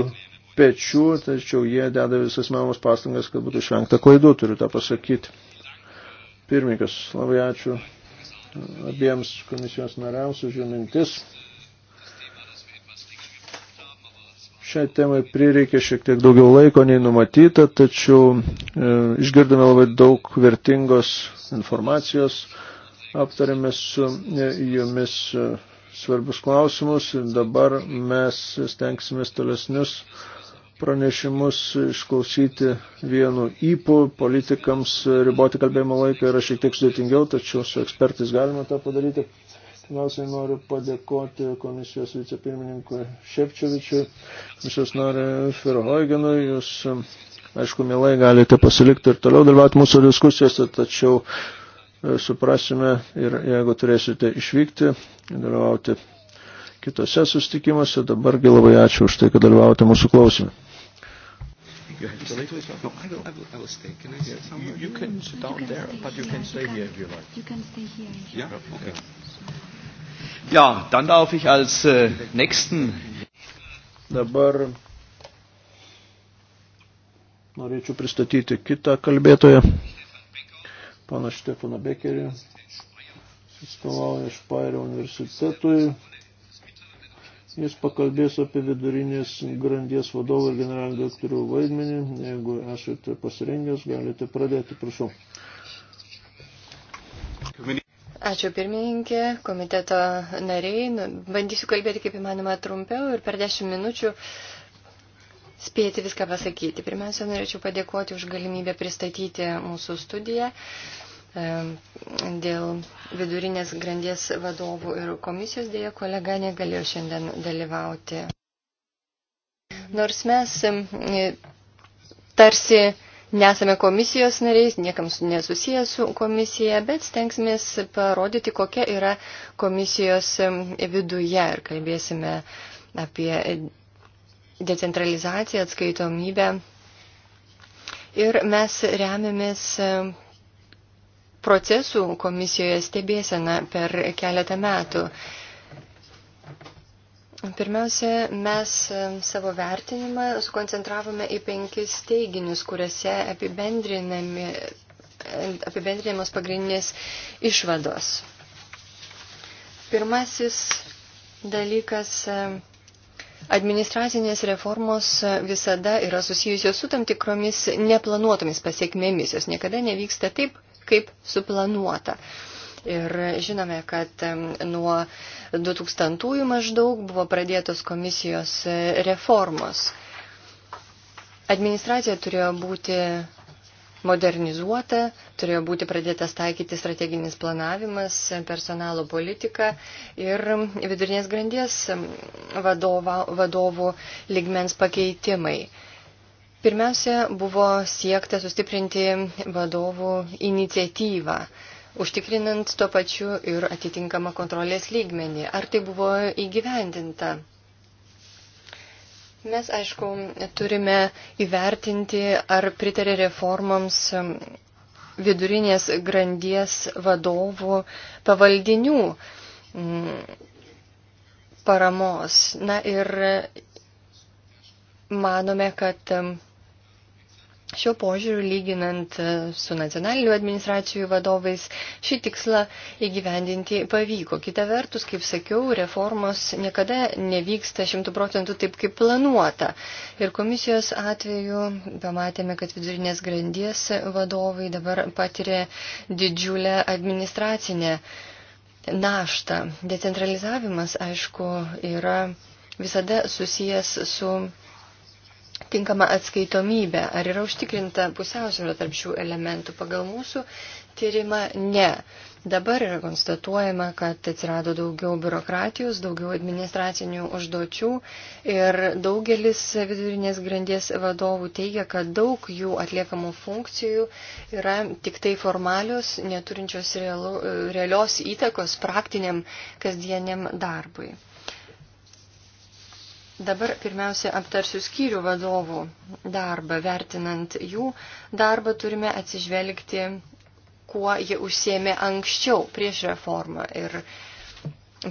pečių, tačiau jie deda visas mamos pastangas, kad būtų išvengta klaidų, turiu tą pasakyti. Pirmininkas, labai ačiū abiems komisijos nariams už jų mintis. Šiai temai prireikė šiek tiek daugiau laiko nei numatyta, tačiau e, išgirdome labai daug vertingos informacijos, aptarėme su e, jumis e, svarbus klausimus ir dabar mes stengsime tolesnius pranešimus išklausyti vienu įpų, politikams riboti kalbėjimo laiką yra šiek tiek sudėtingiau, tačiau su ekspertais galima tą padaryti. Pirmiausiai noriu padėkoti komisijos vicepirmininkui Šepčevičiui, komisijos nariai Ferhoigenui. Jūs, aišku, mielai galite pasilikti ir toliau dalyvauti mūsų diskusijose, tačiau e, suprasime ir jeigu turėsite išvykti, dalyvauti kitose sustikimuose. Dabargi labai ačiū už tai, kad dalyvaujate mūsų klausime. You have to stay. No, I will, I will, I will stay. Can I sit somewhere? You, you can sit down there, but you can stay here if you like. You can stay here. Yeah? Okay. Ja, dann darf ich als äh, nächsten. Dabar norėčiau pristatyti kitą kalbėtoją, pana Štefaną Bekerį, atstovauja Špairio universitetui. Jis pakalbės apie vidurinės grandies vadovų ir generalinių direktorių vaidmenį. Jeigu esate pasirengęs, galite pradėti, prašau. Ačiū pirmininkė, komiteto nariai. Nu, bandysiu kalbėti kaip įmanoma trumpiau ir per dešimt minučių spėti viską pasakyti. Pirmiausia, norėčiau padėkoti už galimybę pristatyti mūsų studiją dėl vidurinės grandies vadovų ir komisijos dėja kolega negalėjo šiandien dalyvauti. Nors mes tarsi Nesame komisijos nariais, niekam nesusiję su komisija, bet stengsimės parodyti, kokia yra komisijos viduje ir kalbėsime apie decentralizaciją, atskaitomybę. Ir mes remiamės procesų komisijoje stebėsena per keletą metų. Pirmiausia, mes savo vertinimą sukoncentravome į penkis teiginius, kuriuose apibendrinamos pagrindinės išvados. Pirmasis dalykas Administracinės reformos visada yra susijusios su tam tikromis neplanuotomis pasiekmėmis, jos niekada nevyksta taip, kaip suplanuota. Ir žinome, kad nuo 2000 maždaug buvo pradėtos komisijos e, reformos. Administracija turėjo būti modernizuota, turėjo būti pradėtas taikyti strateginis planavimas, personalo politika ir vidurinės grandies vadova, vadovų ligmens pakeitimai. Pirmiausia, buvo siekta sustiprinti vadovų iniciatyvą užtikrinant tuo pačiu ir atitinkamą kontrolės lygmenį. Ar tai buvo įgyvendinta? Mes, aišku, turime įvertinti, ar pritarė reformams vidurinės grandies vadovų pavaldinių mm, paramos. Na ir manome, kad Šiuo požiūriu, lyginant e, su nacionalinių administracijų vadovais, šį tikslą įgyvendinti pavyko. Kita vertus, kaip sakiau, reformos niekada nevyksta šimtų procentų taip, kaip planuota. Ir komisijos atveju pamatėme, kad vidurinės grandies vadovai dabar patiria didžiulę administracinę naštą. Decentralizavimas, aišku, yra visada susijęs su tinkama atskaitomybė, ar yra užtikrinta pusiausvėra tarp šių elementų. Pagal mūsų tyrimą ne. Dabar yra konstatuojama, kad atsirado daugiau biurokratijos, daugiau administracinių užduočių ir daugelis vidurinės grandies vadovų teigia, kad daug jų atliekamų funkcijų yra tik tai formalios, neturinčios realios įtakos praktiniam kasdieniam darbui. Dabar pirmiausia aptarsiu skyrių vadovų darbą. Vertinant jų darbą turime atsižvelgti, kuo jie užsėmė anksčiau prieš reformą. Ir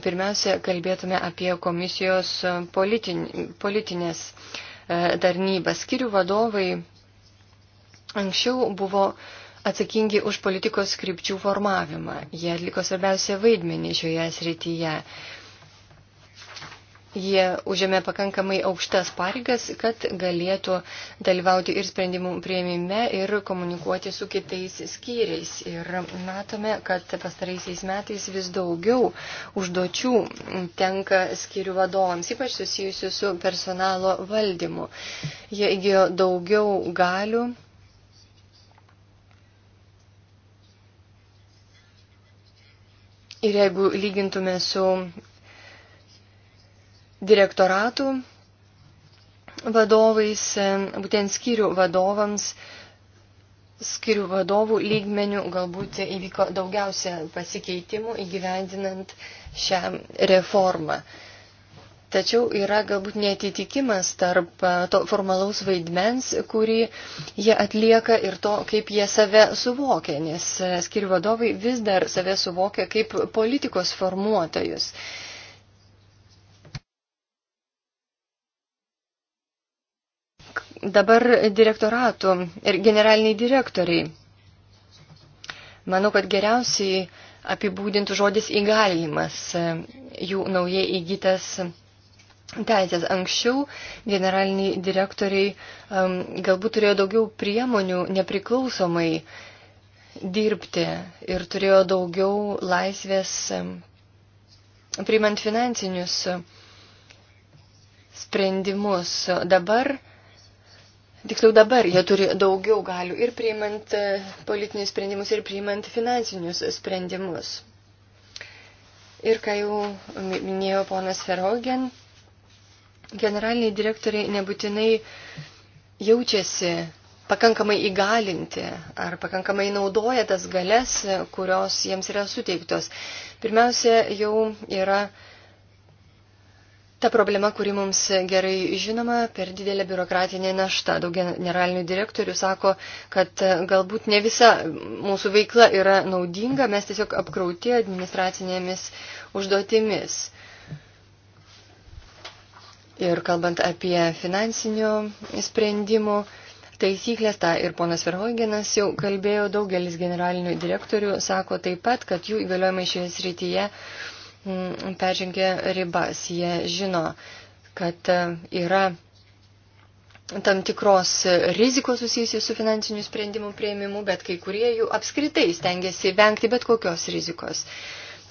pirmiausia, kalbėtume apie komisijos politin, politinės e, tarnybas. Skyrių vadovai anksčiau buvo atsakingi už politikos skripčių formavimą. Jie atliko svarbiausią vaidmenį šioje srityje. Jie užėmė pakankamai aukštas pareigas, kad galėtų dalyvauti ir sprendimų prieimime, ir komunikuoti su kitais skyriais. Ir matome, kad pastaraisiais metais vis daugiau užduočių tenka skyrių vadovams, ypač susijusių su personalo valdymu. Jie įgijo daugiau galių Ir jeigu lygintume su direktoratų vadovais, e, būtent skyrių vadovams, skirių vadovų lygmenių galbūt įvyko daugiausia pasikeitimų įgyvendinant šią reformą. Tačiau yra galbūt netitikimas tarp e, to formalaus vaidmens, kurį jie atlieka ir to, kaip jie save suvokia, nes e, skirių vadovai vis dar save suvokia kaip politikos formuotojus. Dabar direktoratų ir generaliniai direktoriai. Manau, kad geriausiai apibūdintų žodis įgalinimas e, jų naujai įgytas teisės. Anksčiau generaliniai direktoriai um, galbūt turėjo daugiau priemonių nepriklausomai dirbti ir turėjo daugiau laisvės um, priimant finansinius e, sprendimus. Dabar Tiksliau dabar jie turi daugiau galių ir priimant e, politinius sprendimus, ir priimant finansinius sprendimus. Ir ką jau minėjo ponas Ferogen, generaliniai direktoriai nebūtinai jaučiasi pakankamai įgalinti ar pakankamai naudoja tas galės, kurios jiems yra suteiktos. Pirmiausia, jau yra Ta problema, kuri mums gerai žinoma, per didelė biurokratinė našta. Daug generalinių direktorių sako, kad e, galbūt ne visa mūsų veikla yra naudinga, mes tiesiog apkrauti administracinėmis užduotimis. Ir kalbant apie finansinių sprendimų taisyklės, tą ir ponas Verhoigenas jau kalbėjo, daugelis generalinių direktorių sako taip pat, kad jų įgaliojimai šioje srityje Mm, peržengė ribas. Jie žino, kad e, yra tam tikros rizikos susijusios su finansiniu sprendimu prieimimu, bet kai kurie jų apskritai stengiasi vengti bet kokios rizikos.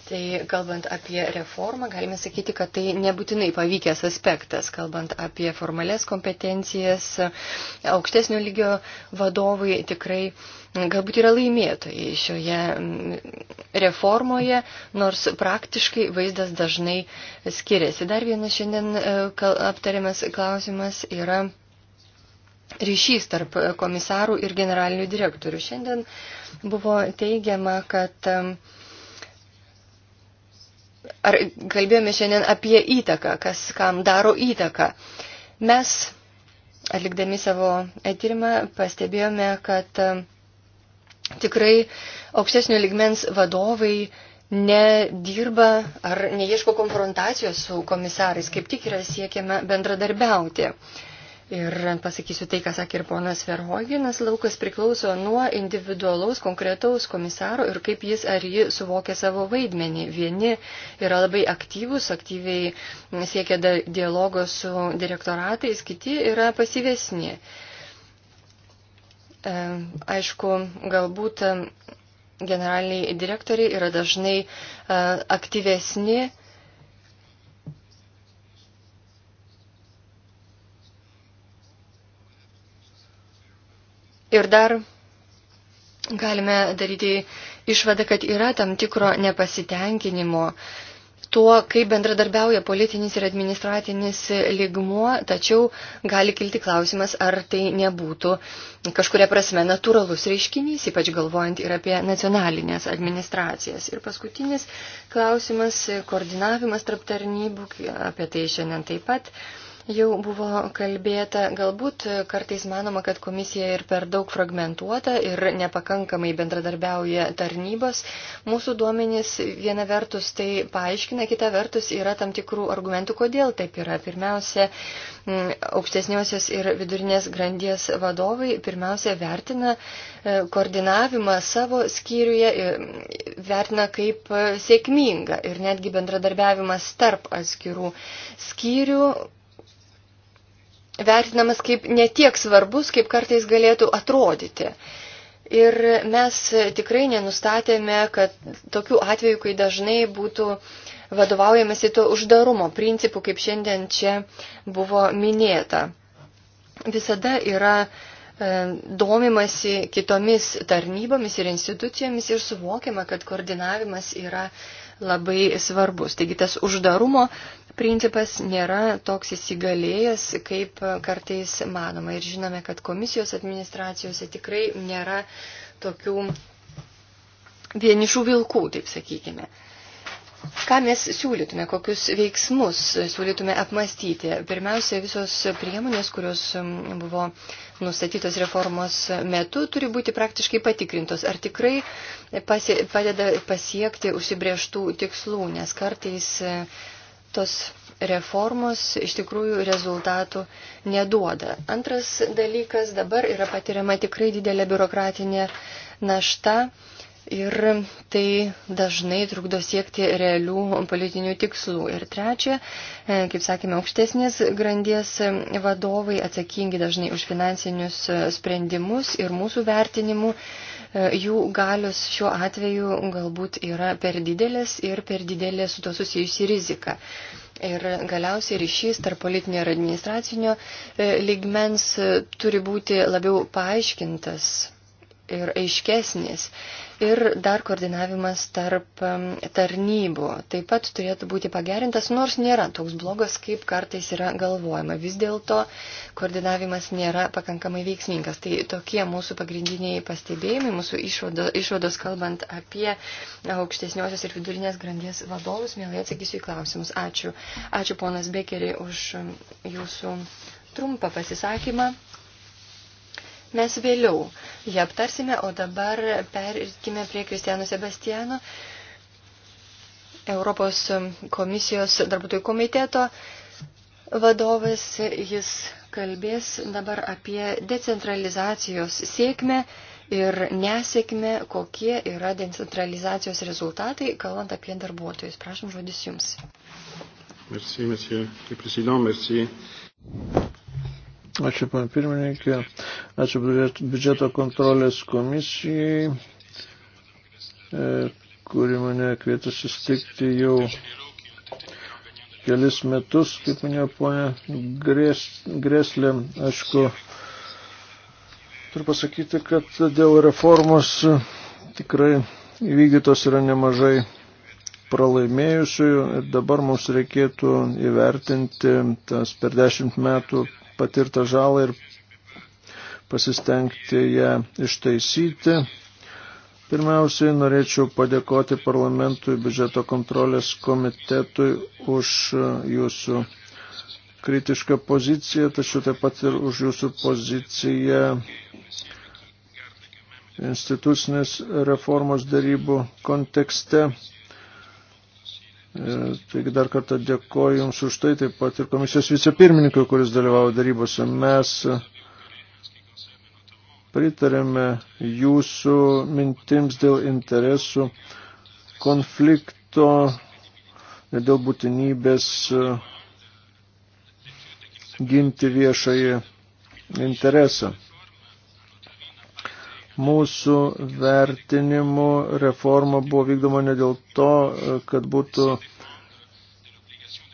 Tai kalbant apie reformą, galime sakyti, kad tai nebūtinai pavykęs aspektas. Kalbant apie formalės kompetencijas, aukštesnio lygio vadovai tikrai uh, galbūt yra laimėtojai šioje mm, reformoje, nors praktiškai vaizdas dažnai skiriasi. Dar vienas šiandien e, aptariamas klausimas yra ryšys tarp komisarų ir generalinių direktorių. Šiandien buvo teigiama, kad e, ar kalbėjome šiandien apie įtaką, kas kam daro įtaką. Mes, atlikdami savo tyrimą, pastebėjome, kad e, tikrai aukštesnio ligmens vadovai nedirba ar neieško konfrontacijos su komisarais, kaip tik yra siekiama bendradarbiauti. Ir pasakysiu tai, ką sakė ir ponas Verhoginas, laukas priklauso nuo individualaus konkretaus komisaro ir kaip jis ar ji suvokia savo vaidmenį. Vieni yra labai aktyvus, aktyviai siekia dialogo su direktoratais, kiti yra pasyvesni. E, aišku, galbūt generaliniai direktoriai yra dažnai e, aktyvesni. Ir dar galime daryti išvadą, kad yra tam tikro nepasitenkinimo tuo, kaip bendradarbiauja politinis ir administratinis ligmuo, tačiau gali kilti klausimas, ar tai nebūtų kažkuria prasme natūralus reiškinys, ypač galvojant ir apie nacionalinės administracijas. Ir paskutinis klausimas - koordinavimas tarp tarnybų, apie tai šiandien taip pat jau buvo kalbėta, galbūt kartais manoma, kad komisija ir per daug fragmentuota ir nepakankamai bendradarbiauja tarnybos. Mūsų duomenys viena vertus tai paaiškina, kita vertus yra tam tikrų argumentų, kodėl taip yra. Pirmiausia, aukštesniosios ir vidurinės grandies vadovai pirmiausia vertina e, koordinavimą savo skyriuje, e, vertina kaip e, sėkmingą ir netgi bendradarbiavimas tarp atskirų skyrių vertinamas kaip netiek svarbus, kaip kartais galėtų atrodyti. Ir mes tikrai nenustatėme, kad tokių atvejų, kai dažnai būtų vadovaujamasi to uždarumo principu, kaip šiandien čia buvo minėta. Visada yra e, domimasi kitomis tarnybomis ir institucijomis ir suvokiama, kad koordinavimas yra labai svarbus. Taigi tas uždarumo principas nėra toks įsigalėjęs, kaip kartais manoma. Ir žinome, kad komisijos administracijose tikrai nėra tokių vienišų vilkų, taip sakykime. Ką mes siūlytume, kokius veiksmus siūlytume apmastyti? Pirmiausia, visos priemonės, kurios buvo nustatytos reformos metu, turi būti praktiškai patikrintos, ar tikrai pasie, padeda pasiekti užsibrieštų tikslų, nes kartais tos reformos iš tikrųjų rezultatų neduoda. Antras dalykas, dabar yra patiriama tikrai didelė biurokratinė našta ir tai dažnai trukdo siekti realių politinių tikslų. Ir trečia, e, kaip sakėme, aukštesnės grandies vadovai atsakingi dažnai už finansinius sprendimus ir mūsų vertinimų E, jų galios šiuo atveju galbūt yra per didelės ir per didelė su to susijusi rizika. Ir galiausiai ryšys tarp politinio ir administracinio e, lygmens e, turi būti labiau paaiškintas ir aiškesnis. Ir dar koordinavimas tarp tarnybų taip pat turėtų būti pagerintas, nors nėra toks blogas, kaip kartais yra galvojama. Vis dėlto koordinavimas nėra pakankamai veiksmingas. Tai tokie mūsų pagrindiniai pastebėjimai, mūsų išvado, išvados kalbant apie aukštesniosios ir vidurinės grandies vadovus, mielai atsakysiu į klausimus. Ačiū. Ačiū ponas Bekeriai už jūsų trumpą pasisakymą mes vėliau ją aptarsime, o dabar perkime prie Kristiano Sebastiano, Europos komisijos darbuotojų komiteto vadovas. Jis kalbės dabar apie decentralizacijos sėkmę ir nesėkmę, kokie yra decentralizacijos rezultatai, kalbant apie darbuotojus. Prašom žodis Jums. Merci, monsieur le président, merci. Ačiū, pan pirmininkė. Ačiū biudžeto kontrolės komisijai, e, kuri mane kvietė susitikti jau kelis metus, kaip minėjo ponė grės, Greslė, aišku, turiu pasakyti, kad dėl reformos tikrai įvykdytos yra nemažai pralaimėjusiųjų ir dabar mums reikėtų įvertinti tas per dešimt metų patirtą žalą ir pasistengti ją ištaisyti. Pirmiausiai norėčiau padėkoti parlamentui biudžeto kontrolės komitetui už jūsų kritišką poziciją, tačiau taip pat ir už jūsų poziciją institucinės reformos darybų kontekste. E, taigi dar kartą dėkoju Jums už tai, taip pat ir komisijos vicepirmininkui, kuris dalyvavo darybose. Mes pritarėme Jūsų mintims dėl interesų konflikto ir dėl būtinybės e, ginti viešąjį interesą. Mūsų vertinimų reforma buvo vykdoma ne dėl to, kad būtų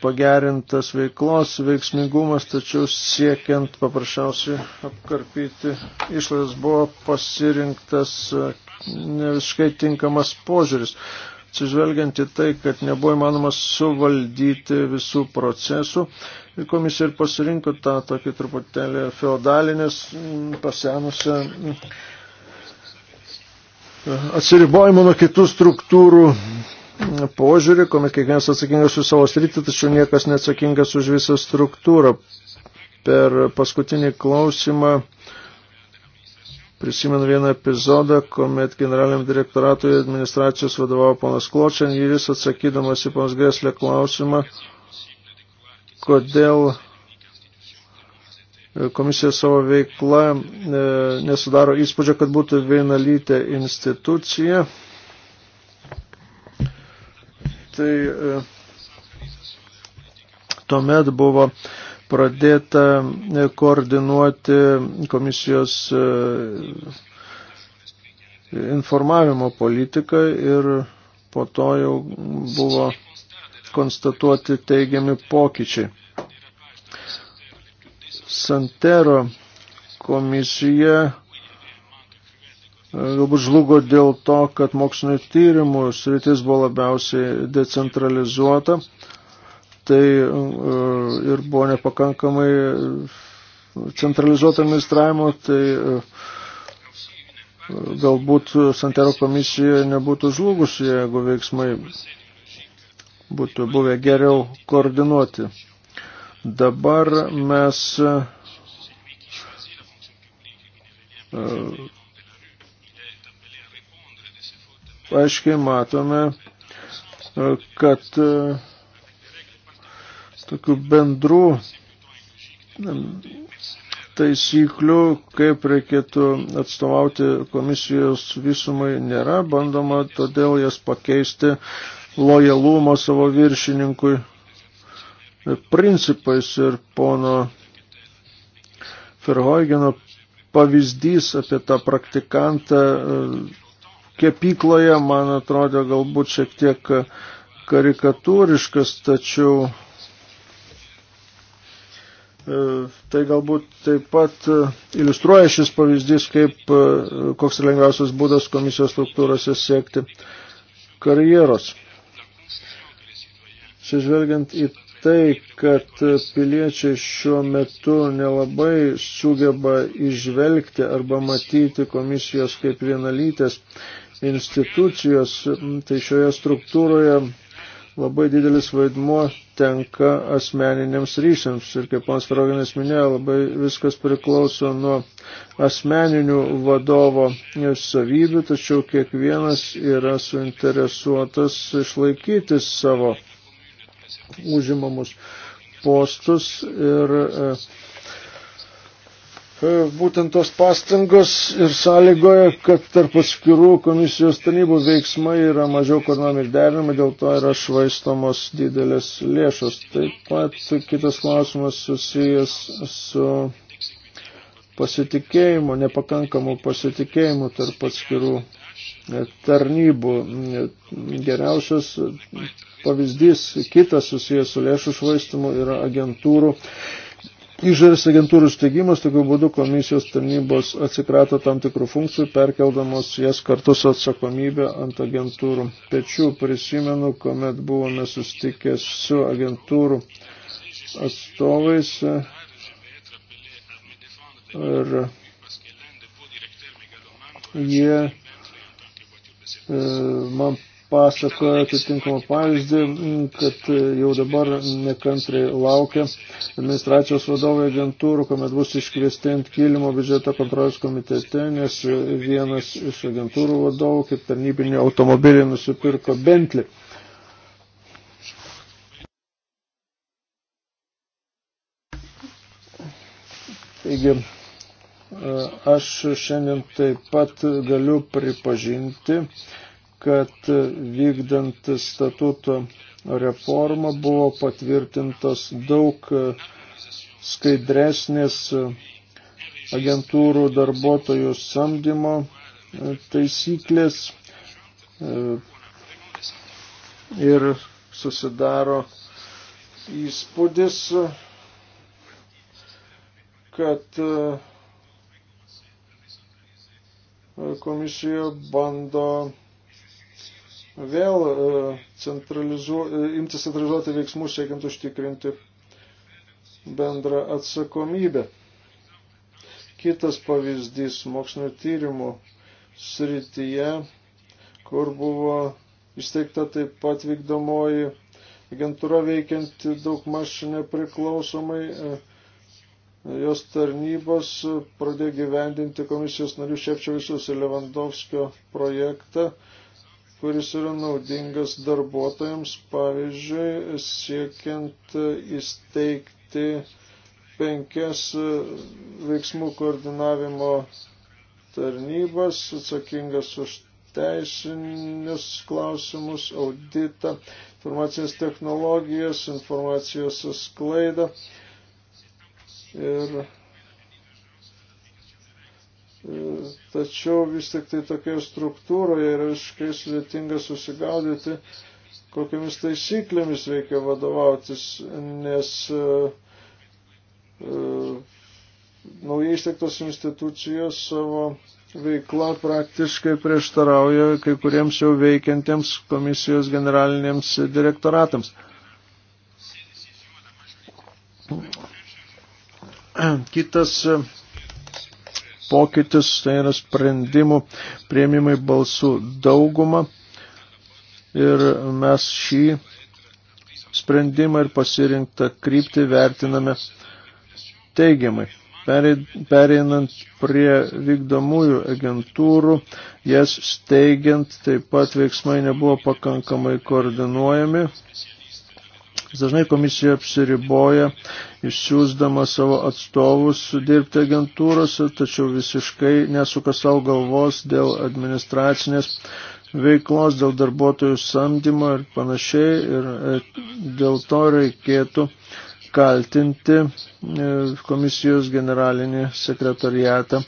pagerintas veiklos veiksmingumas, tačiau siekiant paprasčiausiai apkarpyti išlaidas buvo pasirinktas nevisiškai tinkamas požiūris. Atsižvelgiant į tai, kad nebuvo įmanoma suvaldyti visų procesų, komisija ir pasirinko tą tokį truputėlį feodalinės pasenusią atsiribojimo nuo kitų struktūrų požiūrį, kuomet kiekvienas atsakingas už savo sritį, tačiau niekas neatsakingas už visą struktūrą. Per paskutinį klausimą prisimenu vieną epizodą, kuomet generaliniam direktoratui administracijos vadovavo ponas Kločian ir jis atsakydamas į ponas Greslę klausimą, kodėl komisija savo veikla e, nesudaro įspūdžio, kad būtų vienalytė institucija. Tai e, tuomet buvo pradėta e, koordinuoti komisijos informavimo politiką ir po to jau buvo konstatuoti teigiami pokyčiai. Santero komisija e, galbūt žlugo dėl to, kad mokslinio tyrimų sritis buvo labiausiai decentralizuota. Tai e, ir buvo nepakankamai centralizuoto administravimo, tai e, galbūt Santero komisija nebūtų žlugusi, jeigu veiksmai būtų buvę geriau koordinuoti. Dabar mes e, aiškiai matome, e, kad e, tokių bendrų taisyklių, kaip reikėtų atstovauti komisijos visumai, nėra bandoma, todėl jas pakeisti lojalumo savo viršininkui principais ir pono Ferhoigeno pavyzdys apie tą praktikantą e, kepykloje man atrodė galbūt šiek tiek karikatūriškas, tačiau e, Tai galbūt taip pat e, iliustruoja šis pavyzdys, kaip koks lengviausias būdas komisijos struktūrose siekti karjeros. Sižvelgiant į tai, kad piliečiai šiuo metu nelabai sugeba išvelgti arba matyti komisijos kaip vienalytės institucijos, tai šioje struktūroje labai didelis vaidmuo tenka asmeniniams ryšiams. Ir kaip pons Feroginas minėjo, labai viskas priklauso nuo asmeninių vadovo savybių, tačiau kiekvienas yra suinteresuotas išlaikyti savo užimamus postus ir e, e, būtent tos pastangos ir sąlygoja, kad tarp atskirų komisijos tarnybų veiksmai yra mažiau ekonomi ir derinami, dėl to yra švaistomos didelės lėšos. Taip pat kitas klausimas susijęs su pasitikėjimu, nepakankamu pasitikėjimu tarp atskirų tarnybų. Geriausias pavyzdys kitas susijęs su lėšų švaistimu yra agentūrų. Išorės agentūrų steigimas, tokiu būdu komisijos tarnybos atsikrato tam tikrų funkcijų, perkeldamos jas kartu su atsakomybė ant agentūrų pečių. Prisimenu, kuomet buvome sustikę su agentūrų atstovais ir jie E, man pasakojo atitinkamą pavyzdį, kad e, jau dabar nekantrai laukia administracijos vadovai agentūrų, kuomet bus iškviesti ant kilimo biudžeto kontrolės komitete, nes vienas iš agentūrų vadovų kaip tarnybinį automobilį nusipirko Bentley. Taigi, Aš šiandien taip pat galiu pripažinti, kad vykdant statuto reformą buvo patvirtintos daug skaidresnės agentūrų darbuotojų samdymo taisyklės ir susidaro įspūdis, kad uh, komisija bando vėl e, centralizuo, e, imti centralizuoti veiksmų, siekiant užtikrinti bendrą atsakomybę. Kitas pavyzdys mokslinio tyrimų srityje, kur buvo įsteigta taip pat vykdomoji agentūra veikianti daugmaž nepriklausomai e, jos tarnybos pradėjo gyvendinti komisijos narių Šepčiovičius ir Levandovskio projektą, kuris yra naudingas darbuotojams, pavyzdžiui, siekiant įsteigti penkias veiksmų koordinavimo tarnybas, atsakingas už teisinius klausimus, auditą, informacinės technologijas, informacijos sklaidą Ir e, Tačiau vis tik tai tokioje struktūroje yra visiškai sudėtinga susigaudyti, kokiamis taisyklėmis reikia vadovautis, nes uh, naujai įsteigtos institucijos savo veikla praktiškai prieštarauja kai kuriems jau veikiantiems komisijos generalinėms direktoratams. Kitas e, pokytis tai yra sprendimų prieimimai balsų daugumą ir mes šį sprendimą ir pasirinktą kryptį vertiname teigiamai. Pereinant prie vykdomųjų agentūrų, jas steigiant taip pat veiksmai nebuvo pakankamai koordinuojami, Dažnai komisija apsiriboja išsiųsdama savo atstovus dirbti agentūrose, tačiau visiškai nesuka savo galvos dėl administracinės veiklos, dėl darbuotojų samdymo ir panašiai. Ir e, dėl to reikėtų kaltinti e, komisijos generalinį sekretariatą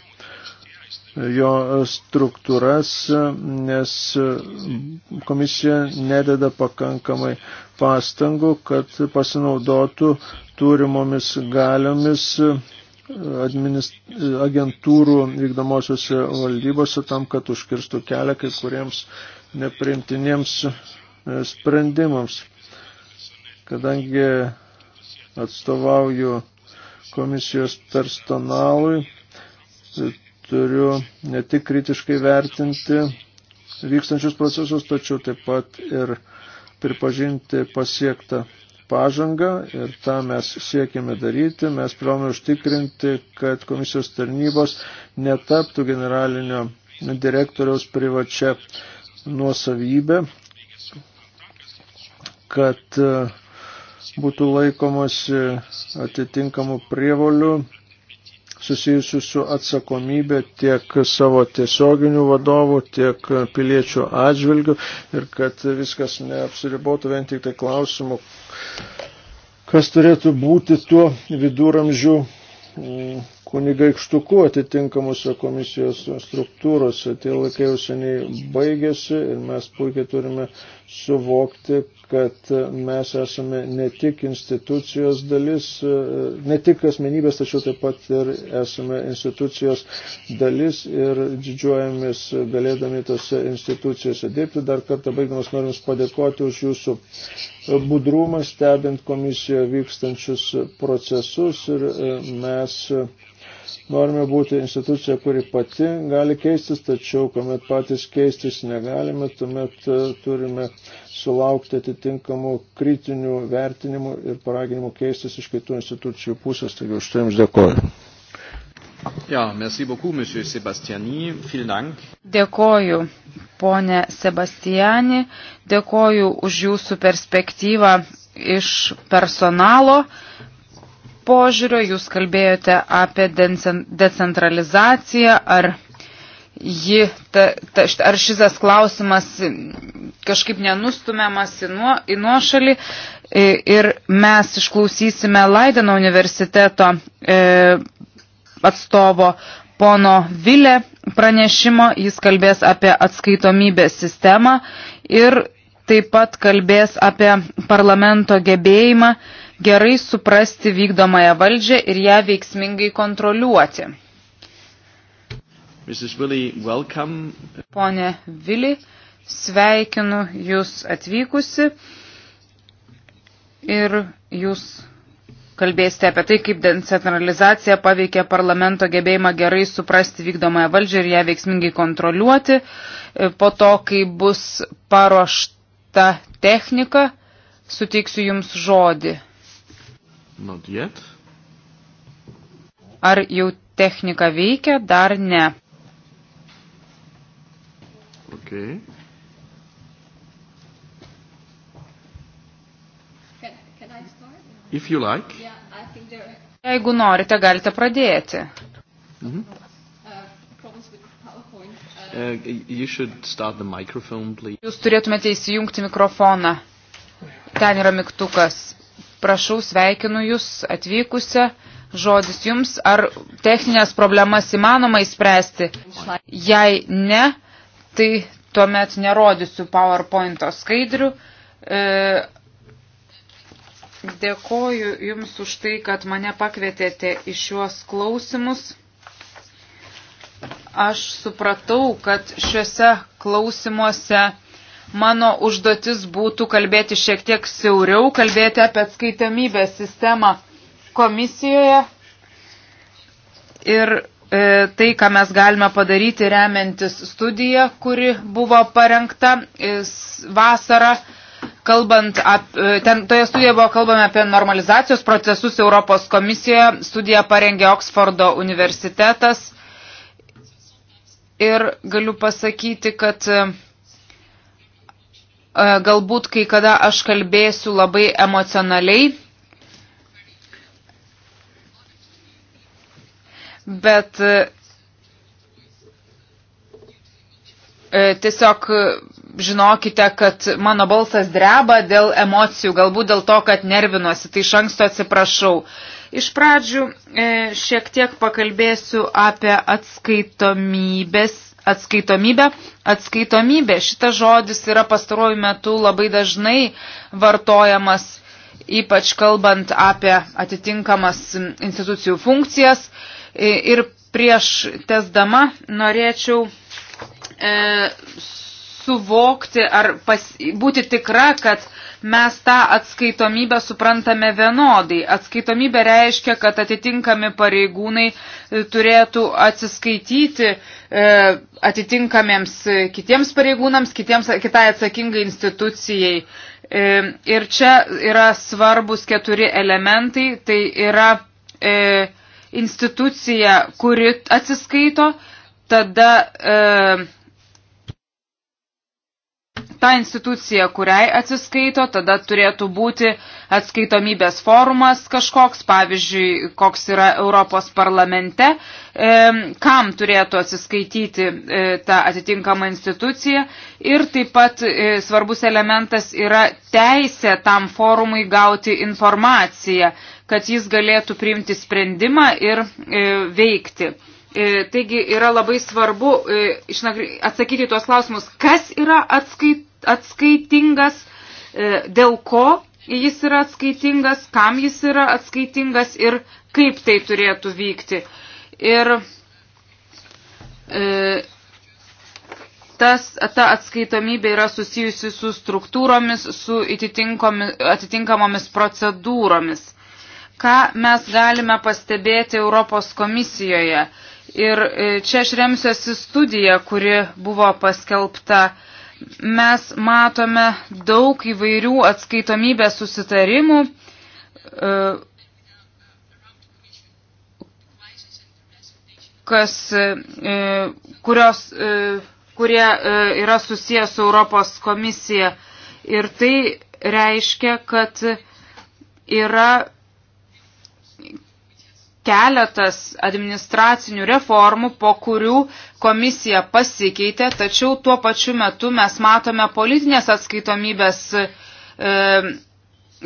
jo struktūras, nes e, komisija nededa pakankamai pastangų, kad pasinaudotų turimomis galiomis e, agentūrų vykdomosiose valdybose tam, kad užkirstų kelią kai kuriems nepriimtiniems e, sprendimams. Kadangi atstovauju komisijos personalui, e, turiu ne tik kritiškai vertinti vykstančius procesus, tačiau taip pat ir uh, pripažinti pasiektą pažangą ir tą mes siekiame daryti. Mes privalome užtikrinti, kad komisijos tarnybos netaptų generalinio direktoriaus privačia nuosavybė, kad e, būtų laikomasi atitinkamų prievolių susijusių su atsakomybė tiek savo tiesioginių vadovų, tiek piliečių atžvilgių ir kad viskas neapsiribotų vien tik tai klausimų, kas turėtų būti tuo viduramžių mm, kunigaikštuku atitinkamuose komisijos struktūrose. Tie laikai jau seniai baigėsi ir mes puikiai turime suvokti, kad mes esame ne tik institucijos dalis, ne tik asmenybės, tačiau taip pat ir esame institucijos dalis ir didžiuojamės galėdami tose institucijose dirbti. Dar kartą baigdamas norim padėkoti už jūsų budrumą, stebint komisijoje vykstančius procesus ir mes Norime būti institucija, kuri pati gali keistis, tačiau kuomet patys keistis negalime, tuomet e, turime sulaukti atitinkamų kritinių vertinimų ir paraginimų keistis iš kitų institucijų pusės. Taigi už tai jums dėkoju. Ja, merci beaucoup, monsieur Sebastiani. Vielen Dank. Dėkoju, ponė Sebastiani. Dėkoju už jūsų perspektyvą iš personalo požiūrio, jūs kalbėjote apie decentralizaciją, ar, ji, ta, ta, ar šis klausimas kažkaip nenustumiamas į, nuo, į nuošalį. Ir mes išklausysime Laideno universiteto e, atstovo pono Vilė pranešimo, jis kalbės apie atskaitomybės sistemą ir taip pat kalbės apie parlamento gebėjimą e, gerai suprasti vykdomąją valdžią ir ją veiksmingai kontroliuoti. Pone Vili, sveikinu Jūs atvykusi ir Jūs kalbėsite apie tai, kaip decentralizacija paveikia parlamento gebėjimą gerai suprasti vykdomąją valdžią ir ją veiksmingai kontroliuoti. Po to, kai bus paruošta technika, suteiksiu Jums žodį. Ar jau technika veikia? Dar ne. Okay. Can, can I start? If you like. Yeah, I think there... Jeigu norite, galite pradėti. Mm -hmm. Uh, uh, uh you should start the microphone, please. Jūs turėtumėte įsijungti mikrofoną. Ten yra mygtukas. Prašau, sveikinu Jūs atvykusią. Žodis Jums, ar techninės problemas įmanoma įspręsti? Jei ne, tai tuomet nerodysiu PowerPoint'o skaidrių. E, dėkoju Jums už tai, kad mane pakvietėte į šiuos klausimus. Aš supratau, kad šiuose klausimuose mano užduotis būtų kalbėti šiek tiek siauriau, kalbėti apie atskaitomybės sistemą komisijoje ir e, tai, ką mes galime padaryti remiantis studiją, kuri buvo parengta e, vasarą. Kalbant apie, ten, toje studijoje buvo kalbama apie normalizacijos procesus Europos komisijoje, studiją parengė Oksfordo universitetas ir galiu pasakyti, kad e, E, galbūt kai kada aš kalbėsiu labai emocionaliai, bet e, e, tiesiog žinokite, kad mano balsas dreba dėl emocijų, galbūt dėl to, kad nervinuosi, tai iš anksto atsiprašau. Iš pradžių šiek tiek pakalbėsiu apie atskaitomybės atskaitomybę. Atskaitomybė, šitas žodis yra pastaruoju metu labai dažnai vartojamas, ypač kalbant apie atitinkamas institucijų funkcijas. Ir prieš tesdama norėčiau e, suvokti ar pas, būti tikra, kad mes tą atskaitomybę suprantame vienodai. Atskaitomybė reiškia, kad atitinkami pareigūnai e, turėtų atsiskaityti e, atitinkamiems e, kitiems pareigūnams, kitiems, kitai atsakingai institucijai. Ir čia yra svarbus keturi elementai. Tai yra institucija, kuri atsiskaito, tada ta institucija, kuriai atsiskaito, tada turėtų būti atskaitomybės forumas kažkoks, pavyzdžiui, koks yra Europos parlamente, e, kam turėtų atsiskaityti e, ta atitinkama institucija. Ir taip pat e, svarbus elementas yra teisė tam forumui gauti informaciją, kad jis galėtų priimti sprendimą ir e, veikti. E, taigi yra labai svarbu e, atsakyti tuos klausimus, kas yra atskait, atskaitingas, e, dėl ko jis yra atskaitingas, kam jis yra atskaitingas ir kaip tai turėtų vykti. Ir e, tas, ta atskaitomybė yra susijusi su struktūromis, su atitinkamomis procedūromis. Ką mes galime pastebėti Europos komisijoje? E, Ir e, čia aš remsiuosi studiją, kuri buvo paskelbta. Mes matome daug įvairių atskaitomybės susitarimų, e, kas, e, kurios, kurie yra susijęs su Europos komisija. Ir tai reiškia, kad yra keletas administracinių reformų, po kurių komisija pasikeitė, tačiau tuo pačiu metu mes matome politinės atskaitomybės e,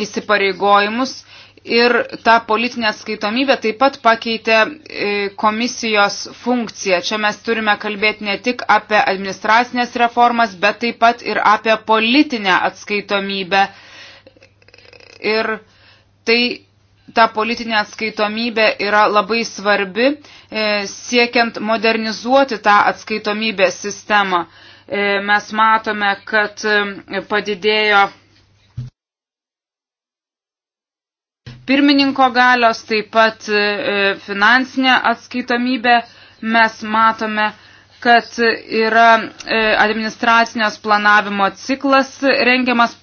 įsipareigojimus ir ta politinė atskaitomybė taip pat pakeitė e, komisijos funkciją. Čia mes turime kalbėti ne tik apie administracinės reformas, bet taip pat ir apie politinę atskaitomybę. Ir tai ta politinė atskaitomybė yra labai svarbi, e, siekiant modernizuoti tą atskaitomybės sistemą. E, mes matome, kad e, padidėjo pirmininko galios, taip pat finansinė atskaitomybė. Mes matome, kad yra administracinės planavimo ciklas rengiamas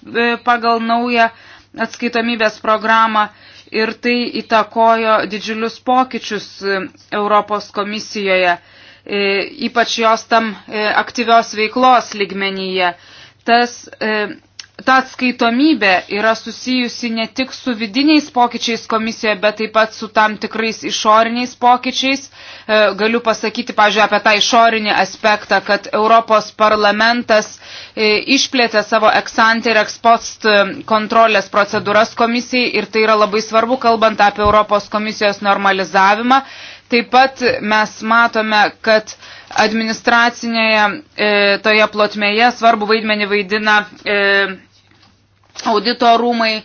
pagal naują atskaitomybės programą ir tai įtakojo didžiulius pokyčius e, Europos komisijoje, e, ypač jos tam e, aktyvios veiklos ligmenyje. Tas ta atskaitomybė yra susijusi ne tik su vidiniais pokyčiais komisijoje, bet taip pat su tam tikrais išoriniais pokyčiais. E, galiu pasakyti, pažiūrėjau, apie tą išorinį aspektą, kad Europos parlamentas e, išplėtė savo eksantį ir ekspost kontrolės procedūras komisijai ir tai yra labai svarbu, kalbant apie Europos komisijos normalizavimą. Taip pat mes matome, kad administracinėje e, toje plotmėje svarbu vaidmenį vaidina e, auditorumai, e,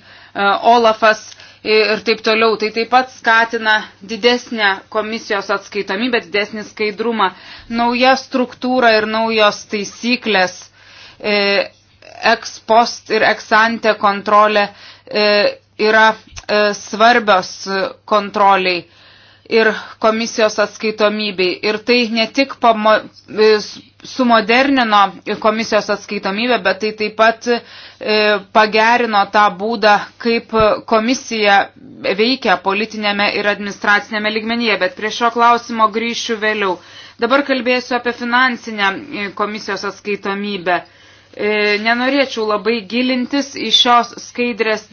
Olafas ir taip toliau. Tai taip pat skatina didesnę komisijos atskaitomybę, didesnį skaidrumą, nauja struktūra ir naujos taisyklės, ekspost ir eksante kontrolė e, yra e, svarbios kontroliai ir komisijos atskaitomybei. Ir tai ne tik pomo, e, sumodernino komisijos atskaitomybę, bet tai taip pat e, pagerino tą būdą, kaip komisija veikia politinėme ir administracinėme ligmenyje. Bet prie šio klausimo grįšiu vėliau. Dabar kalbėsiu apie finansinę e, komisijos atskaitomybę. E, nenorėčiau labai gilintis į šios skaidrės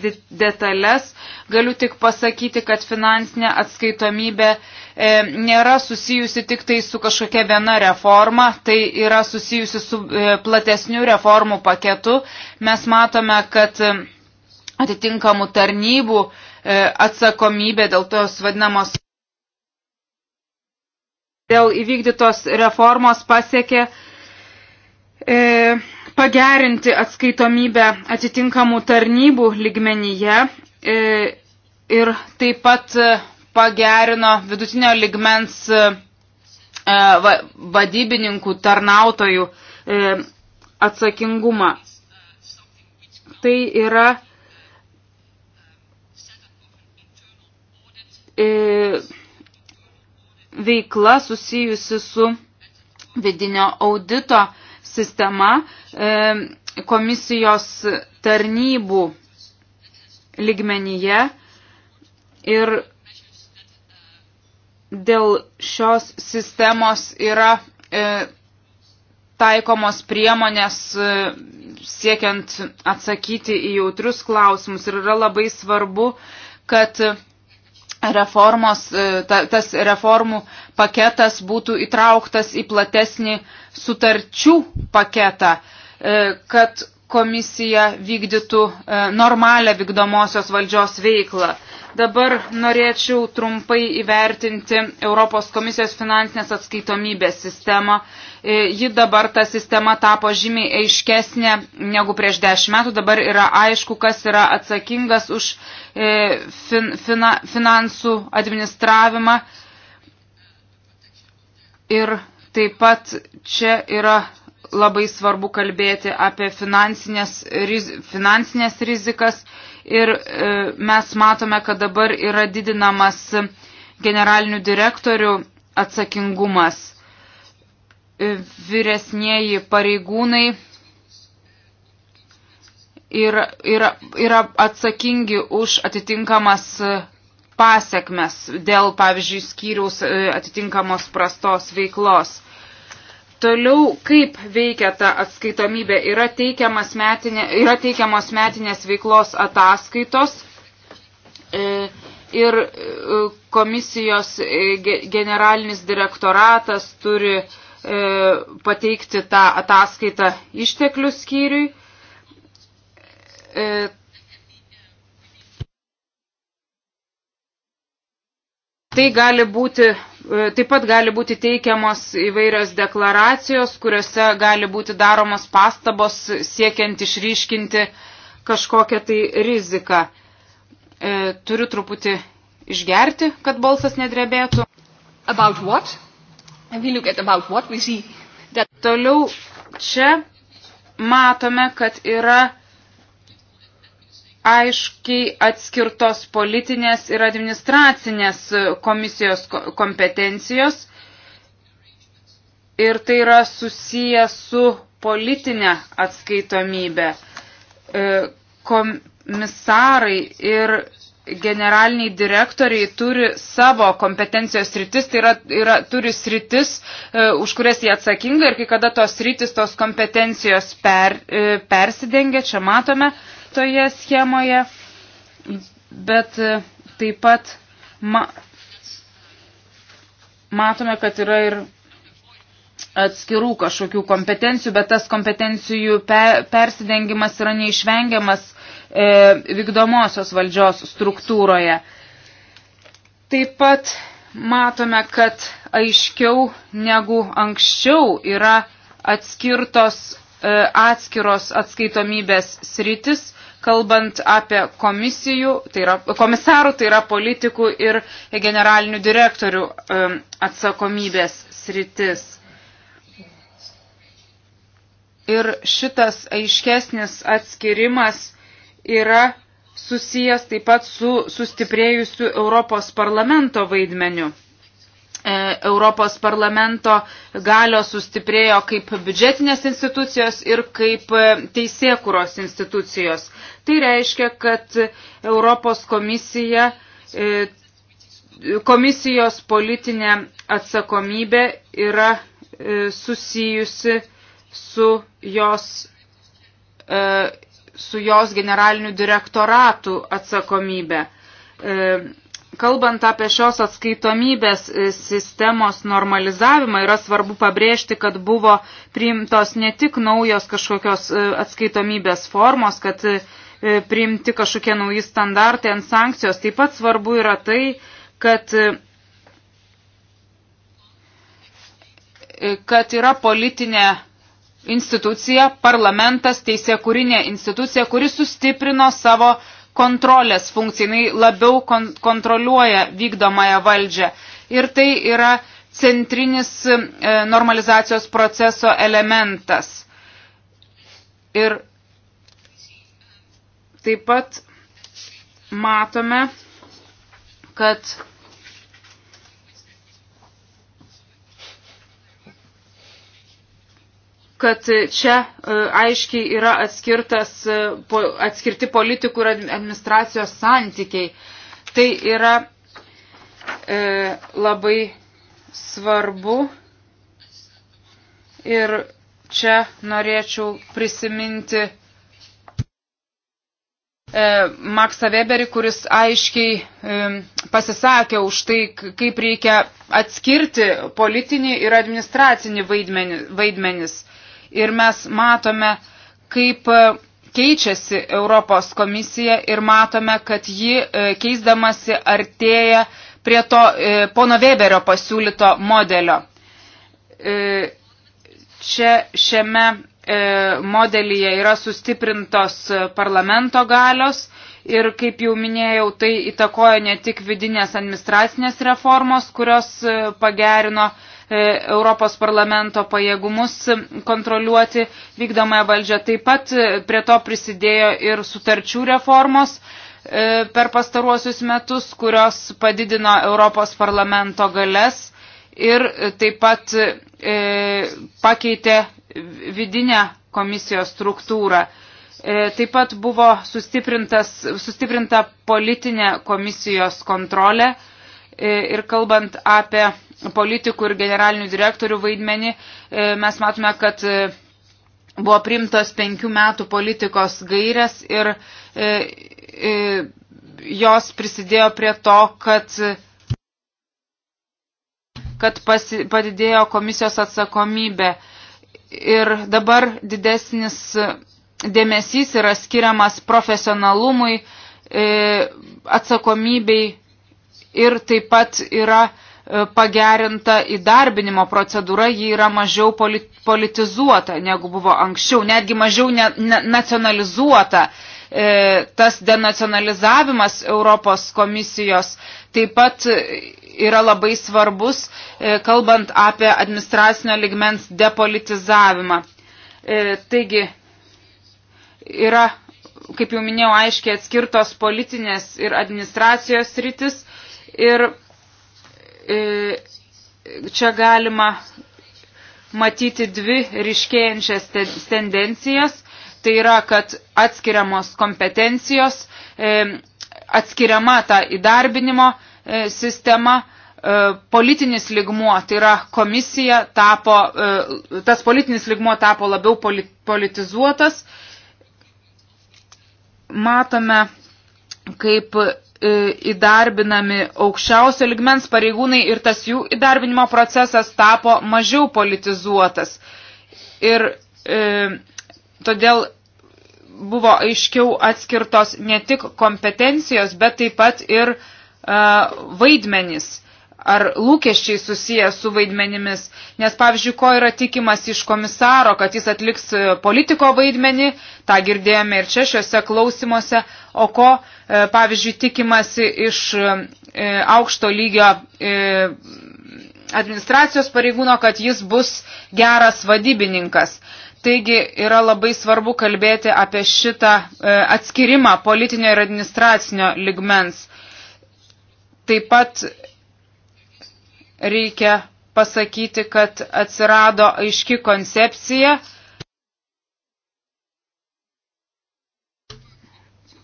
detalės, galiu tik pasakyti, kad finansinė atskaitomybė e, nėra susijusi tik tai su kažkokia viena reforma, tai yra susijusi su e, platesniu reformų paketu. Mes matome, kad atitinkamų tarnybų atsakomybė dėl tos vadinamos dėl įvykdytos reformos pasiekė e, pagerinti atskaitomybę atitinkamų tarnybų ligmenyje e, ir taip pat e, pagerino vidutinio ligmens e, vadybininkų tarnautojų atsakingumą. Tai yra veikla susijusi su vidinio audito sistema e, komisijos tarnybų ligmenyje ir dėl šios sistemos yra e, taikomos priemonės e, siekiant atsakyti į jautrius klausimus ir yra labai svarbu, kad reformos, e, ta, tas reformų paketas būtų įtrauktas į platesnį sutarčių paketą, e, kad komisija vykdytų e, normalią vykdomosios valdžios veiklą. Dabar norėčiau trumpai įvertinti Europos komisijos finansinės atskaitomybės sistemą. E, ji dabar ta sistema tapo žymiai aiškesnė negu prieš dešimt metų. Dabar yra aišku, kas yra atsakingas už e, fin, fina, finansų administravimą. Ir taip pat čia yra labai svarbu kalbėti apie finansinės, riz, finansinės rizikas ir e, mes matome, kad dabar yra didinamas generalinių direktorių atsakingumas. E, vyresnieji pareigūnai yra, yra, yra atsakingi už atitinkamas pasiekmes dėl, pavyzdžiui, skyriaus e, atitinkamos prastos veiklos. Toliau, kaip veikia ta atskaitomybė, yra, metinė, yra teikiamos metinės veiklos ataskaitos e, ir e, komisijos e, generalinis direktoratas turi e, pateikti tą ataskaitą išteklių skyriui. E, tai gali būti E, taip pat gali būti teikiamos įvairios deklaracijos, kuriuose gali būti daromos pastabos siekiant išryškinti kažkokią tai riziką. E, turiu truputį išgerti, kad balsas nedrebėtų. About what? About what that... Toliau čia matome, kad yra aiškiai atskirtos politinės ir administracinės komisijos kompetencijos ir tai yra susiję su politinė atskaitomybė. E, komisarai ir generaliniai direktoriai turi savo kompetencijos sritis, tai yra, yra turi sritis, e, už kurias jie atsakinga ir kai kada tos sritis, tos kompetencijos per, e, persidengia, čia matome. E, toje schemoje, bet e, taip pat ma matome, kad yra ir atskirų kažkokių kompetencijų, bet tas kompetencijų pe persidengimas yra neišvengiamas e, vykdomosios valdžios struktūroje. Taip pat matome, kad aiškiau negu anksčiau yra atskirtos e, atskiros atskaitomybės sritis kalbant apie komisijų, tai yra, komisarų, tai yra politikų ir generalinių direktorių atsakomybės sritis. Ir šitas aiškesnis atskirimas yra susijęs taip pat su sustiprėjusiu Europos parlamento vaidmeniu. E, Europos parlamento galios sustiprėjo kaip biudžetinės institucijos ir kaip e, teisėkuros institucijos. Tai reiškia, kad Europos komisija, e, komisijos politinė atsakomybė yra susijusi su jos, su jos generaliniu direktoratų atsakomybė Kalbant apie šios atskaitomybės e, sistemos normalizavimą, yra svarbu pabrėžti, kad buvo priimtos ne tik naujos kažkokios e, atskaitomybės formos, kad e, priimti kažkokie nauji standartai ant sankcijos. Taip pat svarbu yra tai, kad, kad yra politinė institucija, parlamentas, teisėkurinė institucija, kuri sustiprino savo uh, kontrolės funkcija, jinai labiau kon kontroliuoja vykdomąją valdžią. Ir tai yra centrinis e, normalizacijos proceso elementas. Ir taip pat matome, kad kad čia e, aiškiai yra atskirtas, e, atskirti politikų ir administracijos santykiai. Tai yra e, labai svarbu ir čia norėčiau prisiminti e, Maksą Weberį, kuris aiškiai e, pasisakė už tai, kaip reikia atskirti politinį ir administracinį vaidmenį, vaidmenis ir mes matome, kaip e, keičiasi Europos komisija ir matome, kad ji e, keisdamasi artėja prie to e, pono Weberio pasiūlyto modelio. Čia šiame modelyje yra sustiprintos parlamento galios ir, kaip jau minėjau, tai įtakojo ne tik vidinės administracinės reformos, kurios pagerino uh, E, Europos parlamento pajėgumus kontroliuoti vykdomąją valdžią. Taip pat e, prie to prisidėjo ir sutarčių reformos e, per pastaruosius metus, kurios padidino Europos parlamento galės ir taip pat e, pakeitė vidinę komisijos struktūrą. E, taip pat buvo sustiprinta politinė komisijos kontrolė e, ir kalbant apie politikų ir generalinių direktorių vaidmenį. E, mes matome, kad e, buvo primtos penkių metų politikos gairės ir e, jos prisidėjo prie to, kad kad pasi, padidėjo komisijos atsakomybė. Ir dabar didesnis dėmesys yra skiriamas profesionalumui, atsakomybei ir taip pat yra pagerinta įdarbinimo procedūra, ji yra mažiau politizuota negu buvo anksčiau, netgi mažiau ne, ne, nacionalizuota. E, tas denacionalizavimas Europos komisijos taip pat yra labai svarbus, e, kalbant apie administracinio ligmens depolitizavimą. E, taigi, yra, kaip jau minėjau, aiškiai atskirtos politinės ir administracijos rytis ir E, čia galima matyti dvi ryškėjančias tendencijas. Tai yra, kad atskiriamos kompetencijos, e, atskiriama ta įdarbinimo e, sistema, politinis ligmuo, tai yra komisija tapo, tas politinis ligmuo tapo labiau politizuotas. Matome, kaip E, įdarbinami aukščiausio ligmens pareigūnai ir tas jų įdarbinimo procesas tapo mažiau politizuotas. Ir e, todėl buvo aiškiau atskirtos ne tik kompetencijos, bet taip pat ir e, vaidmenys ar lūkesčiai susiję su vaidmenimis, nes pavyzdžiui, ko yra tikimas iš komisaro, kad jis atliks e, politiko vaidmenį, tą girdėjome ir čia šiuose klausimuose, o ko, e, pavyzdžiui, tikimasi iš e, aukšto lygio administracijos pareigūno, kad jis bus geras vadybininkas. Taigi yra labai svarbu kalbėti apie šitą atskirimą politinio ir administracinio ligmens. Taip pat reikia pasakyti, kad atsirado aiški koncepcija.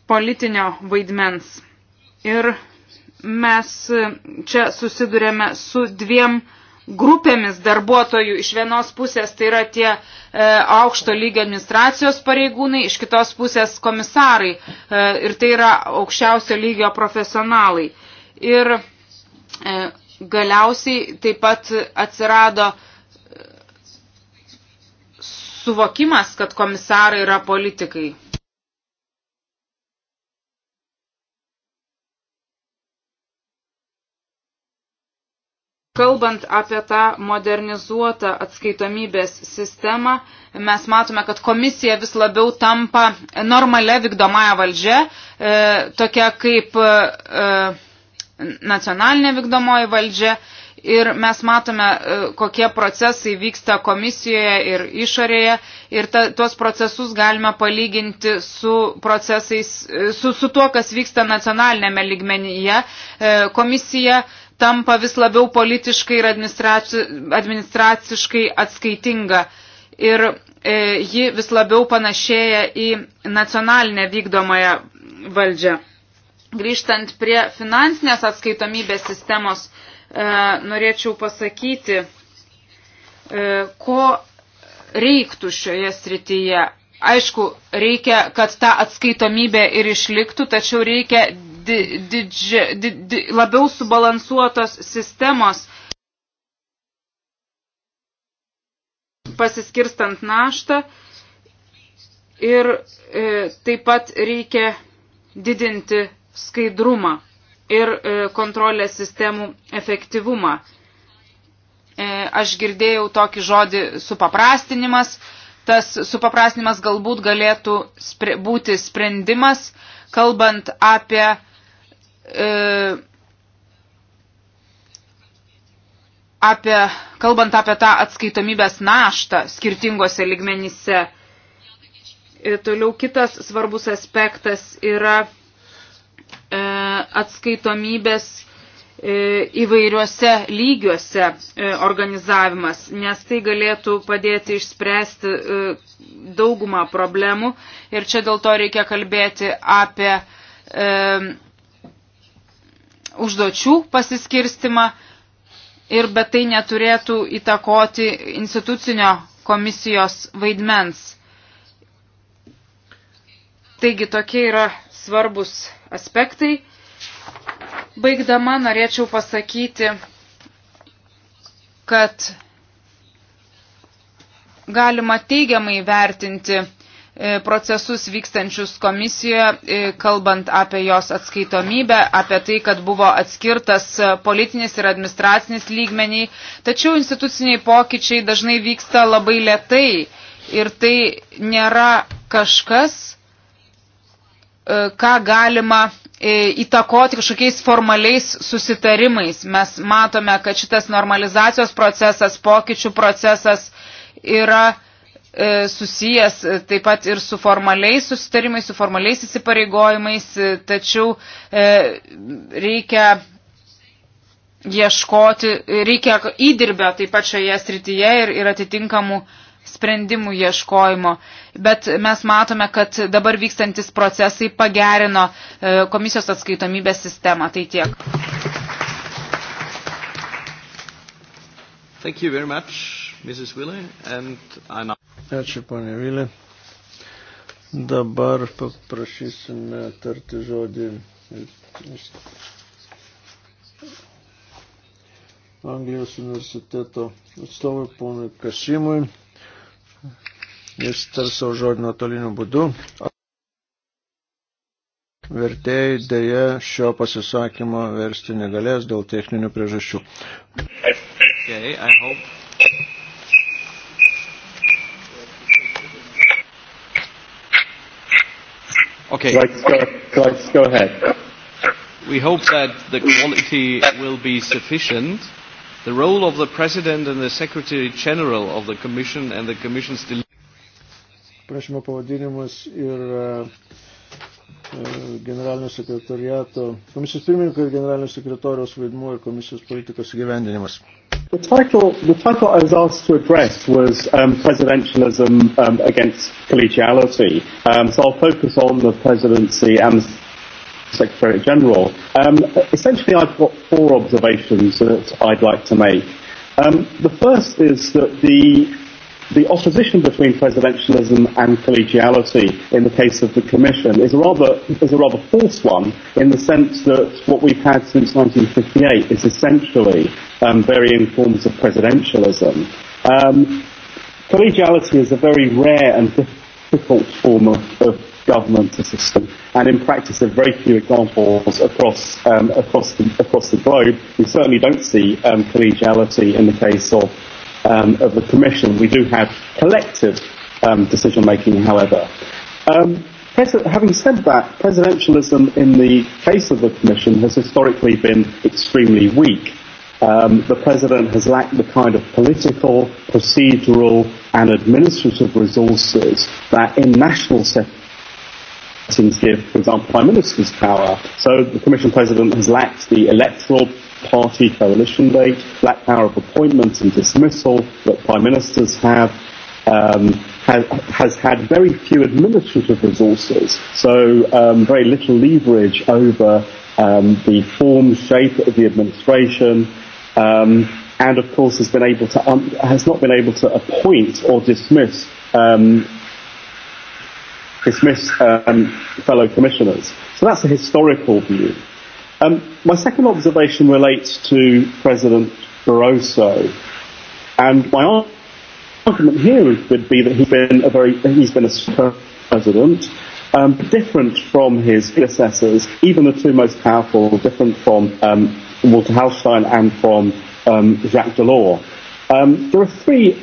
politinio vaidmens. Ir mes čia susidurėme su dviem grupėmis darbuotojų. Iš vienos pusės tai yra tie e, aukšto lygio administracijos pareigūnai, iš kitos pusės komisarai. E, ir tai yra aukščiausio lygio profesionalai. Ir e, galiausiai taip pat atsirado suvokimas, kad komisarai yra politikai. Kalbant apie tą modernizuotą atskaitomybės sistemą, mes matome, kad komisija vis labiau tampa normalia vykdomąją valdžia, e, tokia kaip e, nacionalinė vykdomoji valdžia ir mes matome, e, kokie procesai vyksta komisijoje ir išorėje ir ta, tuos procesus galime palyginti su, e, su, su tuo, kas vyksta nacionalinėme lygmenyje. E, komisija tampa vis labiau politiškai ir administraci, administraciškai atskaitinga. Ir e, ji vis labiau panašėja į nacionalinę vykdomąją valdžią. Grįžtant prie finansinės atskaitomybės sistemos, e, norėčiau pasakyti, e, ko reiktų šioje srityje. Aišku, reikia, kad ta atskaitomybė ir išliktų, tačiau reikia di, didži, di, di, labiau subalansuotos sistemos pasiskirstant naštą ir e, taip pat reikia didinti skaidrumą ir e, kontrolės sistemų efektyvumą. E, aš girdėjau tokį žodį supaprastinimas. Tas supaprastinimas galbūt galėtų būti sprendimas, kalbant apie e, apie, kalbant apie tą atskaitomybės naštą skirtingose ligmenyse. Toliau kitas svarbus aspektas yra E, atskaitomybės e, įvairiuose lygiuose e, organizavimas, nes tai galėtų padėti išspręsti daugumą problemų ir čia dėl to reikia kalbėti apie užduočių pasiskirstimą ir bet tai neturėtų įtakoti institucinio komisijos vaidmens. Taigi tokie yra svarbus aspektai. Baigdama norėčiau pasakyti, kad galima teigiamai vertinti e, procesus vykstančius komisijoje, e, kalbant apie jos atskaitomybę, apie tai, kad buvo atskirtas e, politinis ir administracinis lygmeniai. Tačiau instituciniai pokyčiai dažnai vyksta labai lietai ir tai nėra kažkas, E, ką galima e, įtakoti kažkokiais formaliais susitarimais. Mes matome, kad šitas normalizacijos procesas, pokyčių procesas yra e, susijęs taip pat ir su formaliais susitarimais, su formaliais įsipareigojimais, tačiau reikia ieškoti, reikia įdirbę taip pat šioje srityje ir, ir atitinkamų uh, sprendimų ieškojimo. Bet mes matome, kad dabar vykstantis procesai pagerino e, komisijos atskaitomybės sistemą. Tai tiek. Thank you very much, Mrs. Wille, and Anna. Ačiū, ponė Vilė. Dabar paprašysime tarti žodį Anglijos universiteto atstovui ponui Kasimui. Jis tars savo žodį nuotoliniu būdu. Vertėjai dėja šio pasisakymo versti negalės dėl techninių priežasčių. Okay, I hope. Okay. Let's go, let's go ahead. We hope that the quality will be sufficient. The role of the President and the Secretary General of the Commission and the Commission's Prašymo pavadinimas yra e, e, generalinio sekretariato, komisijos pirmininko ir generalinio sekretorijos vaidmuo ir komisijos politikos įgyvendinimas. The title, the title I was asked to address was um, presidentialism um, against collegiality. Um, so I'll focus on the presidency and the Secretary General. Um, essentially, I've got four observations that I'd like to make. Um, the first is that the the opposition between presidentialism and collegiality in the case of the Commission is a rather, is a rather false one in the sense that what we've had since 1958 is essentially um, varying forms of presidentialism. Um, collegiality is a very rare and difficult form of, of government system. And in practice, there are very few examples across um, across the, across the globe. We certainly don't see um, collegiality in the case of um, of the Commission. We do have collective um, decision making, however. Um, having said that, presidentialism in the case of the Commission has historically been extremely weak. Um, the President has lacked the kind of political, procedural and administrative resources that in national set Latins give, for example, prime minister's power. So the commission president has lacked the electoral party coalition date, lack power of appointment and dismissal that prime ministers have, um, has, has had very few administrative resources, so um, very little leverage over um, the form, shape of the administration, um, and of course has been able to um, has not been able to appoint or dismiss um, dismiss um, fellow commissioners. So that's a historical view. Um, my second observation relates to President Barroso, and my argument here would be that he's been a very he's been a president, um, different from his predecessors, even the two most powerful, different from um, Walter Hallstein and from um, Jacques Delors. Um, there are three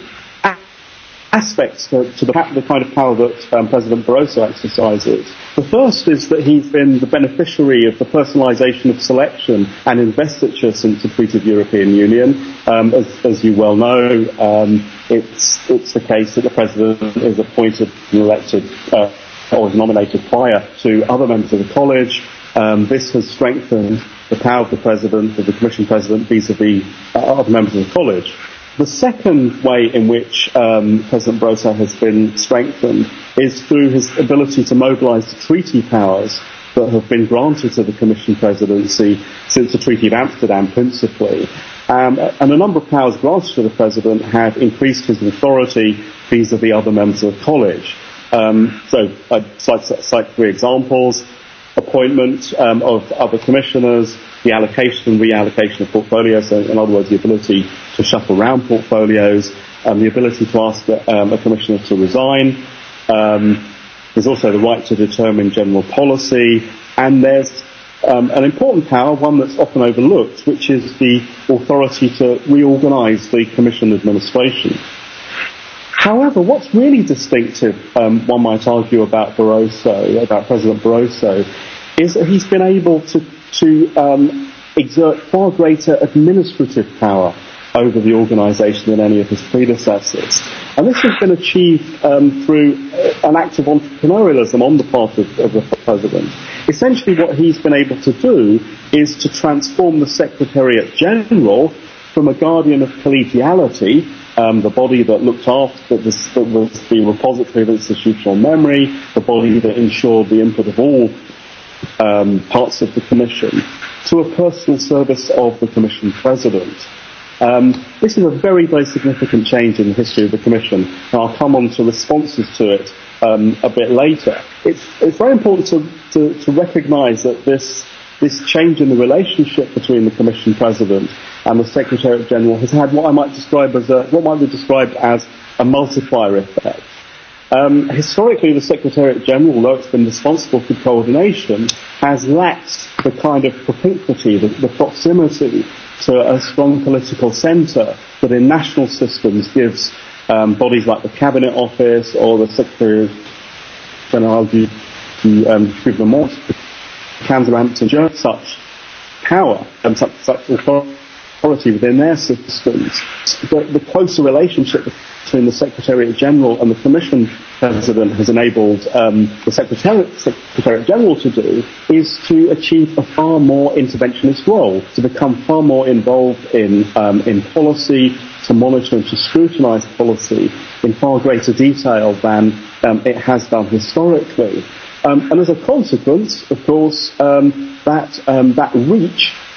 aspects to, to the, the kind of power that um, President Barroso exercises. The first is that he's been the beneficiary of the personalisation of selection and investiture since the Treaty of European Union. Um, as, as you well know, um, it's, it's the case that the President is appointed and elected uh, or is nominated prior to other members of the College. Um, this has strengthened the power of the President, of the Commission President, vis-à-vis -vis, uh, other members of the College. The second way in which um, President Brosa has been strengthened is through his ability to mobilise the treaty powers that have been granted to the Commission presidency since the Treaty of Amsterdam, principally. Um, and a number of powers granted to the President have increased his authority vis-à-vis -vis other members of college. Um, so I'd uh, cite, cite three examples. Appointment um, of other commissioners, the allocation and reallocation of portfolios, so in other words, the ability to shuffle around portfolios, um, the ability to ask the, um, a commissioner to resign. Um, there's also the right to determine general policy, and there's um, an important power, one that's often overlooked, which is the authority to reorganise the Commission administration. However, what's really distinctive, um, one might argue, about Barroso, about President Barroso, is that he's been able to to um, exert far greater administrative power over the organisation than any of his predecessors. And this has been achieved um, through uh, an act of entrepreneurialism on the part of, of the president. Essentially, what he's been able to do is to transform the Secretariat General from a guardian of collegiality, um, the body that looked after that, this, that was the repository of institutional memory, the body that ensured the input of all um, parts of the Commission to a personal service of the Commission President. Um, this is a very, very significant change in the history of the Commission, and I'll come on to responses to it um, a bit later. It's, it's very important to, to, to recognise that this, this change in the relationship between the Commission President and the Secretary General has had what I might describe as a, what might be described as a multiplier effect Um, historically, the Secretariat General, though it's been responsible for coordination, has lacked the kind of propinquity, the, the proximity to a strong political centre that in national systems gives um, bodies like the Cabinet Office or the Secretary General du, du um, Gouvernement, Council of Hampton, such power and such, such authority equality within their systems. The, the closer relationship between the Secretariat General and the Commission President has enabled um, the Secretariat, Secretariat General to do is to achieve a far more interventionist role, to become far more involved in, um, in policy, to monitor and to scrutinise policy in far greater detail than um, it has done historically. Um, and as a consequence, of course, um, that, um, that reach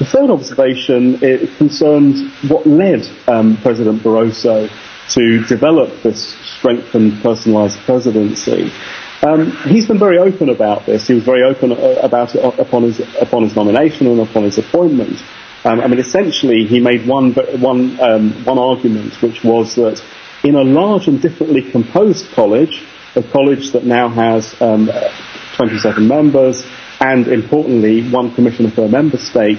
The third observation it concerned what led um, President Barroso to develop this strengthened personalised presidency. Um, he's been very open about this. He was very open uh, about it upon his upon his nomination and upon his appointment. Um, I mean, essentially, he made one one um, one argument, which was that in a large and differently composed college, a college that now has um, 27 members, and importantly, one commissioner per member state,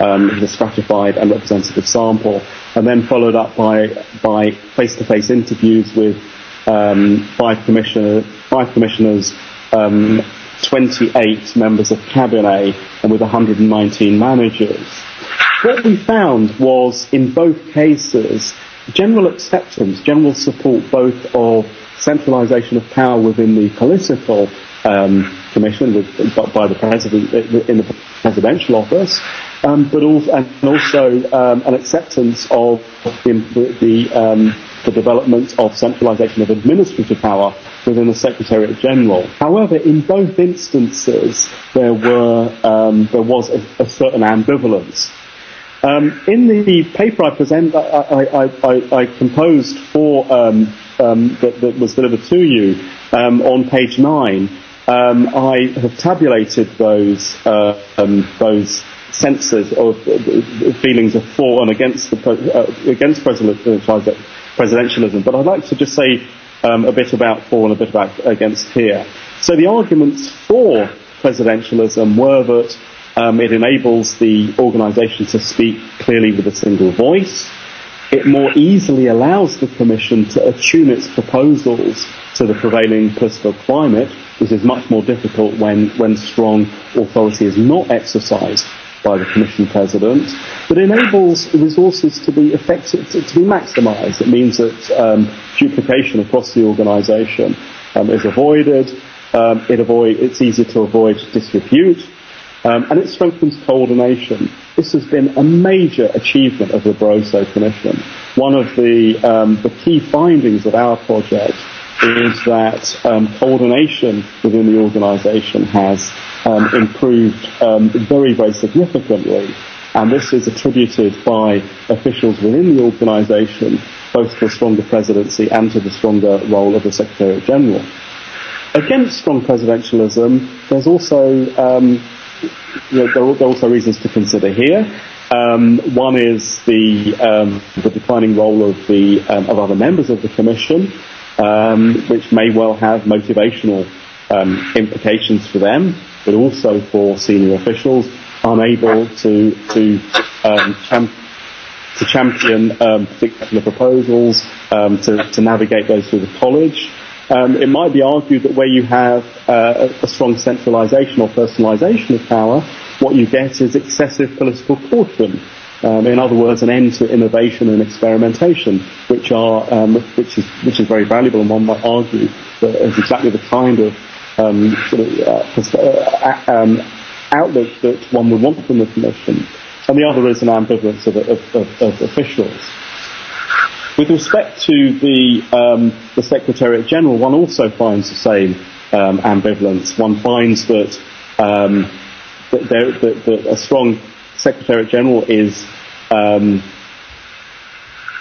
um, in a stratified and representative sample, and then followed up by by face-to-face -face interviews with um, five commissioner five commissioners, um, 28 members of cabinet, and with 119 managers. What we found was in both cases general acceptance, general support both of centralisation of power within the political um, commission with, by the president in the presidential office, um, but also, and also um, an acceptance of the, the, um, the development of centralisation of administrative power within the Secretariat General. However, in both instances, there were um, there was a, a certain ambivalence. Um, in the paper I present, I, I, I, I composed for um, um, that, that was delivered to you um, on page nine Um, I have tabulated those uh, um, those senses or uh, feelings of for and against the uh, against presidentialism. But I'd like to just say um, a bit about for and a bit about against here. So the arguments for presidentialism were that um, it enables the organisation to speak clearly with a single voice. It more easily allows the Commission to attune its proposals to the prevailing political climate This is much more difficult when, when strong authority is not exercised by the Commission President, but enables resources to be effective, to, to be maximised. It means that um, duplication across the organisation um, is avoided. Um, it avoid, it's easier to avoid disrepute, um, and it strengthens coordination. This has been a major achievement of the Barroso Commission. One of the, um, the key findings of our project is that um, coordination within the organisation has um, improved um, very, very significantly. And this is attributed by officials within the organisation, both to a stronger presidency and to the stronger role of the Secretary General. Against strong presidentialism, there's also um, you know, there, are, there are also reasons to consider here. Um, one is the um, the declining role of the um, of other members of the Commission um, which may well have motivational um, implications for them, but also for senior officials unable to to um, champ- to champion um, particular proposals, um, to, to navigate those through the college. Um, it might be argued that where you have uh, a strong centralisation or personalisation of power, what you get is excessive political caution Um, in other words, an end to innovation and experimentation, which are um, which is which is very valuable, and one might argue that is exactly the kind of um, sort of uh, uh, um, outlook that one would want from the commission, and the other is an ambivalence of, of, of, of officials. With respect to the um, the Secretariat General, one also finds the same um, ambivalence. One finds that um, that, there, that, that a strong Secretary General is um,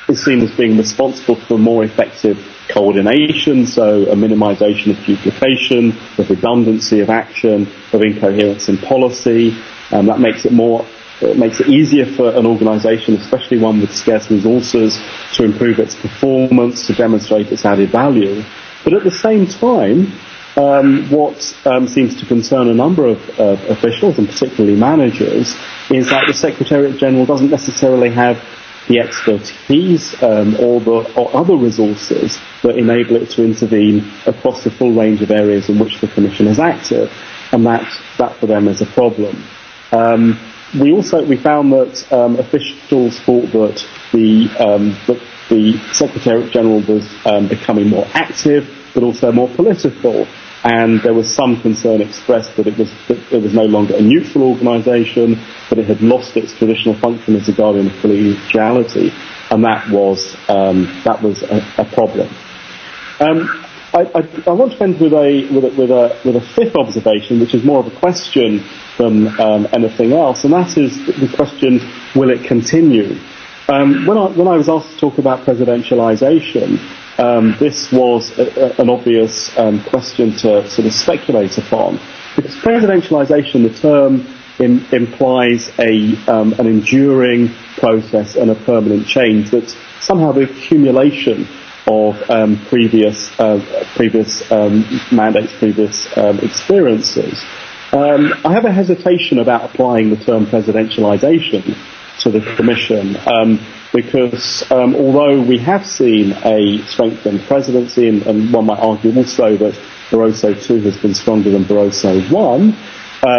is seen as being responsible for more effective coordination, so a minimization of duplication, of redundancy of action, of incoherence in policy. Um, that makes it more it makes it easier for an organisation, especially one with scarce resources, to improve its performance, to demonstrate its added value. But at the same time, um, what um, seems to concern a number of uh, officials, and particularly managers, is that the Secretariat General doesn't necessarily have the expertise um, or the or other resources that enable it to intervene across the full range of areas in which the Commission is active, and that that for them is a problem. Um, we also we found that um, officials thought that the um, that the Secretary General was um, becoming more active, but also more political and there was some concern expressed that it was that it was no longer a neutral organisation, that it had lost its traditional function as a guardian of collegiality, and that was um, that was a, a problem. Um, I, I, I want to end with a with a, with a with a fifth observation, which is more of a question than um, anything else, and that is the question: Will it continue? Um, when I when I was asked to talk about presidentialization, um, this was a, a, an obvious um, question to sort of speculate upon. Because presidentialization, the term im- implies a, um, an enduring process and a permanent change that's somehow the accumulation of um, previous, uh, previous um, mandates, previous um, experiences. Um, I have a hesitation about applying the term presidentialization to the Commission. Um, because um, although we have seen a strengthened presidency, and, and one might argue also that Barroso II has been stronger than Barroso I,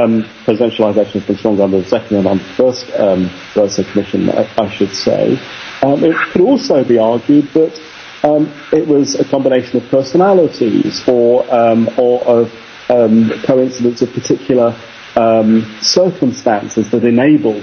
um, presidentialisation has been stronger under the second and under the first um, Barroso Commission, I, I should say. Um, it could also be argued that um, it was a combination of personalities or, um, or of um, coincidence of particular um, circumstances that enabled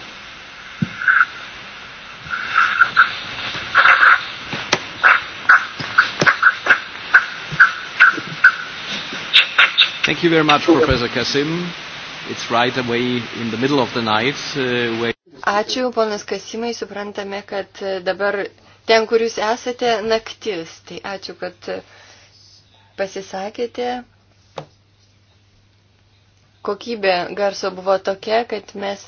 Thank you very much, Professor Kasim. It's right away in the middle of the night. Uh, where... Ačiū, ponas Kasimai, suprantame, kad uh, dabar ten, kur jūs esate, naktis. Tai ačiū, kad uh, pasisakėte. Kokybė garso buvo tokia, kad mes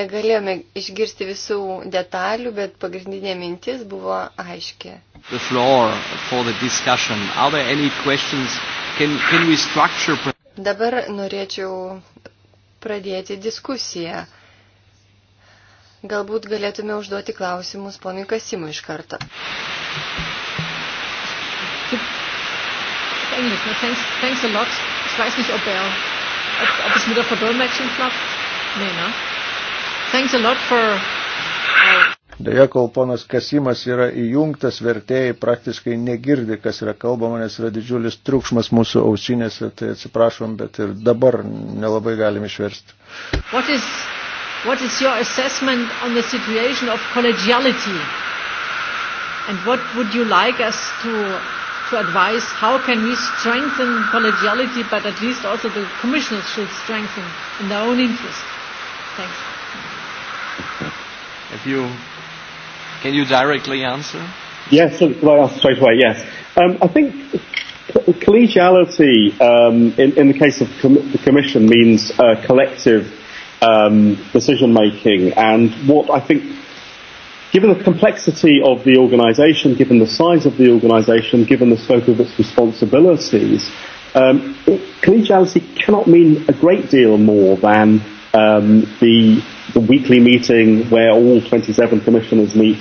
negalėjome išgirsti visų detalių, bet pagrindinė mintis buvo aiški. The floor for the discussion. Are there any questions? can, can we structure... Dabar norėčiau pradėti diskusiją. Galbūt galėtume užduoti klausimus ponui Kasimui iš karto. Englisch. Ne? Thanks, thanks a lot. Ich weiß nicht, ob er, ob, ob es mit der Verdolmetschung klappt. Nee, ne? Thanks a lot for uh, Deja, kol ponas Kasimas yra įjungtas, vertėjai praktiškai negirdi, kas yra kalbama, nes yra didžiulis triukšmas mūsų ausinėse, tai atsiprašom, bet ir dabar nelabai galim išversti. What is, what is your assessment on the situation of collegiality? And what would you like us to, to advise? How can we strengthen collegiality, but at least also the commissioners should strengthen in their own interest? Thanks. If you Can you directly answer? Yes, so I answer straight away. Yes, um, I think collegiality um, in, in the case of com- the commission means uh, collective um, decision making, and what I think. Given the complexity of the organisation, given the size of the organisation, given the scope of its responsibilities, um, it, collegiality cannot mean a great deal more than um, the weekly meeting where all 27 commissioners meet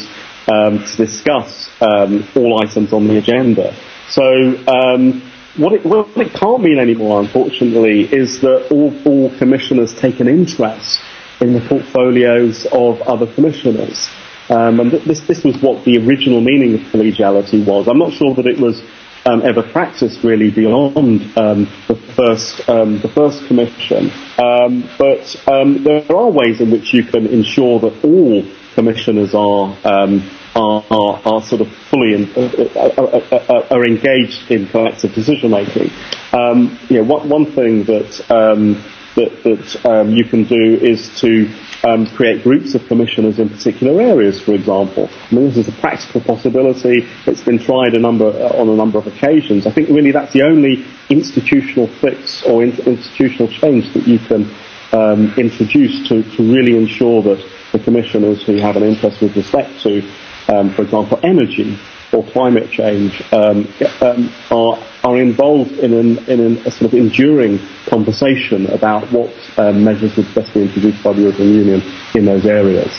um, to discuss um, all items on the agenda. So um, what, it, what it can't mean anymore, unfortunately, is that all, all commissioners take an interest in the portfolios of other commissioners. Um, and th- this, this was what the original meaning of collegiality was. I'm not sure that it was um, ever practiced really beyond um, the first um, the first commission. Um, but um, there are ways in which you can ensure that all commissioners are um, are, are, are sort of fully in, uh, are, uh, are, uh, uh, are engaged in collective decision making. Um, you know, one, one thing that um, that, that um, you can do is to um, create groups of commissioners in particular areas, for example. I mean, this is a practical possibility. It's been tried a number, uh, on a number of occasions. I think really that's the only institutional fix or in- institutional change that you can um, introduce to, to really ensure that the commissioners who have an interest with respect to, um, for example, energy or climate change um, um, are are involved in an in an, a sort of enduring conversation about what um, measures would best be introduced by the European Union in those areas.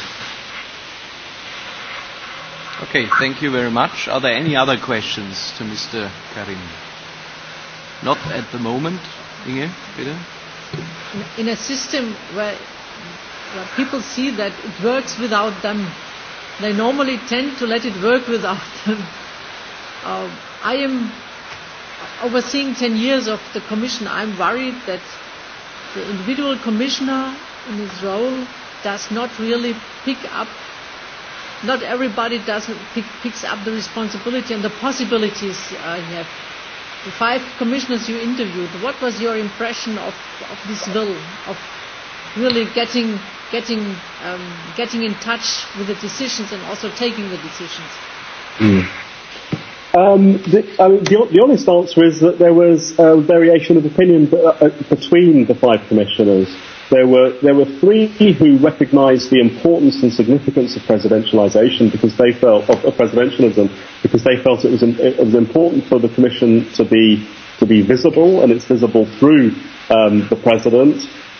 Okay, thank you very much. Are there any other questions to Mr. Karim? Not at the moment. Inge, bitte. In a system where, where people see that it works without them, They normally tend to let it work without them. Uh, I am overseeing 10 years of the commission. I'm worried that the individual commissioner in his role does not really pick up not everybody doesn't pick, picks up the responsibility and the possibilities uh, you have. The five commissioners you interviewed, what was your impression of, of this will, of really getting getting, um, getting in touch with the decisions and also taking the decisions? Mm. Um, the, I uh, mean, the, the honest answer is that there was a variation of opinion b- uh, uh, between the five commissioners. There were, there were three who recognised the importance and significance of presidentialisation because they felt of, of presidentialism because they felt it was, in, it was important for the commission to be to be visible and it's visible through um, the president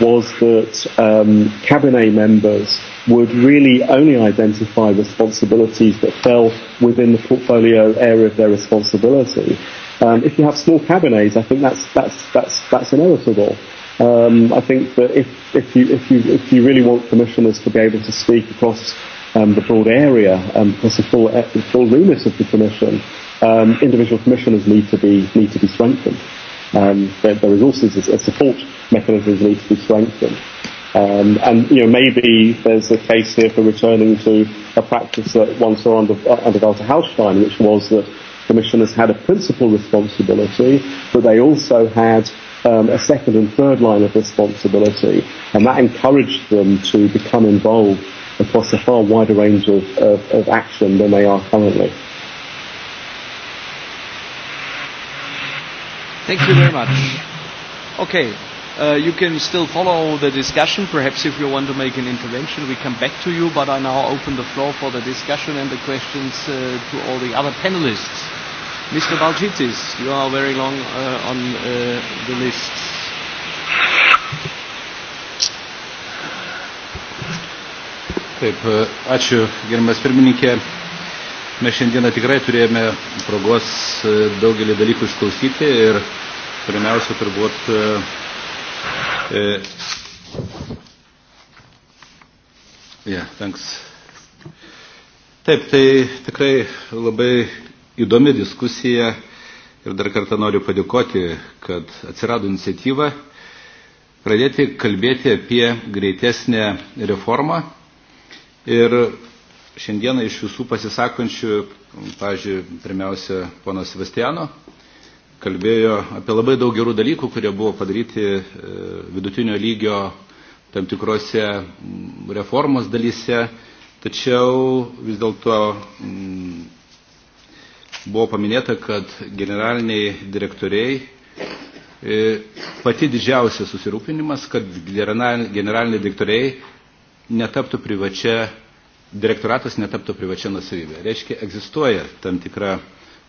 was that um, cabinet members would really only identify responsibilities that fell within the portfolio area of their responsibility. Um, if you have small cabinets, I think that's that's that's that's inevitable. Um, I think that if if you if you if you really want commissioners to be able to speak across um, the broad area, um, across the full uh, the full remit of the commission, um, individual commissioners need to be need to be strengthened. Um, their, their resources, as, as support mechanisms need to be strengthened. Um, and you know maybe there's a case here for returning to a practice that one saw under under Walter Hallstein, which was that commissioners had a principal responsibility, but they also had um, a second and third line of responsibility, and that encouraged them to become involved across a far wider range of, of, of action than they are currently. Thank you very much. Okay, Uh, you can still follow the discussion. Perhaps if you want to make an intervention, we come back to you. But I now open the floor for the discussion and the questions uh, to all the other panelists. Mr. Balchitis, you are very long uh, on uh, the list. Taip, uh, ačiū, gerimas pirmininkė. Mes šiandieną tikrai turėjome progos uh, daugelį dalykų išklausyti ir pirmiausia turbūt uh, Uh, yeah, thanks. Taip, tai tikrai labai įdomi diskusija ir dar kartą noriu padėkoti, kad atsirado iniciatyva pradėti kalbėti apie greitesnę reformą. Ir šiandieną iš visų pasisakančių, pažiūrėjau, pirmiausia, ponas Vestiano, kalbėjo apie labai daug gerų dalykų, kurie buvo padaryti e, vidutinio lygio tam tikrose reformos dalyse, tačiau vis dėlto buvo paminėta, kad generaliniai direktoriai e, pati didžiausia susirūpinimas, kad generaliniai direktoriai netaptų privačia, direktoratas netaptų privačia nusavybė. Reiškia, egzistuoja tam tikra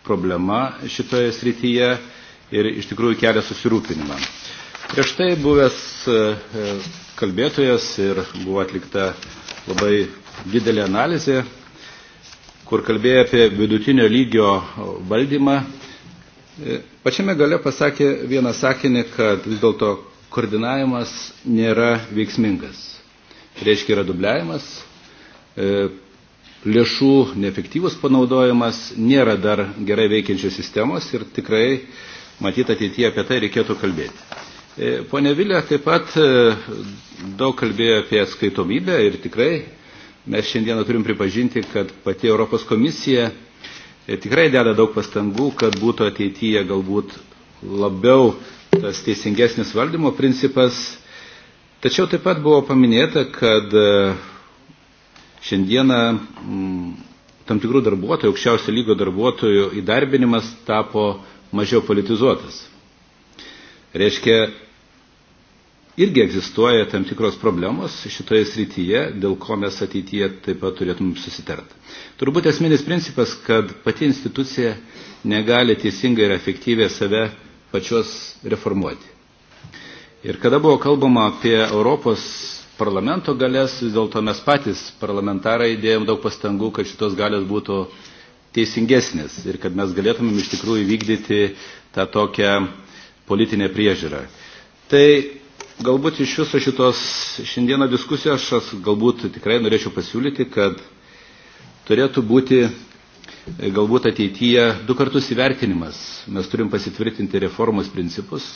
problema šitoje srityje ir iš tikrųjų kelia susirūpinimą. Prieš tai buvęs e, e, kalbėtojas ir buvo atlikta labai didelė analizė, kur kalbėjo apie vidutinio lygio valdymą. E, pačiame gale pasakė vieną sakinį, kad vis dėlto koordinavimas nėra veiksmingas. Tai reiškia yra dubliavimas, lėšų neefektyvus panaudojimas, nėra dar gerai veikiančios sistemos ir tikrai matyt ateityje apie tai reikėtų kalbėti. E, Pone Vilė taip pat e, daug kalbėjo apie atskaitomybę ir tikrai mes šiandieną turim pripažinti, kad pati Europos komisija e, tikrai deda daug pastangų, kad būtų ateityje galbūt labiau tas teisingesnis valdymo principas. Tačiau taip pat buvo paminėta, kad Šiandieną mm, tam tikrų darbuotojų, aukščiausio lygio darbuotojų įdarbinimas tapo mažiau politizuotas. Reiškia, irgi egzistuoja tam tikros problemos šitoje srityje, dėl ko mes ateityje taip pat turėtum susitarti. Turbūt esminis principas, kad pati institucija negali teisingai ir efektyviai save pačios reformuoti. Ir kada buvo kalbama apie Europos parlamento galės, vis dėlto mes patys parlamentarai dėjom daug pastangų, kad šitos galės būtų teisingesnės ir kad mes galėtumėm iš tikrųjų vykdyti tą tokią politinę priežiūrą. Tai galbūt iš viso šitos šiandieną diskusijos aš galbūt tikrai norėčiau pasiūlyti, kad turėtų būti galbūt ateityje du kartus įvertinimas. Mes turim pasitvirtinti reformos principus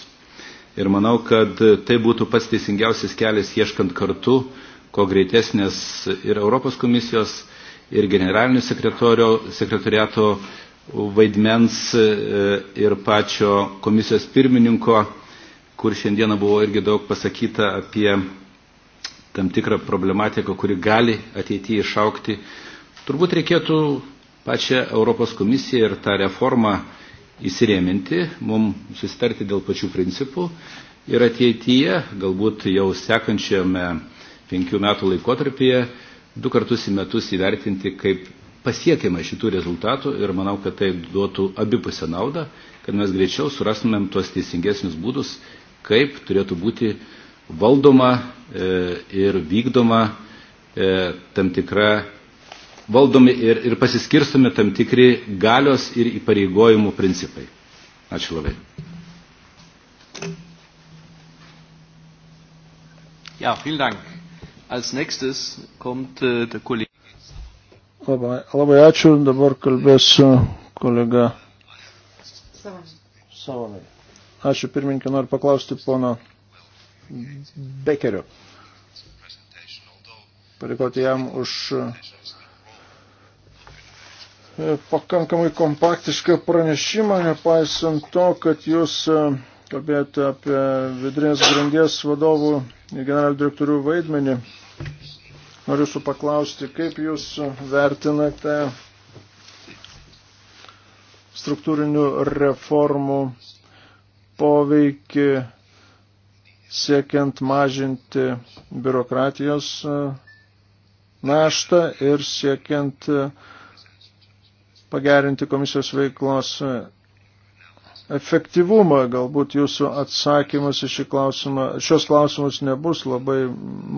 Ir manau, kad tai būtų pats teisingiausias kelias ieškant kartu, ko greitesnės ir Europos komisijos, ir generalinių sekretoriato vaidmens e, ir pačio komisijos pirmininko, kur šiandieną buvo irgi daug pasakyta apie tam tikrą problematiką, kuri gali ateityje išaukti. Turbūt reikėtų pačią Europos komisiją ir tą reformą įsireminti, mum susitarti dėl pačių principų ir ateityje, galbūt jau sekančiame penkių metų laikotarpyje, du kartus į metus įvertinti, kaip pasiekime šitų rezultatų ir manau, kad tai duotų abipusę naudą, kad mes greičiau surastumėm tuos teisingesnius būdus, kaip turėtų būti valdoma e, ir vykdoma e, tam tikra valdomi ir, ir pasiskirstomi tam tikri galios ir įpareigojimų principai. Ačiū labai. Ja, vielen Dank. Als nächstes kommt äh, der Kollege. Labai, labai ačiū, dabar kalbėsiu äh, kolega. Savonai. Ačiū pirmininkė, noriu paklausti pono Bekerio. Padėkoti jam už E, pakankamai kompaktišką pranešimą, nepaisant to, kad jūs e, kalbėjote apie vidrinės grandies vadovų generalinių direktorių vaidmenį. Noriu jūsų paklausti, kaip jūs vertinate struktūrinių reformų poveikį siekiant mažinti biurokratijos e, naštą ir siekiant uh, pagerinti komisijos veiklos efektyvumą. Galbūt jūsų atsakymas į klausimą, šios klausimus nebus labai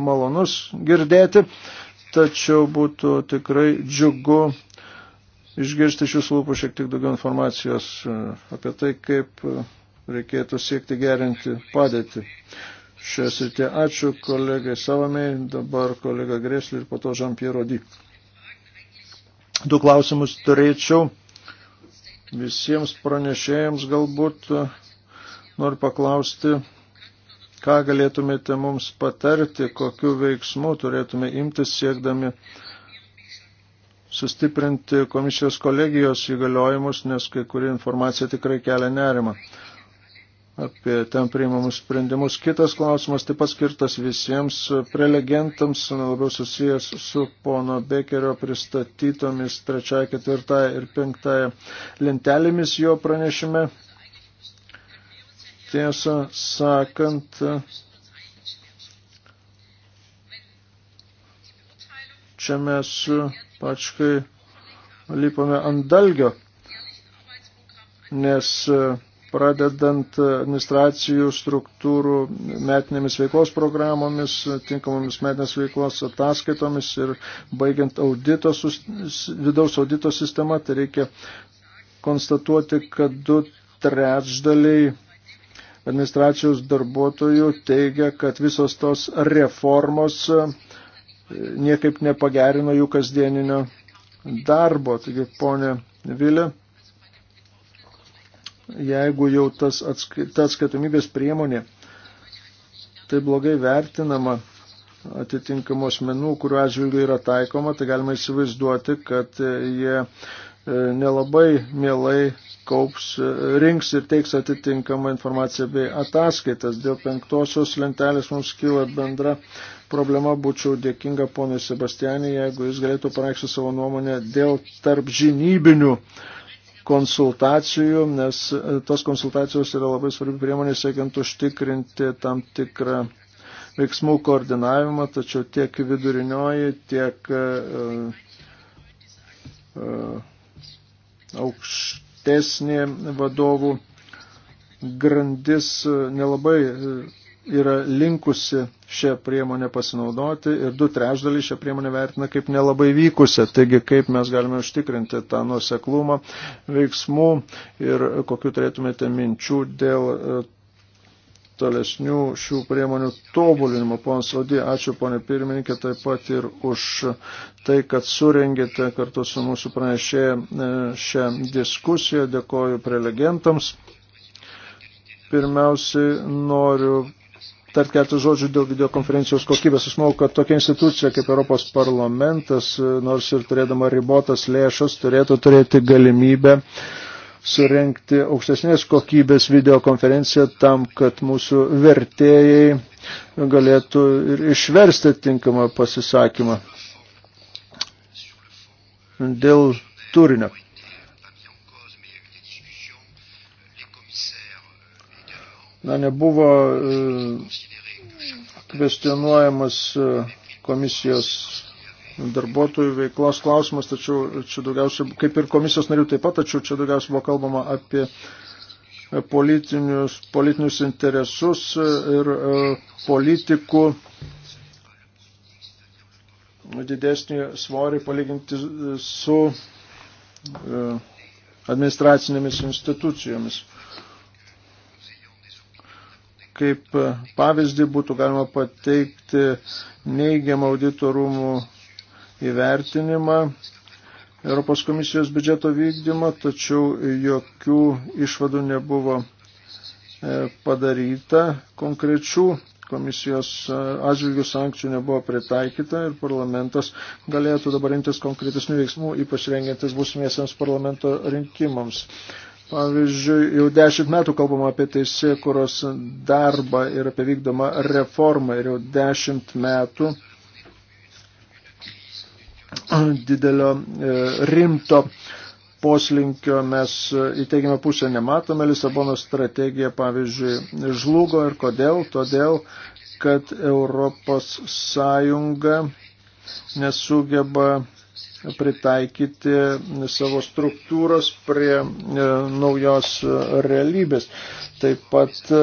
malonus girdėti, tačiau būtų tikrai džiugu išgirsti iš jūsų lūpų šiek tiek daugiau informacijos e, apie tai, kaip reikėtų siekti gerinti padėtį. Šioje srityje ačiū kolegai Savamiai, dabar kolega Greslį ir po to Žampiero Dyk du klausimus turėčiau visiems pranešėjams galbūt noriu paklausti, ką galėtumėte mums patarti, kokiu veiksmu turėtume imtis siekdami sustiprinti komisijos kolegijos įgaliojimus, nes kai kuri informacija tikrai kelia nerimą apie ten priimamus sprendimus. Kitas klausimas taip pat skirtas visiems prelegentams, labiau susijęs su pono Bekerio pristatytomis trečiaja, ketvirtaja ir penktąja lentelėmis jo pranešime. Tiesą sakant, čia mes pačkai lipame ant dalgio, nes pradedant administracijų struktūrų metinėmis veiklos programomis, tinkamomis metinės veiklos ataskaitomis ir baigiant audito, vidaus audito sistema, tai reikia konstatuoti, kad du trečdaliai administracijos darbuotojų teigia, kad visos tos reformos e, niekaip nepagerino jų kasdieninio darbo. Taigi, ponė Vilė, jeigu jau tas atsk ta atskaitomybės priemonė tai blogai vertinama atitinkamos menų, kuriuo atžvilgiu yra taikoma, tai galima įsivaizduoti, kad e, jie e, nelabai mielai kaups, e, rinks ir teiks atitinkamą informaciją bei ataskaitas. Dėl penktosios lentelės mums kyla bendra problema. Būčiau dėkinga ponui Sebastianį, jeigu jis galėtų pareikšti savo nuomonę dėl tarp žinybinių uh, konsultacijų, nes e, tos konsultacijos yra labai svarbi priemonė siekiant užtikrinti tam tikrą veiksmų koordinavimą, tačiau tiek vidurinioji, tiek e, e, aukštesnė vadovų grandis nelabai yra linkusi šią priemonę pasinaudoti ir du trešdaliai šią priemonę vertina kaip nelabai vykusią. Taigi, kaip mes galime užtikrinti tą nuoseklumą veiksmų ir kokiu turėtumėte minčių dėl e, tolesnių šių priemonių tobulinimo. Pons Odė, ačiū ponė pirmininkė taip pat ir už tai, kad surengėte kartu su mūsų pranešėje šią diskusiją. Dėkoju prelegentams. Pirmiausiai noriu tart keletą žodžių dėl videokonferencijos kokybės. Aš manau, kad tokia institucija kaip Europos parlamentas, e, nors ir turėdama ribotas lėšas, turėtų turėti galimybę surenkti aukštesnės kokybės videokonferenciją tam, kad mūsų vertėjai galėtų ir išversti tinkamą pasisakymą dėl turinio. Na, nebuvo e, kvestionuojamas e, komisijos darbuotojų veiklos klausimas, tačiau čia daugiausiai, kaip ir komisijos narių taip pat, tačiau čia daugiausiai buvo kalbama apie politinius, politinius interesus ir e, politikų didesnį svorį palyginti su e, administracinėmis institucijomis. Kaip pavyzdį būtų galima pateikti neigiamą auditorumų įvertinimą Europos komisijos biudžeto vykdymą, tačiau jokių išvadų nebuvo e, padaryta konkrečių komisijos e, atžvilgių sankcijų nebuvo pritaikyta ir parlamentas galėtų dabar imtis konkretesnių veiksmų, ypač rengiantis būsimiesiams parlamento rinkimams. Pavyzdžiui, jau dešimt metų kalbama apie teisėkuros darbą ir apie vykdomą reformą ir jau dešimt metų didelio e, rimto poslinkio mes į teigiamą pusę nematome. Lisabono strategija, pavyzdžiui, žlugo ir kodėl? Todėl, kad Europos Sąjunga nesugeba pritaikyti savo struktūros prie e, naujos realybės. Taip pat e,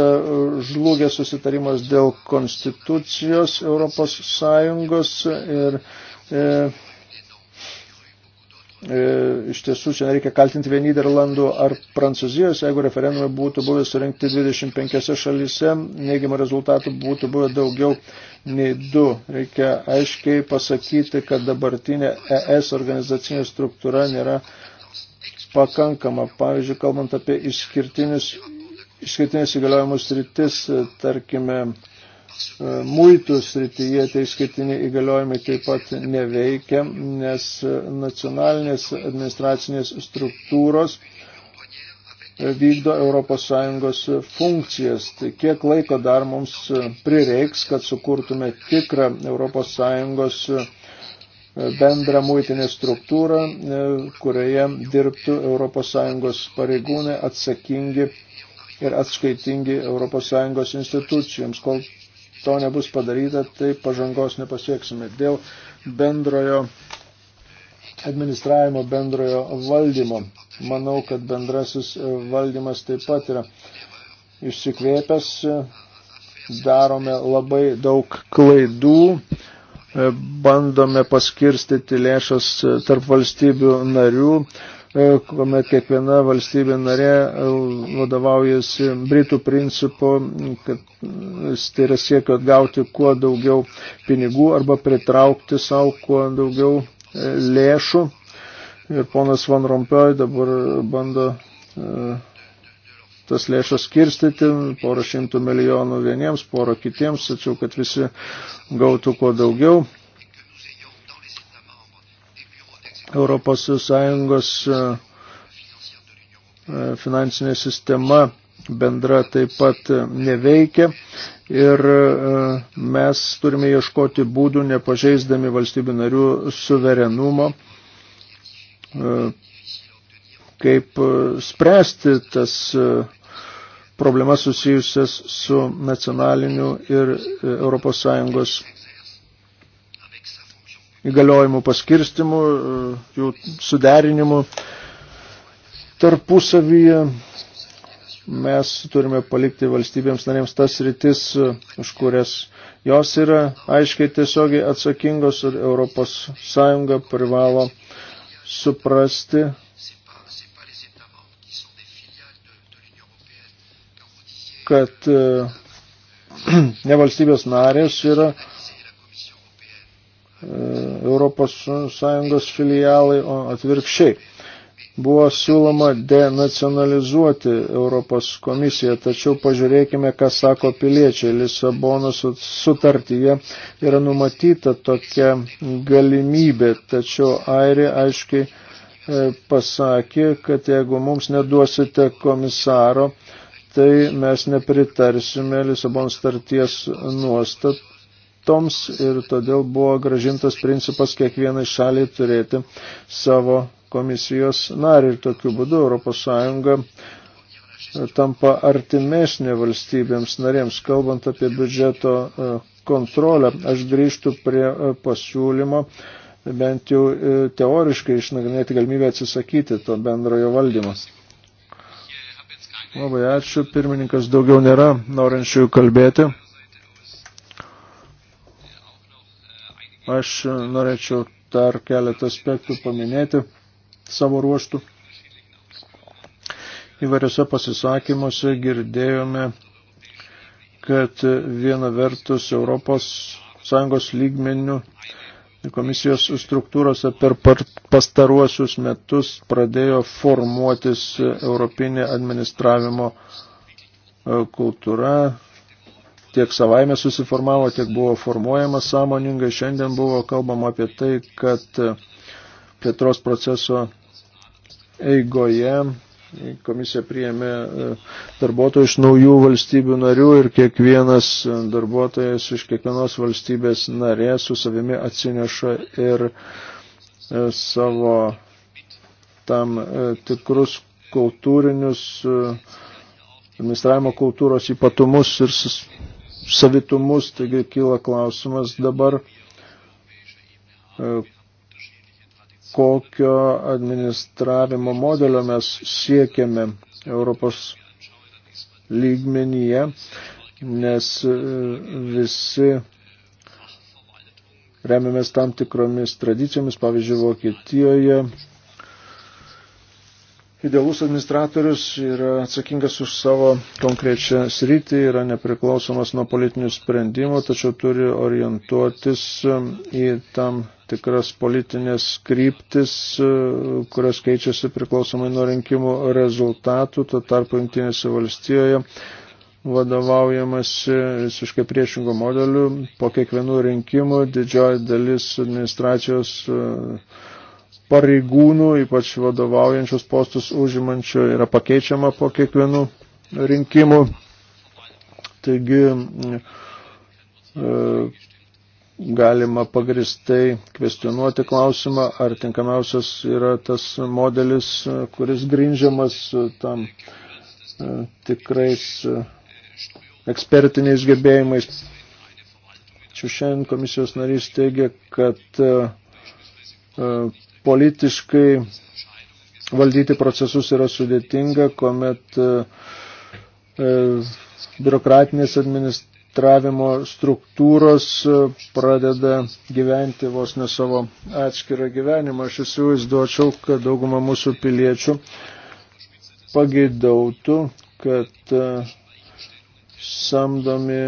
žlugė susitarimas dėl konstitucijos Europos Sąjungos ir e, e iš tiesų čia nereikia kaltinti vien Niderlandų ar Prancūzijos, jeigu referendumai būtų buvę surinkti 25 šalyse, neigiamų rezultatų būtų buvę daugiau nei du. Reikia aiškiai pasakyti, kad dabartinė ES organizacinė struktūra nėra pakankama. Pavyzdžiui, kalbant apie išskirtinius, išskirtinės įgaliojimus rytis, tarkime, e, muitų srityje tai išskirtiniai įgaliojimai taip pat neveikia, nes nacionalinės administracinės struktūros vykdo ES funkcijas. Tai kiek laiko dar mums prireiks, kad sukurtume tikrą ES bendrą muitinę struktūrą, kurioje dirbtų ES pareigūnai atsakingi ir atskaitingi ES institucijoms. Kol to nebus padaryta, tai pažangos nepasieksime. Dėl bendrojo administravimo bendrojo valdymo. Manau, kad bendrasis e, valdymas taip pat yra išsikvėpęs, darome labai daug klaidų, e, bandome paskirstyti lėšas e, tarp valstybių narių, kuomet kiekviena valstybė narė vadovaujasi Britų principu, kad tai yra siekio atgauti kuo daugiau pinigų arba pritraukti savo kuo daugiau lėšų. Ir ponas Van Rompioj dabar bando e, tas lėšas skirstyti, porą šimtų milijonų vieniems, porą kitiems, tačiau kad visi gautų kuo daugiau. Europos Sąjungos e, e, finansinė sistema bendra taip pat neveikia ir e, mes turime ieškoti būdų, nepažeisdami valstybių narių suverenumo, e, kaip e, spręsti tas problemas susijusias su nacionaliniu ir ES įgaliojimų paskirstimu, jų suderinimu tarpusavyje mes turime palikti valstybėms narėms tas rytis, už kurias jos yra aiškiai tiesiogiai atsakingos ir Europos Sąjunga privalo suprasti, kad ne valstybės narės yra e, Europos Sąjungos filialai, o atvirkščiai buvo siūloma denacionalizuoti Europos komisiją, tačiau pažiūrėkime, ką sako piliečiai. Lisabono sutartyje yra numatyta tokia galimybė, tačiau Airija aiškiai e, pasakė, kad jeigu mums neduosite komisaro, tai mes nepritarsime Lisabono starties nuostatų toms ir todėl buvo gražintas principas kiekvienai šaliai turėti savo komisijos narį ir tokiu būdu ES tampa artimesnė valstybėms narėms, kalbant apie biudžeto e, kontrolę. Aš grįžtų prie e, pasiūlymo bent jau e, teoriškai išnagrinėti galimybę atsisakyti to bendrojo valdymas. Labai ačiū, pirmininkas daugiau nėra norinčių kalbėti. Aš norėčiau dar keletą aspektų paminėti savo ruoštų. Įvairiose pasisakymuose girdėjome, kad viena vertus Europos Sąjungos lygmenių komisijos struktūrose per pastaruosius metus pradėjo formuotis europinė administravimo e, kultūra. Tiek savaime susiformavo, tiek buvo formuojama sąmoningai. Šiandien buvo kalbama apie tai, kad e, plėtros proceso eigoje komisija priėmė e, darbuotojų iš naujų valstybių narių ir kiekvienas darbuotojas iš kiekvienos valstybės narės su savimi atsineša ir e, savo tam e, tikrus kultūrinius administravimo kultūros ypatumus ir savitumus, taigi kyla klausimas dabar, kokio administravimo modelio mes siekiame Europos lygmenyje, nes e, visi remiamės tam tikromis tradicijomis, pavyzdžiui, Vokietijoje idealus administratorius yra atsakingas už savo konkrečią sritį, yra nepriklausomas nuo politinių sprendimų, tačiau turi orientuotis um, į tam tikras politinės kryptis, um, kurios keičiasi priklausomai nuo rinkimų rezultatų, to tarp jungtinėse valstijoje vadovaujamasi visiškai priešingų modelių. Po kiekvienų rinkimų didžioji dalis administracijos um, pareigūnų, ypač vadovaujančius postus užimančių, yra pakeičiama po kiekvienų rinkimų. Taigi e, galima pagristai kvestionuoti klausimą, ar tinkamiausias yra tas modelis, kuris grindžiamas tam e, tikrais e, ekspertiniais gebėjimais. Čia šiandien komisijos narys teigia, kad politiškai valdyti procesus yra sudėtinga, kuomet e, e, biurokratinės administravimo struktūros e, pradeda gyventi vos ne savo atskirą gyvenimą. Aš įsivaizduočiau, kad dauguma mūsų piliečių pageidautų, kad samdomi,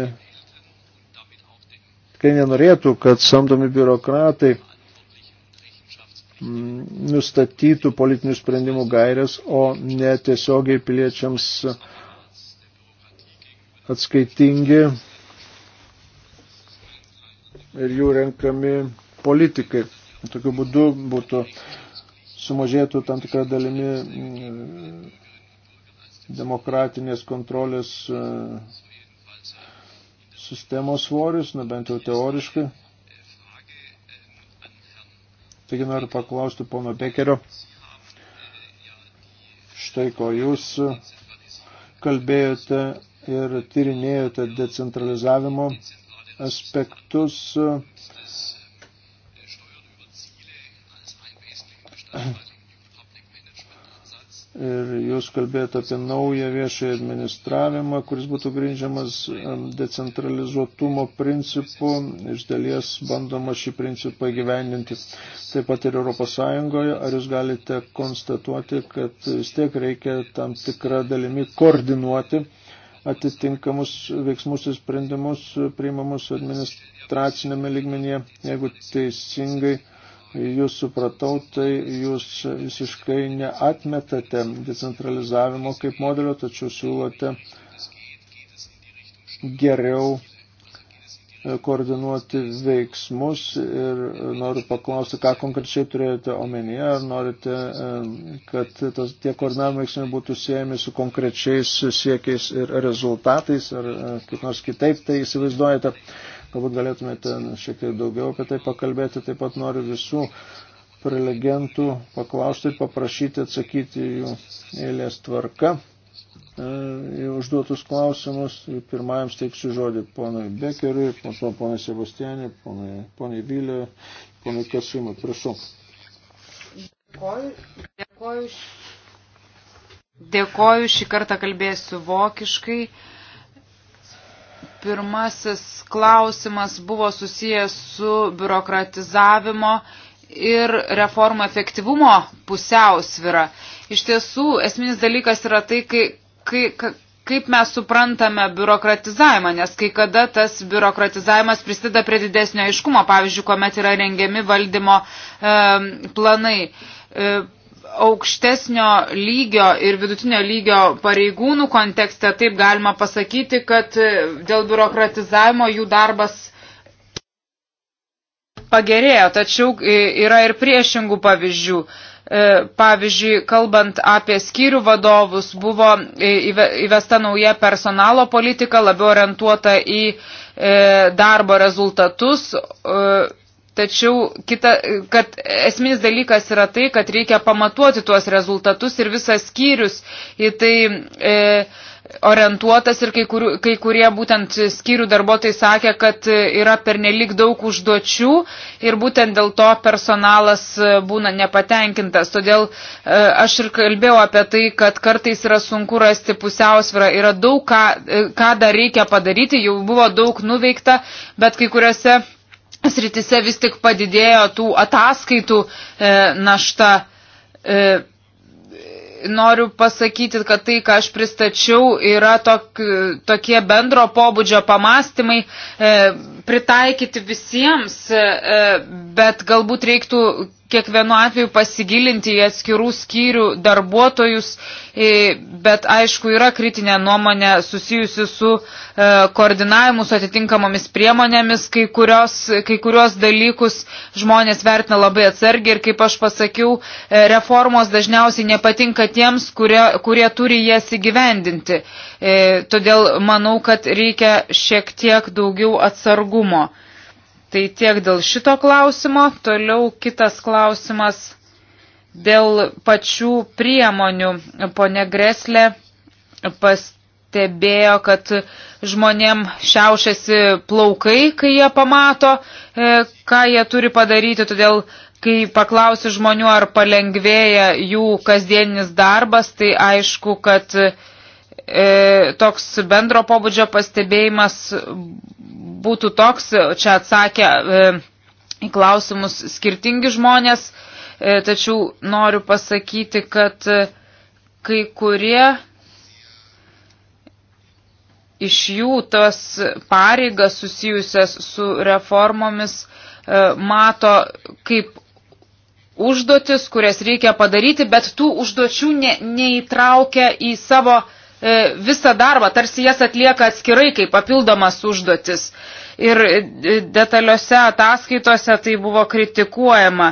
kai nenorėtų, kad samdomi biurokratai Mm, nustatytų politinių sprendimų gairias, o ne tiesiogiai piliečiams atskaitingi ir jų renkami politikai. Tokiu būdu būtų sumažėtų tam tikrą dalimi mm, demokratinės kontrolės e, sistemos svorius, na bent jau teoriškai. Taigi noriu paklausti pono Bekerio, štai ko jūs kalbėjote ir tyrinėjote decentralizavimo aspektus Ir jūs kalbėjote apie naują viešąjį administravimą, kuris būtų grindžiamas decentralizuotumo principu, iš dalies bandoma šį principą gyvendinti taip pat ir ES. Ar jūs galite konstatuoti, kad vis tiek reikia tam tikrą dalimi koordinuoti atitinkamus veiksmus ir sprendimus priimamus administracinėme lygmenyje, jeigu teisingai jūs supratau, tai jūs visiškai neatmetate decentralizavimo kaip modelio, tačiau siūlote geriau e, koordinuoti veiksmus ir e, noriu paklausti, ką konkrečiai turėjote omenyje, ar norite, e, kad tas, tie koordinavimo veiksmai būtų siejami su konkrečiais siekiais ir rezultatais, ar kaip nors kitaip tai įsivaizduojate. Galbūt galėtumėte šiek tiek daugiau apie tai pakalbėti. Taip pat noriu visų prelegentų paklausti ir paprašyti atsakyti jų eilės tvarka. E, į užduotus klausimus pirmajam steiksiu žodį ponui Bekeriui, po ponui Sebastianui, ponui Vyliui, ponui Kasimui. Prašau. Dėkoju. Dėkoju. Dėkoju, šį kartą kalbėsiu vokiškai. Uh, Pirmasis klausimas buvo susijęs su biurokratizavimo ir reformų efektyvumo pusiausvira. Iš tiesų, esminis dalykas yra tai, kai, kai, kaip mes suprantame biurokratizavimą, nes kai kada tas biurokratizavimas prisideda prie didesnio aiškumo, pavyzdžiui, kuomet yra rengiami valdymo e, planai. E, aukštesnio lygio ir vidutinio lygio pareigūnų kontekste taip galima pasakyti, kad e, dėl biurokratizavimo jų darbas pagerėjo, tačiau e, yra ir priešingų pavyzdžių. E, pavyzdžiui, kalbant apie skyrių vadovus, buvo įvesta nauja personalo politika, labiau orientuota į darbo rezultatus, Tačiau kita, kad esminis dalykas yra tai, kad reikia pamatuoti tuos rezultatus ir visas skyrius į tai e, orientuotas ir kai, kur, kai kurie būtent skyrių darbuotojai sakė, kad yra pernelik daug užduočių ir būtent dėl to personalas būna nepatenkintas. Todėl e, aš ir kalbėjau apie tai, kad kartais yra sunku rasti pusiausvyrą, yra daug ką, e, ką dar reikia padaryti, jau buvo daug nuveikta, bet kai kuriuose sritise vis tik padidėjo tų ataskaitų e, našta. E, noriu pasakyti, kad tai, ką aš pristačiau, yra tok, tokie bendro pobūdžio pamastymai. E, pritaikyti visiems, e, e, bet galbūt reiktų kiekvienu atveju pasigilinti į atskirų skyrių darbuotojus, e, bet aišku yra kritinė nuomonė susijusi su koordinavimu, su atitinkamomis priemonėmis, kai kurios, kai kurios dalykus žmonės vertina labai atsargiai ir kaip aš pasakiau, reformos dažniausiai nepatinka tiems, kurie, kurie turi jas įgyvendinti. Todėl manau, kad reikia šiek tiek daugiau atsargų saugumo. Tai tiek dėl šito klausimo. Toliau kitas klausimas dėl pačių priemonių. Pone Greslė pastebėjo, kad žmonėm šiaušiasi plaukai, kai jie pamato, e, ką jie turi padaryti, todėl kai paklausi žmonių, ar palengvėja jų kasdieninis darbas, tai aišku, kad E, toks bendro pobūdžio pastebėjimas būtų toks, čia atsakė e, į klausimus skirtingi žmonės, e, tačiau noriu pasakyti, kad kai kurie iš jų tas pareigas susijusias su reformomis mato kaip užduotis, kurias reikia padaryti, bet tų užduočių ne, neįtraukia į savo uh, E, visą darbą, tarsi jas atlieka atskirai kaip papildomas užduotis. Ir detaliuose ataskaitose tai buvo kritikuojama.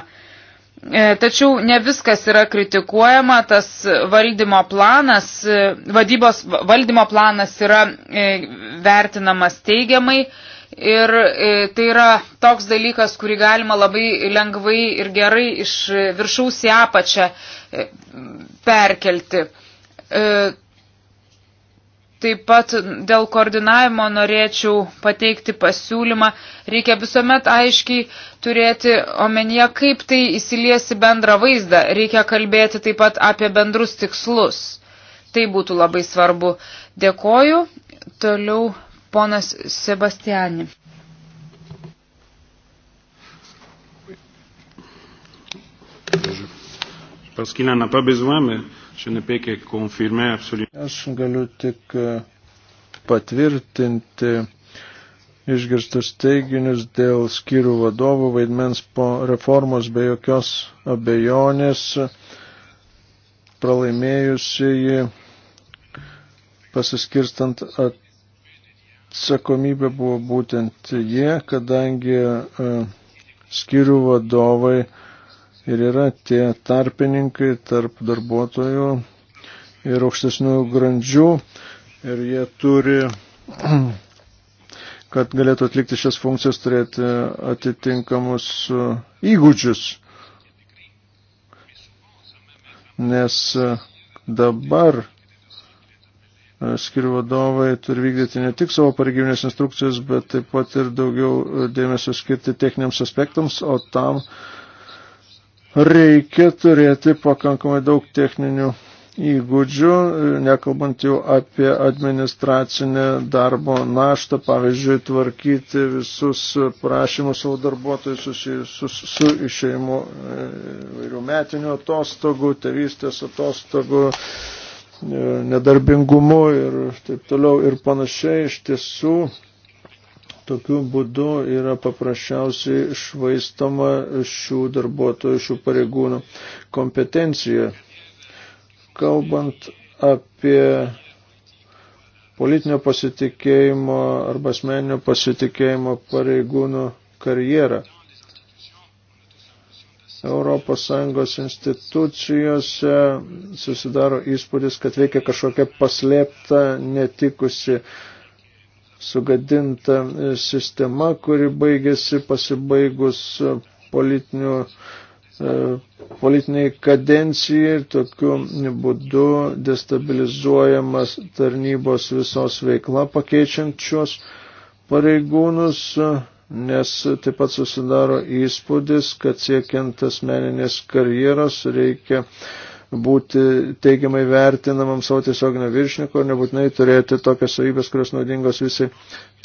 E, tačiau ne viskas yra kritikuojama, tas valdymo planas, e, vadybos valdymo planas yra vertinamas teigiamai ir tai yra toks dalykas, kurį galima labai lengvai ir gerai iš viršaus į apačią perkelti Taip pat dėl koordinavimo norėčiau pateikti pasiūlymą. Reikia visuomet aiškiai turėti omenyje, kaip tai įsiliesi bendrą vaizdą. Reikia kalbėti taip pat apie bendrus tikslus. Tai būtų labai svarbu. Dėkoju. Toliau ponas Sebastiani. Paskina, na, pabezuojame. Aš galiu tik e, patvirtinti išgirstus teiginius dėl skyrių vadovų vaidmens po reformos be jokios abejonės pralaimėjusieji pasiskirstant atsakomybę buvo būtent jie, kadangi e, skyrių vadovai ir yra tie tarpininkai tarp darbuotojų ir aukštesnių grandžių ir jie turi, kad galėtų atlikti šias funkcijas, turėti atitinkamus uh, įgūdžius. Nes uh, dabar uh, skirių vadovai turi vykdyti ne tik savo pareigybinės instrukcijas, bet taip pat ir daugiau dėmesio skirti techniniams aspektams, o tam, reikia turėti pakankamai daug techninių įgūdžių, nekalbant jau apie administracinę darbo naštą, pavyzdžiui, tvarkyti visus prašymus savo darbuotojų susijusius su išėjimu e, vairių metinių atostogų, tėvystės atostogų, e, nedarbingumu ir taip toliau ir panašiai. Iš tiesų, Tokiu būdu yra paprasčiausiai švaistoma šių darbuotojų, šių pareigūnų kompetencija. Kalbant apie politinio pasitikėjimo arba asmeninio pasitikėjimo pareigūnų karjerą. ES institucijose susidaro įspūdis, kad veikia kažkokia paslėpta netikusi sugadinta e, sistema, kuri baigėsi pasibaigus e, politinių, e, politiniai kadencijai ir tokiu būdu destabilizuojamas tarnybos visos veikla pakeičiant šios pareigūnus, nes taip pat susidaro įspūdis, kad siekiant asmeninės karjeros reikia uh, būti teigiamai vertinamam savo tiesioginio viršininko ir nebūtinai turėti tokias savybės, kurios naudingos visai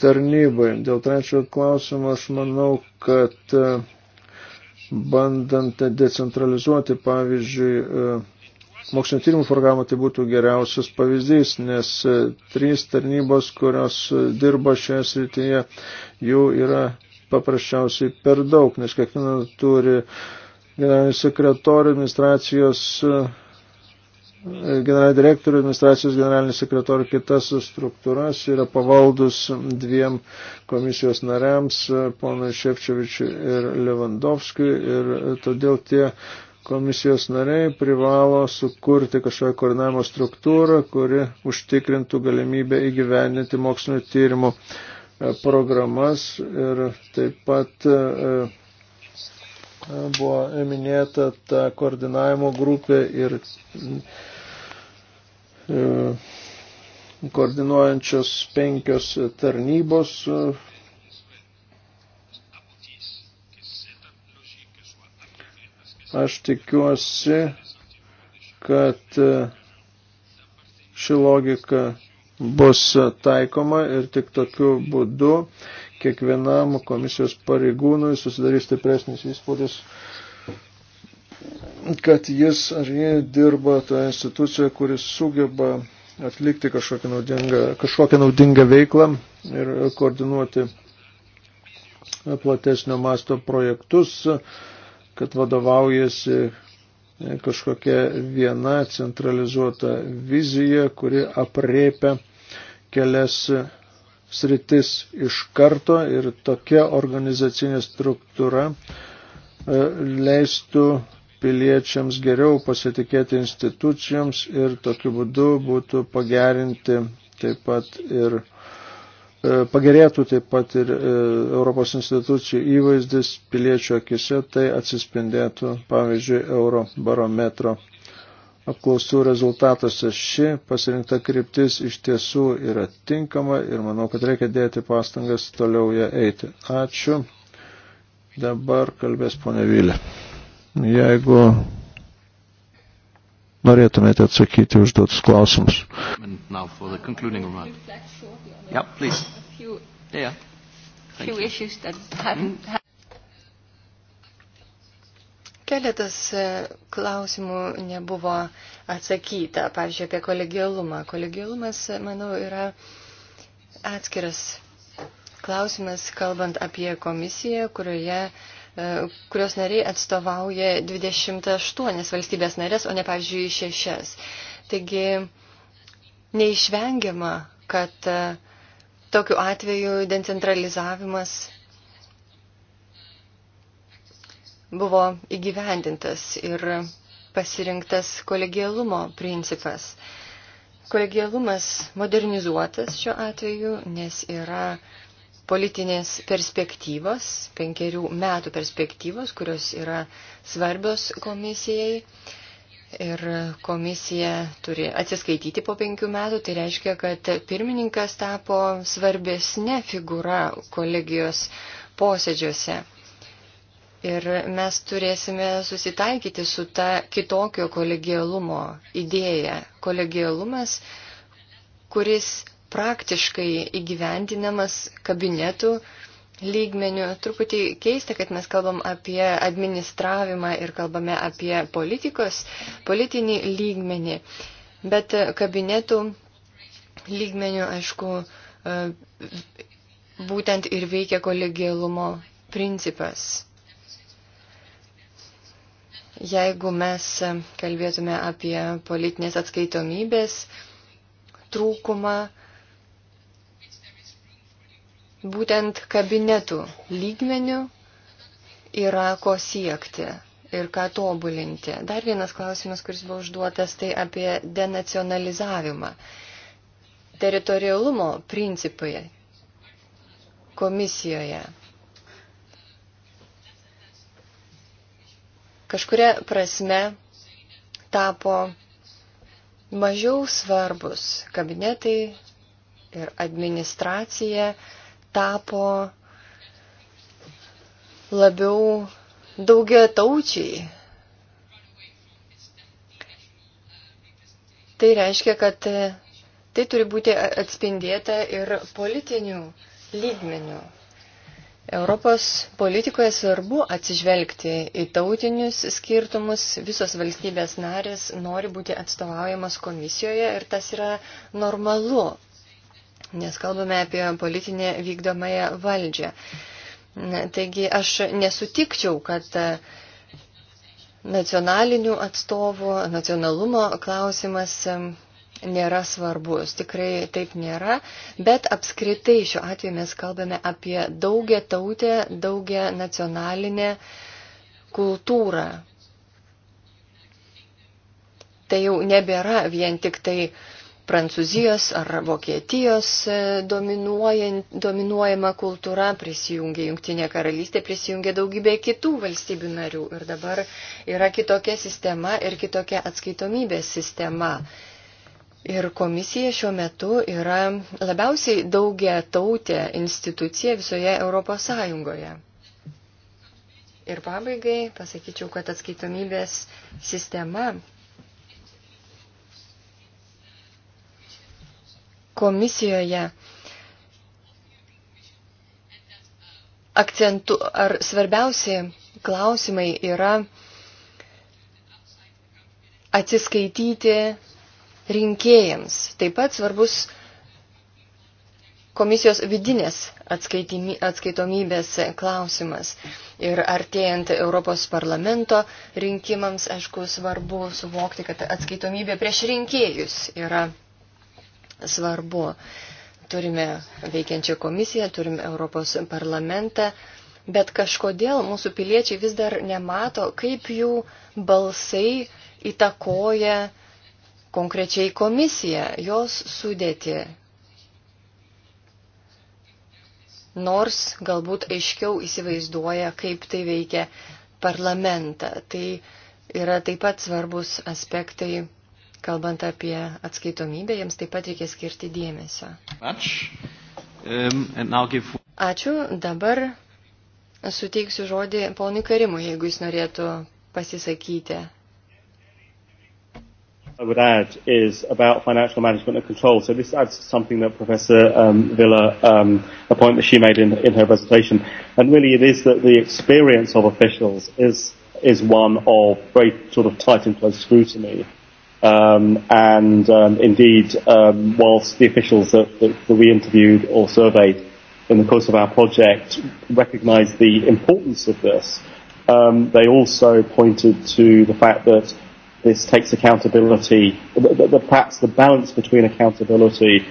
tarnybai. Dėl trečio klausimo aš manau, kad e, bandant decentralizuoti, pavyzdžiui, e, mokslinio tyrimų programą tai būtų geriausias pavyzdys, nes e, trys tarnybos, kurios dirba šioje srityje, jų yra paprasčiausiai per daug, nes kiekviena turi uh, generalinį sekretorių administracijos, e, generalinį direktorių administracijos generalinį sekretorių kitas struktūras yra pavaldus dviem komisijos nariams, e, ponui Šepčiovičiui ir Levandovskiui ir todėl tie komisijos nariai privalo sukurti kažkokią koordinavimo struktūrą, kuri užtikrintų galimybę įgyveninti mokslinio tyrimo e, programas ir taip pat buvo minėta ta koordinavimo grupė ir e, koordinuojančios penkios tarnybos. E. Aš tikiuosi, kad e, ši logika bus taikoma ir tik tokiu būdu kiekvienam komisijos pareigūnui susidarys stipresnis įspūdis, kad jis ar jie dirba toje institucijoje, kuris sugeba atlikti kažkokią naudingą, kažkokią naudingą veiklą ir koordinuoti platesnio masto projektus, kad vadovaujasi kažkokia viena centralizuota vizija, kuri apriepia kelias sritis iš karto ir tokia organizacinė struktūra e, leistų piliečiams geriau pasitikėti institucijoms ir tokiu būdu būtų pagerinti taip pat ir e, pagerėtų taip pat ir e, Europos institucijų įvaizdis piliečių akise, tai atsispindėtų, pavyzdžiui, Eurobarometro apklausų rezultatuose. Ši pasirinkta kryptis iš tiesų yra tinkama ir manau, kad reikia dėti pastangas toliau ją eiti. Ačiū. Dabar kalbės ponė Vilė. Jeigu norėtumėte atsakyti užduotus klausimus. Yeah, please. Yeah, yeah. Thank you. Keletas e, klausimų nebuvo atsakyta, pavyzdžiui, apie kolegialumą. Kolegialumas, e, manau, yra atskiras klausimas, kalbant apie komisiją, kurioje e, kurios nariai atstovauja 28 valstybės narės, o ne, pavyzdžiui, 6. Taigi, neišvengiama, kad tokiu atveju decentralizavimas buvo įgyvendintas ir pasirinktas kolegialumo principas. Kolegialumas modernizuotas šiuo atveju, nes yra politinės perspektyvos, penkerių metų perspektyvos, kurios yra svarbios komisijai. Ir komisija turi atsiskaityti po penkių metų, tai reiškia, kad pirmininkas tapo svarbesnė figūra kolegijos posėdžiuose. Ir mes turėsime susitaikyti su ta kitokio kolegialumo idėja. Kolegialumas, kuris praktiškai įgyvendinamas kabinetų lygmenių. Truputį keista, kad mes kalbam apie administravimą ir kalbame apie politikos, politinį lygmenį. Bet kabinetų lygmenių, aišku, e, būtent ir veikia kolegialumo principas. Jeigu mes kalbėtume apie politinės atskaitomybės trūkumą, būtent kabinetų lygmenių yra ko siekti ir ką tobulinti. Dar vienas klausimas, kuris buvo užduotas, tai apie denacionalizavimą. Teritorialumo principai komisijoje kažkuria prasme tapo mažiau svarbus. Kabinetai ir administracija tapo labiau daugia taučiai. Tai reiškia, kad tai turi būti atspindėta ir politinių lygmenių. Europos politikoje svarbu atsižvelgti į tautinius skirtumus. Visos valstybės narės nori būti atstovaujamos komisijoje ir tas yra normalu, nes kalbame apie politinę vykdomąją valdžią. Taigi aš nesutikčiau, kad nacionalinių atstovų, nacionalumo klausimas nėra svarbus. Tikrai taip nėra, bet apskritai šiuo atveju mes kalbame apie daugia tautę, daugia nacionalinę kultūrą. Tai jau nebėra vien tik tai Prancūzijos ar Vokietijos e, dominuojama kultūra, prisijungė Junktinė karalystė, prisijungė daugybė kitų valstybių narių ir dabar yra kitokia sistema ir kitokia atskaitomybės sistema. Mm Ir komisija šiuo metu yra labiausiai daugia tautė institucija visoje Europos Sąjungoje. Ir pabaigai pasakyčiau, kad atskaitomybės sistema komisijoje akcentu, ar svarbiausi klausimai yra atsiskaityti rinkėjams. Taip pat svarbus komisijos vidinės atskaitomybės klausimas. Ir artėjant Europos parlamento rinkimams, aišku, svarbu suvokti, kad atskaitomybė prieš rinkėjus yra svarbu. Turime veikiančią komisiją, turime Europos parlamentą, bet kažkodėl mūsų piliečiai vis dar nemato, kaip jų balsai įtakoja uh, konkrečiai komisiją, jos sudėti. Nors galbūt aiškiau įsivaizduoja, kaip tai veikia parlamentą. Tai yra taip pat svarbus aspektai, kalbant apie atskaitomybę, jiems taip pat reikia skirti dėmesio. Ačiū. Dabar suteiksiu žodį ponui Karimui, jeigu jis norėtų pasisakyti. I would add is about financial management and control. So this adds to something that Professor um, Villa, um, a point that she made in, in her presentation. And really it is that the experience of officials is, is one of very sort of tight and close scrutiny. Um, and um, indeed, um, whilst the officials that, that, that we interviewed or surveyed in the course of our project recognised the importance of this, um, they also pointed to the fact that this takes accountability, the, the, the, perhaps the balance between accountability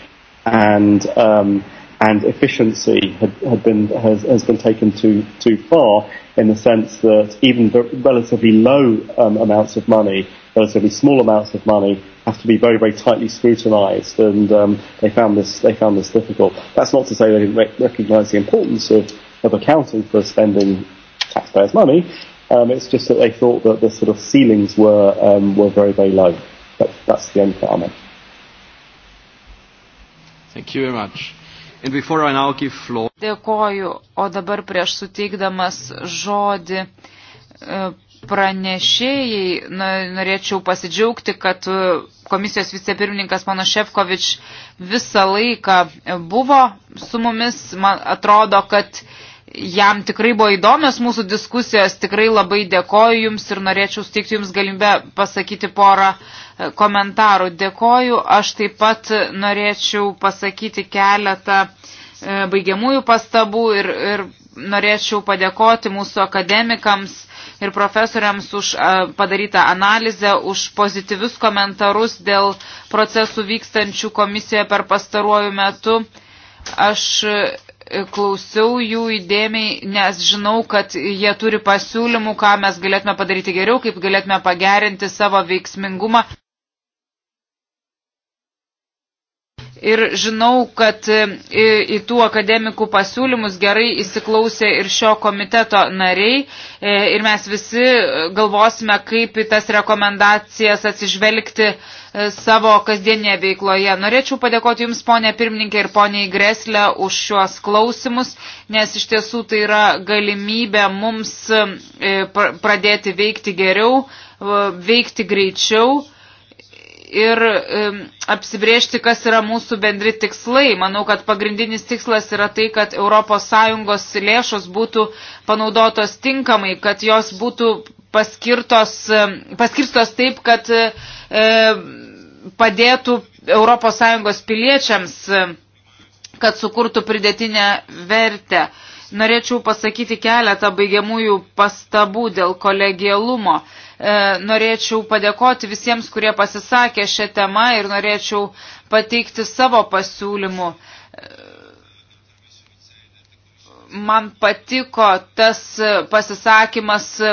and um, and efficiency had, had been has, has been taken too too far in the sense that even the relatively low um, amounts of money, relatively small amounts of money, have to be very very tightly scrutinised, and um, they found this they found this difficult. That's not to say they didn't re- recognise the importance of of accounting for spending taxpayers' money, Um, it's just that they thought that the sort of ceilings were um, were very very low. That, that's the end comment. Thank you very much. And before I now give floor. Dėkoju, o dabar prieš suteikdamas žodį e, pranešėjai, norėčiau pasidžiaugti, kad e, komisijos vicepirmininkas mano Šefkovič visą laiką buvo su mumis. Man atrodo, kad jam tikrai buvo įdomios mūsų diskusijos, tikrai labai dėkoju Jums ir norėčiau steikti Jums galimybę pasakyti porą e, komentarų. Dėkoju, aš taip pat norėčiau pasakyti keletą e, baigiamųjų pastabų ir, ir norėčiau padėkoti mūsų akademikams ir profesoriams už e, padarytą analizę, už pozityvius komentarus dėl procesų vykstančių komisijoje per pastaruoju metu. Aš klausiau jų įdėmiai, nes žinau, kad jie turi pasiūlymų, ką mes galėtume padaryti geriau, kaip galėtume pagerinti savo veiksmingumą. ir žinau, kad e, į, į tų akademikų pasiūlymus gerai įsiklausė ir šio komiteto nariai e, ir mes visi e, galvosime, kaip į tas rekomendacijas atsižvelgti savo kasdienėje veikloje. Norėčiau padėkoti Jums, ponė pirmininkė ir ponė Igreslė, už šiuos klausimus, nes iš tiesų tai yra galimybė mums pradėti veikti geriau, veikti greičiau ir um, apsibriežti, kas yra mūsų bendri tikslai. Manau, kad pagrindinis tikslas yra tai, kad ES lėšos būtų panaudotos tinkamai, kad jos būtų paskirtos, paskirstos taip, kad e, padėtų ES piliečiams, kad sukurtų pridėtinę vertę. Norėčiau pasakyti keletą baigiamųjų pastabų dėl kolegialumo. E, E, norėčiau padėkoti visiems, kurie pasisakė šią temą ir norėčiau pateikti savo pasiūlymų. E, man patiko tas pasisakymas, e,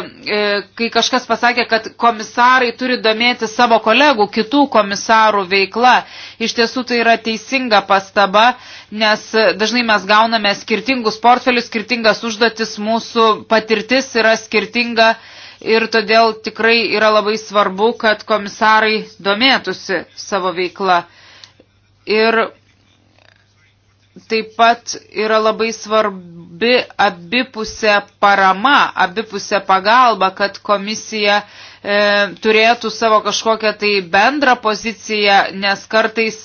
kai kažkas pasakė, kad komisarai turi domėti savo kolegų, kitų komisarų veikla. Iš tiesų tai yra teisinga pastaba, nes dažnai mes gauname skirtingus portfelius, skirtingas užduotis, mūsų patirtis yra skirtinga. Uh, ir todėl tikrai yra labai svarbu, kad komisarai domėtųsi savo veiklą. Ir taip pat yra labai svarbi abipusė parama, abipusė pagalba, kad komisija e, turėtų savo kažkokią tai bendrą poziciją, nes kartais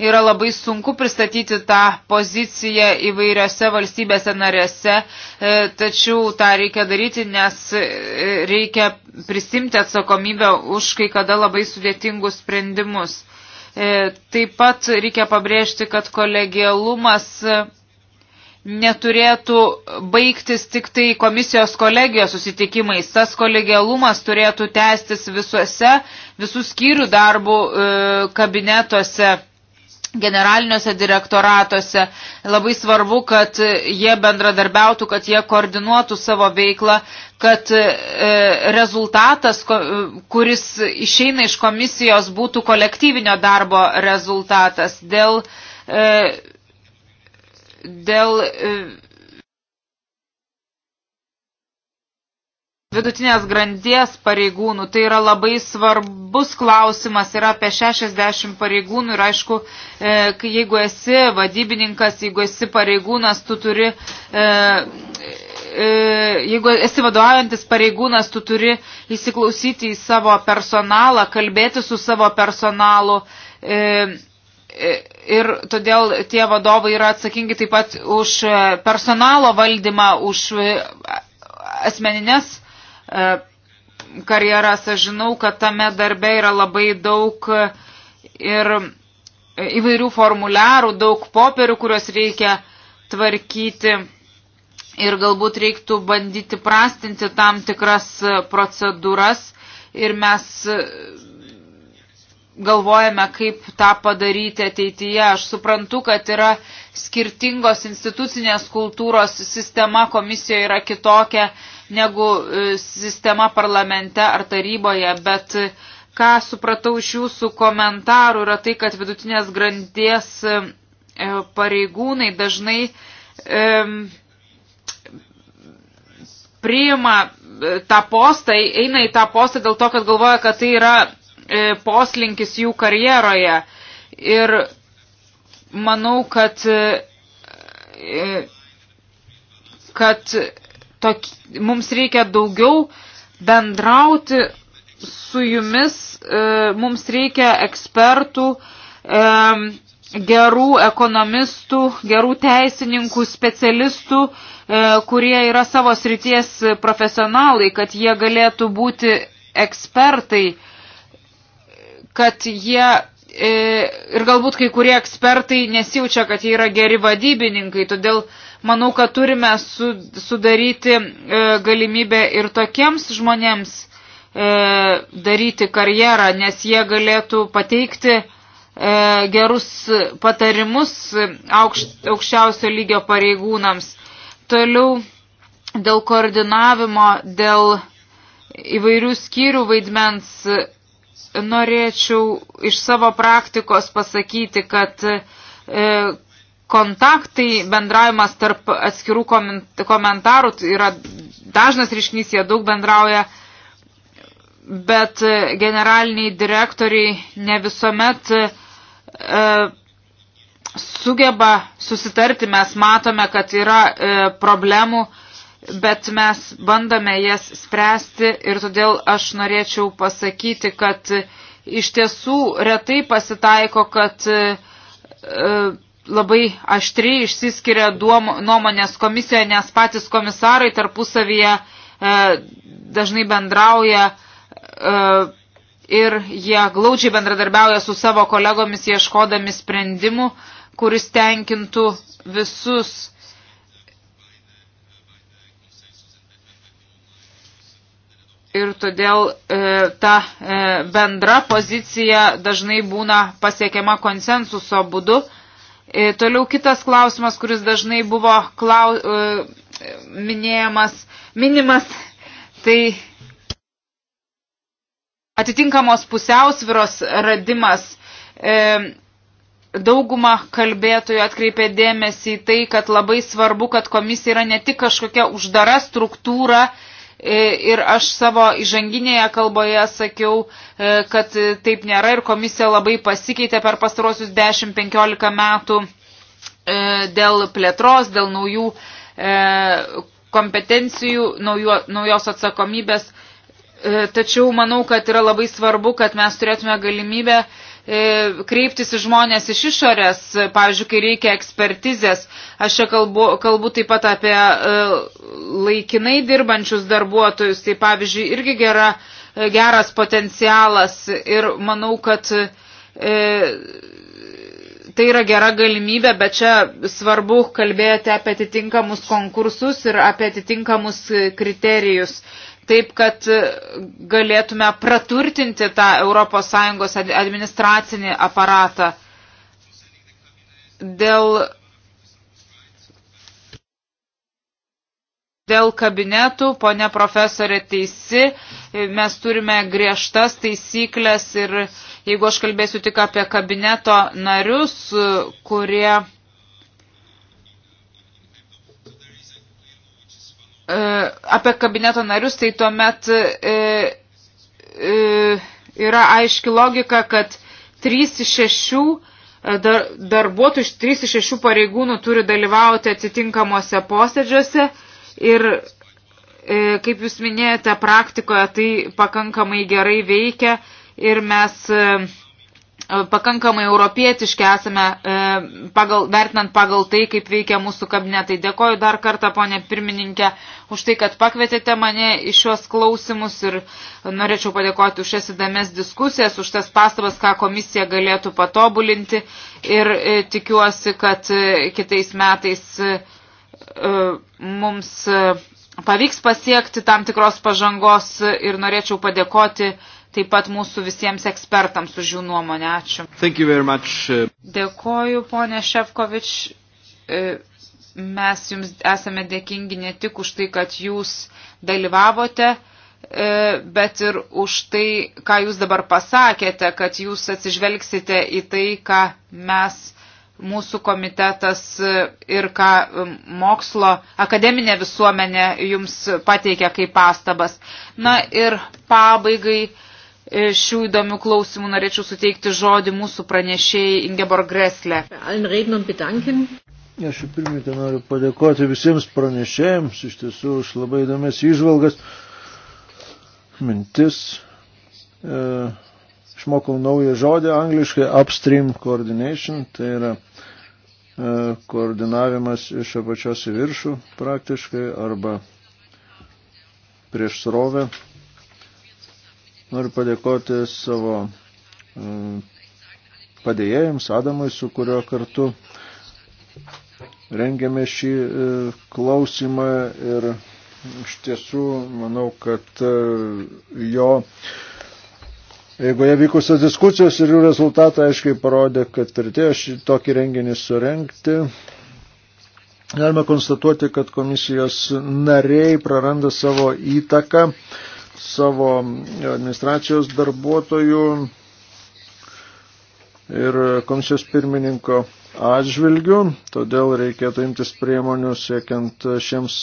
yra labai sunku pristatyti tą poziciją įvairiose valstybėse narėse, e, tačiau tą reikia daryti, nes e, reikia prisimti atsakomybę už kai kada labai sudėtingus sprendimus. E, taip pat reikia pabrėžti, kad kolegialumas e, neturėtų baigtis tik tai komisijos kolegijos susitikimais. Tas kolegialumas turėtų tęstis visuose, visų skyrių darbų e, kabinetuose generaliniuose direktoratuose. Labai svarbu, kad jie bendradarbiautų, kad jie koordinuotų savo veiklą, kad e, rezultatas, kuris išeina iš komisijos, būtų kolektyvinio darbo rezultatas. Dėl, e, dėl e, vidutinės grandies pareigūnų. Tai yra labai svarbus klausimas, yra apie 60 pareigūnų ir aišku, e, jeigu esi vadybininkas, jeigu esi pareigūnas, tu turi, e, e, jeigu esi vadovaujantis pareigūnas, tu turi įsiklausyti į savo personalą, kalbėti su savo personalu. Ir todėl tie vadovai yra atsakingi taip pat už personalo valdymą, už asmeninės E, karjeras. Aš žinau, kad tame darbe yra labai daug e, ir e, įvairių formuliarų, daug popierių, kuriuos reikia tvarkyti ir galbūt reiktų bandyti prastinti tam tikras procedūras ir mes galvojame, kaip tą padaryti ateityje. Aš suprantu, kad yra skirtingos institucinės kultūros sistema, komisijoje yra kitokia, negu e, sistema parlamente ar taryboje, bet e, ką supratau iš jūsų komentarų yra tai, kad vidutinės grandies e, pareigūnai dažnai priima tą postą, eina į tą postą dėl to, kad galvoja, kad tai yra poslinkis jų karjeroje. Ir manau, kad, kad tok, mums reikia daugiau bendrauti su jumis, e, mums reikia ekspertų, e, gerų ekonomistų, gerų teisininkų, specialistų, e, kurie yra savo srities profesionalai, kad jie galėtų būti ekspertai, kad jie e, ir galbūt kai kurie ekspertai nesijaučia, kad jie yra geri vadybininkai, todėl Manau, kad turime su, sudaryti e, galimybę ir tokiems žmonėms e, daryti karjerą, nes jie galėtų pateikti e, gerus patarimus aukšt, aukščiausio lygio pareigūnams. Toliau dėl koordinavimo, dėl įvairių skyrių vaidmens norėčiau iš savo praktikos pasakyti, kad e, kontaktai, bendravimas tarp atskirų komentarų yra dažnas ryšnys, jie daug bendrauja, bet e, generaliniai direktoriai ne visuomet e, sugeba susitarti, mes matome, kad yra e, problemų, bet mes bandome jas spręsti ir todėl aš norėčiau pasakyti, kad e, iš tiesų retai pasitaiko, kad e, e labai aštriai išsiskiria duom, nuomonės komisijoje, nes patys komisarai tarpusavyje e, dažnai bendrauja e, ir jie glaudžiai bendradarbiauja su savo kolegomis ieškodami sprendimų, kuris tenkintų visus. Ir todėl e, ta e, bendra pozicija dažnai būna pasiekiama konsensuso būdu. E, E, toliau kitas klausimas, kuris dažnai buvo klau, e, minėjamas, minimas, tai atitinkamos pusiausviros radimas. E, dauguma kalbėtojų atkreipė dėmesį į tai, kad labai svarbu, kad komisija yra ne tik kažkokia uždara struktūra, E, ir aš savo įžanginėje kalboje sakiau, e, kad taip nėra ir komisija labai pasikeitė per pastarosius 10-15 metų e, dėl plėtros, dėl naujų kompetencijų, naujo, naujos atsakomybės. Tačiau manau, kad yra labai svarbu, kad mes turėtume galimybę E, kreiptis į žmonės iš išorės, pavyzdžiui, kai reikia ekspertizės. Aš čia kalbu, kalbu taip pat apie e, laikinai dirbančius darbuotojus, tai pavyzdžiui, irgi gera, e, geras potencialas ir manau, kad e, tai yra gera galimybė, bet čia svarbu kalbėti apie atitinkamus konkursus ir apie atitinkamus kriterijus taip kad galėtume praturtinti tą ES administracinį aparatą. Dėl, dėl kabinetų, ponė profesorė teisi, mes turime griežtas taisyklės ir jeigu aš kalbėsiu tik apie kabineto narius, kurie E, apie kabineto narius, tai tuomet e, e, yra aiški logika, kad 3 iš 6 dar, darbuotojų, 3 iš 6 pareigūnų turi dalyvauti atitinkamuose posėdžiuose ir kaip jūs minėjote, praktikoje tai pakankamai gerai veikia ir mes pakankamai europietiški esame e, pagal, vertinant pagal tai, kaip veikia mūsų kabinetai. Dėkoju dar kartą, ponė pirmininkė, už tai, kad pakvietėte mane į šios klausimus ir norėčiau padėkoti už šias įdomias diskusijas, už tas pastabas, ką komisija galėtų patobulinti ir e, tikiuosi, kad e, kitais metais mums pavyks pasiekti tam tikros pažangos ir norėčiau padėkoti taip pat mūsų visiems ekspertams už jų nuomonę. Ačiū. Uh, Dėkoju, ponė Šefkovič. E, mes jums esame dėkingi ne tik už tai, kad jūs dalyvavote, e, bet ir už tai, ką jūs dabar pasakėte, kad jūs atsižvelgsite į tai, ką mes, mūsų komitetas e, ir ką mokslo akademinė visuomenė jums pateikia kaip pastabas. Na ir pabaigai E, šių įdomių klausimų norėčiau suteikti žodį mūsų pranešėjai Ingeborg Greslė. Aš pirmiausia noriu padėkoti visiems pranešėjams, iš tiesų už labai įdomias įžvalgas, mintis. E, išmokau naują žodį angliškai, upstream coordination, tai yra e, koordinavimas iš apačios į viršų praktiškai arba prieš srovę Noriu padėkoti savo mm, padėjėjams Adamui, su kurio kartu rengiame šį e, klausimą ir iš tiesų manau, kad e, jo eigoje vykusios diskusijos ir jų rezultatai aiškiai parodė, kad vertėjo šį tokį renginį surenkti. Galime konstatuoti, kad komisijos nariai praranda savo įtaką savo administracijos darbuotojų ir komisijos pirmininko atžvilgių, todėl reikėtų imtis priemonių siekiant šiems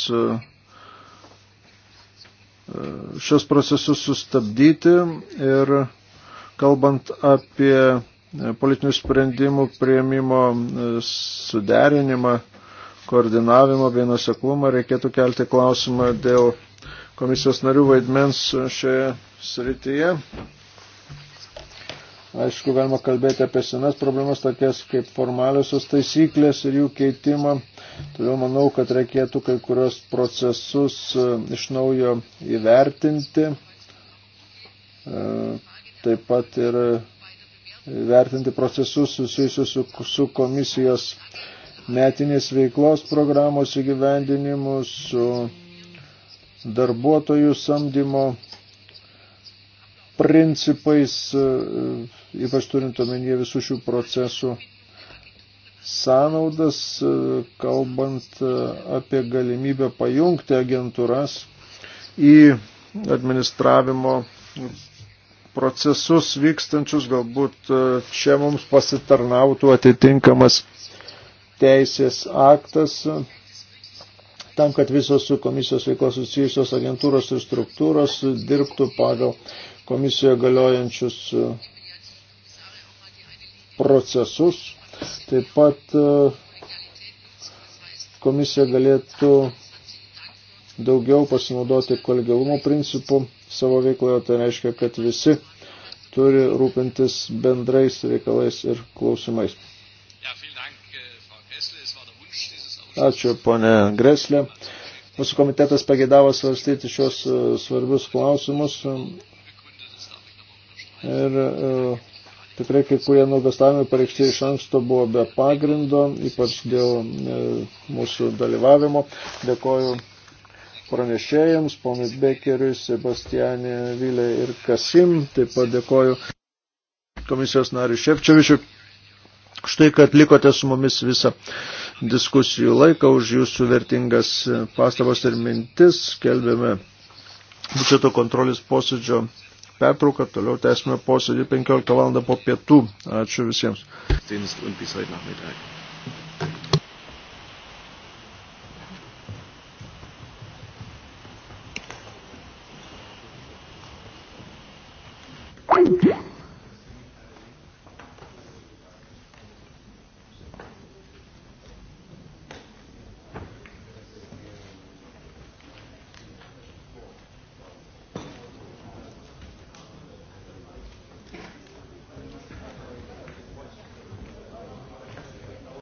šios procesus sustabdyti ir kalbant apie politinių sprendimų prieimimo suderinimą, koordinavimą bei nuseklumą, reikėtų kelti klausimą dėl komisijos narių vaidmens šioje srityje. Aišku, galima kalbėti apie senas problemas, tokias kaip formaliosios taisyklės ir jų keitimą. Todėl manau, kad reikėtų kai kurios procesus e, iš naujo įvertinti. E, taip pat ir vertinti procesus susijusius su, su komisijos metinės veiklos programos įgyvendinimu, su darbuotojų samdymo principais, e, e, ypač turint omenyje visų šių procesų sąnaudas, e, kalbant apie galimybę pajungti agentūras į administravimo procesus vykstančius, galbūt čia mums pasitarnautų atitinkamas teisės aktas tam, kad visos su komisijos veiklos susijusios agentūros ir struktūros dirbtų pagal komisijoje galiojančius e, procesus. Taip pat e, komisija galėtų daugiau pasinaudoti kolegialumo principų savo veikloje, tai reiškia, kad visi turi rūpintis bendrais reikalais ir klausimais. Ačiū, ponė Greslė. Mūsų komitetas pagėdavo svarstyti šios e, svarbius klausimus. Ir e, tikrai kai kurie nuogastavimai pareikšti iš anksto buvo be pagrindo, ypač dėl e, mūsų dalyvavimo. Dėkoju pranešėjams, ponui Bekeriui, Sebastianė, Vilė ir Kasim. Taip pat dėkoju komisijos nariu Šepčiovičiu. Štai, kad likote su mumis visą diskusijų laiką, už jūsų vertingas pastabas ir mintis. Kelbėme biudžeto kontrolės posėdžio pertrauką, toliau tęsime posėdį 15 val. po pietų. Ačiū visiems.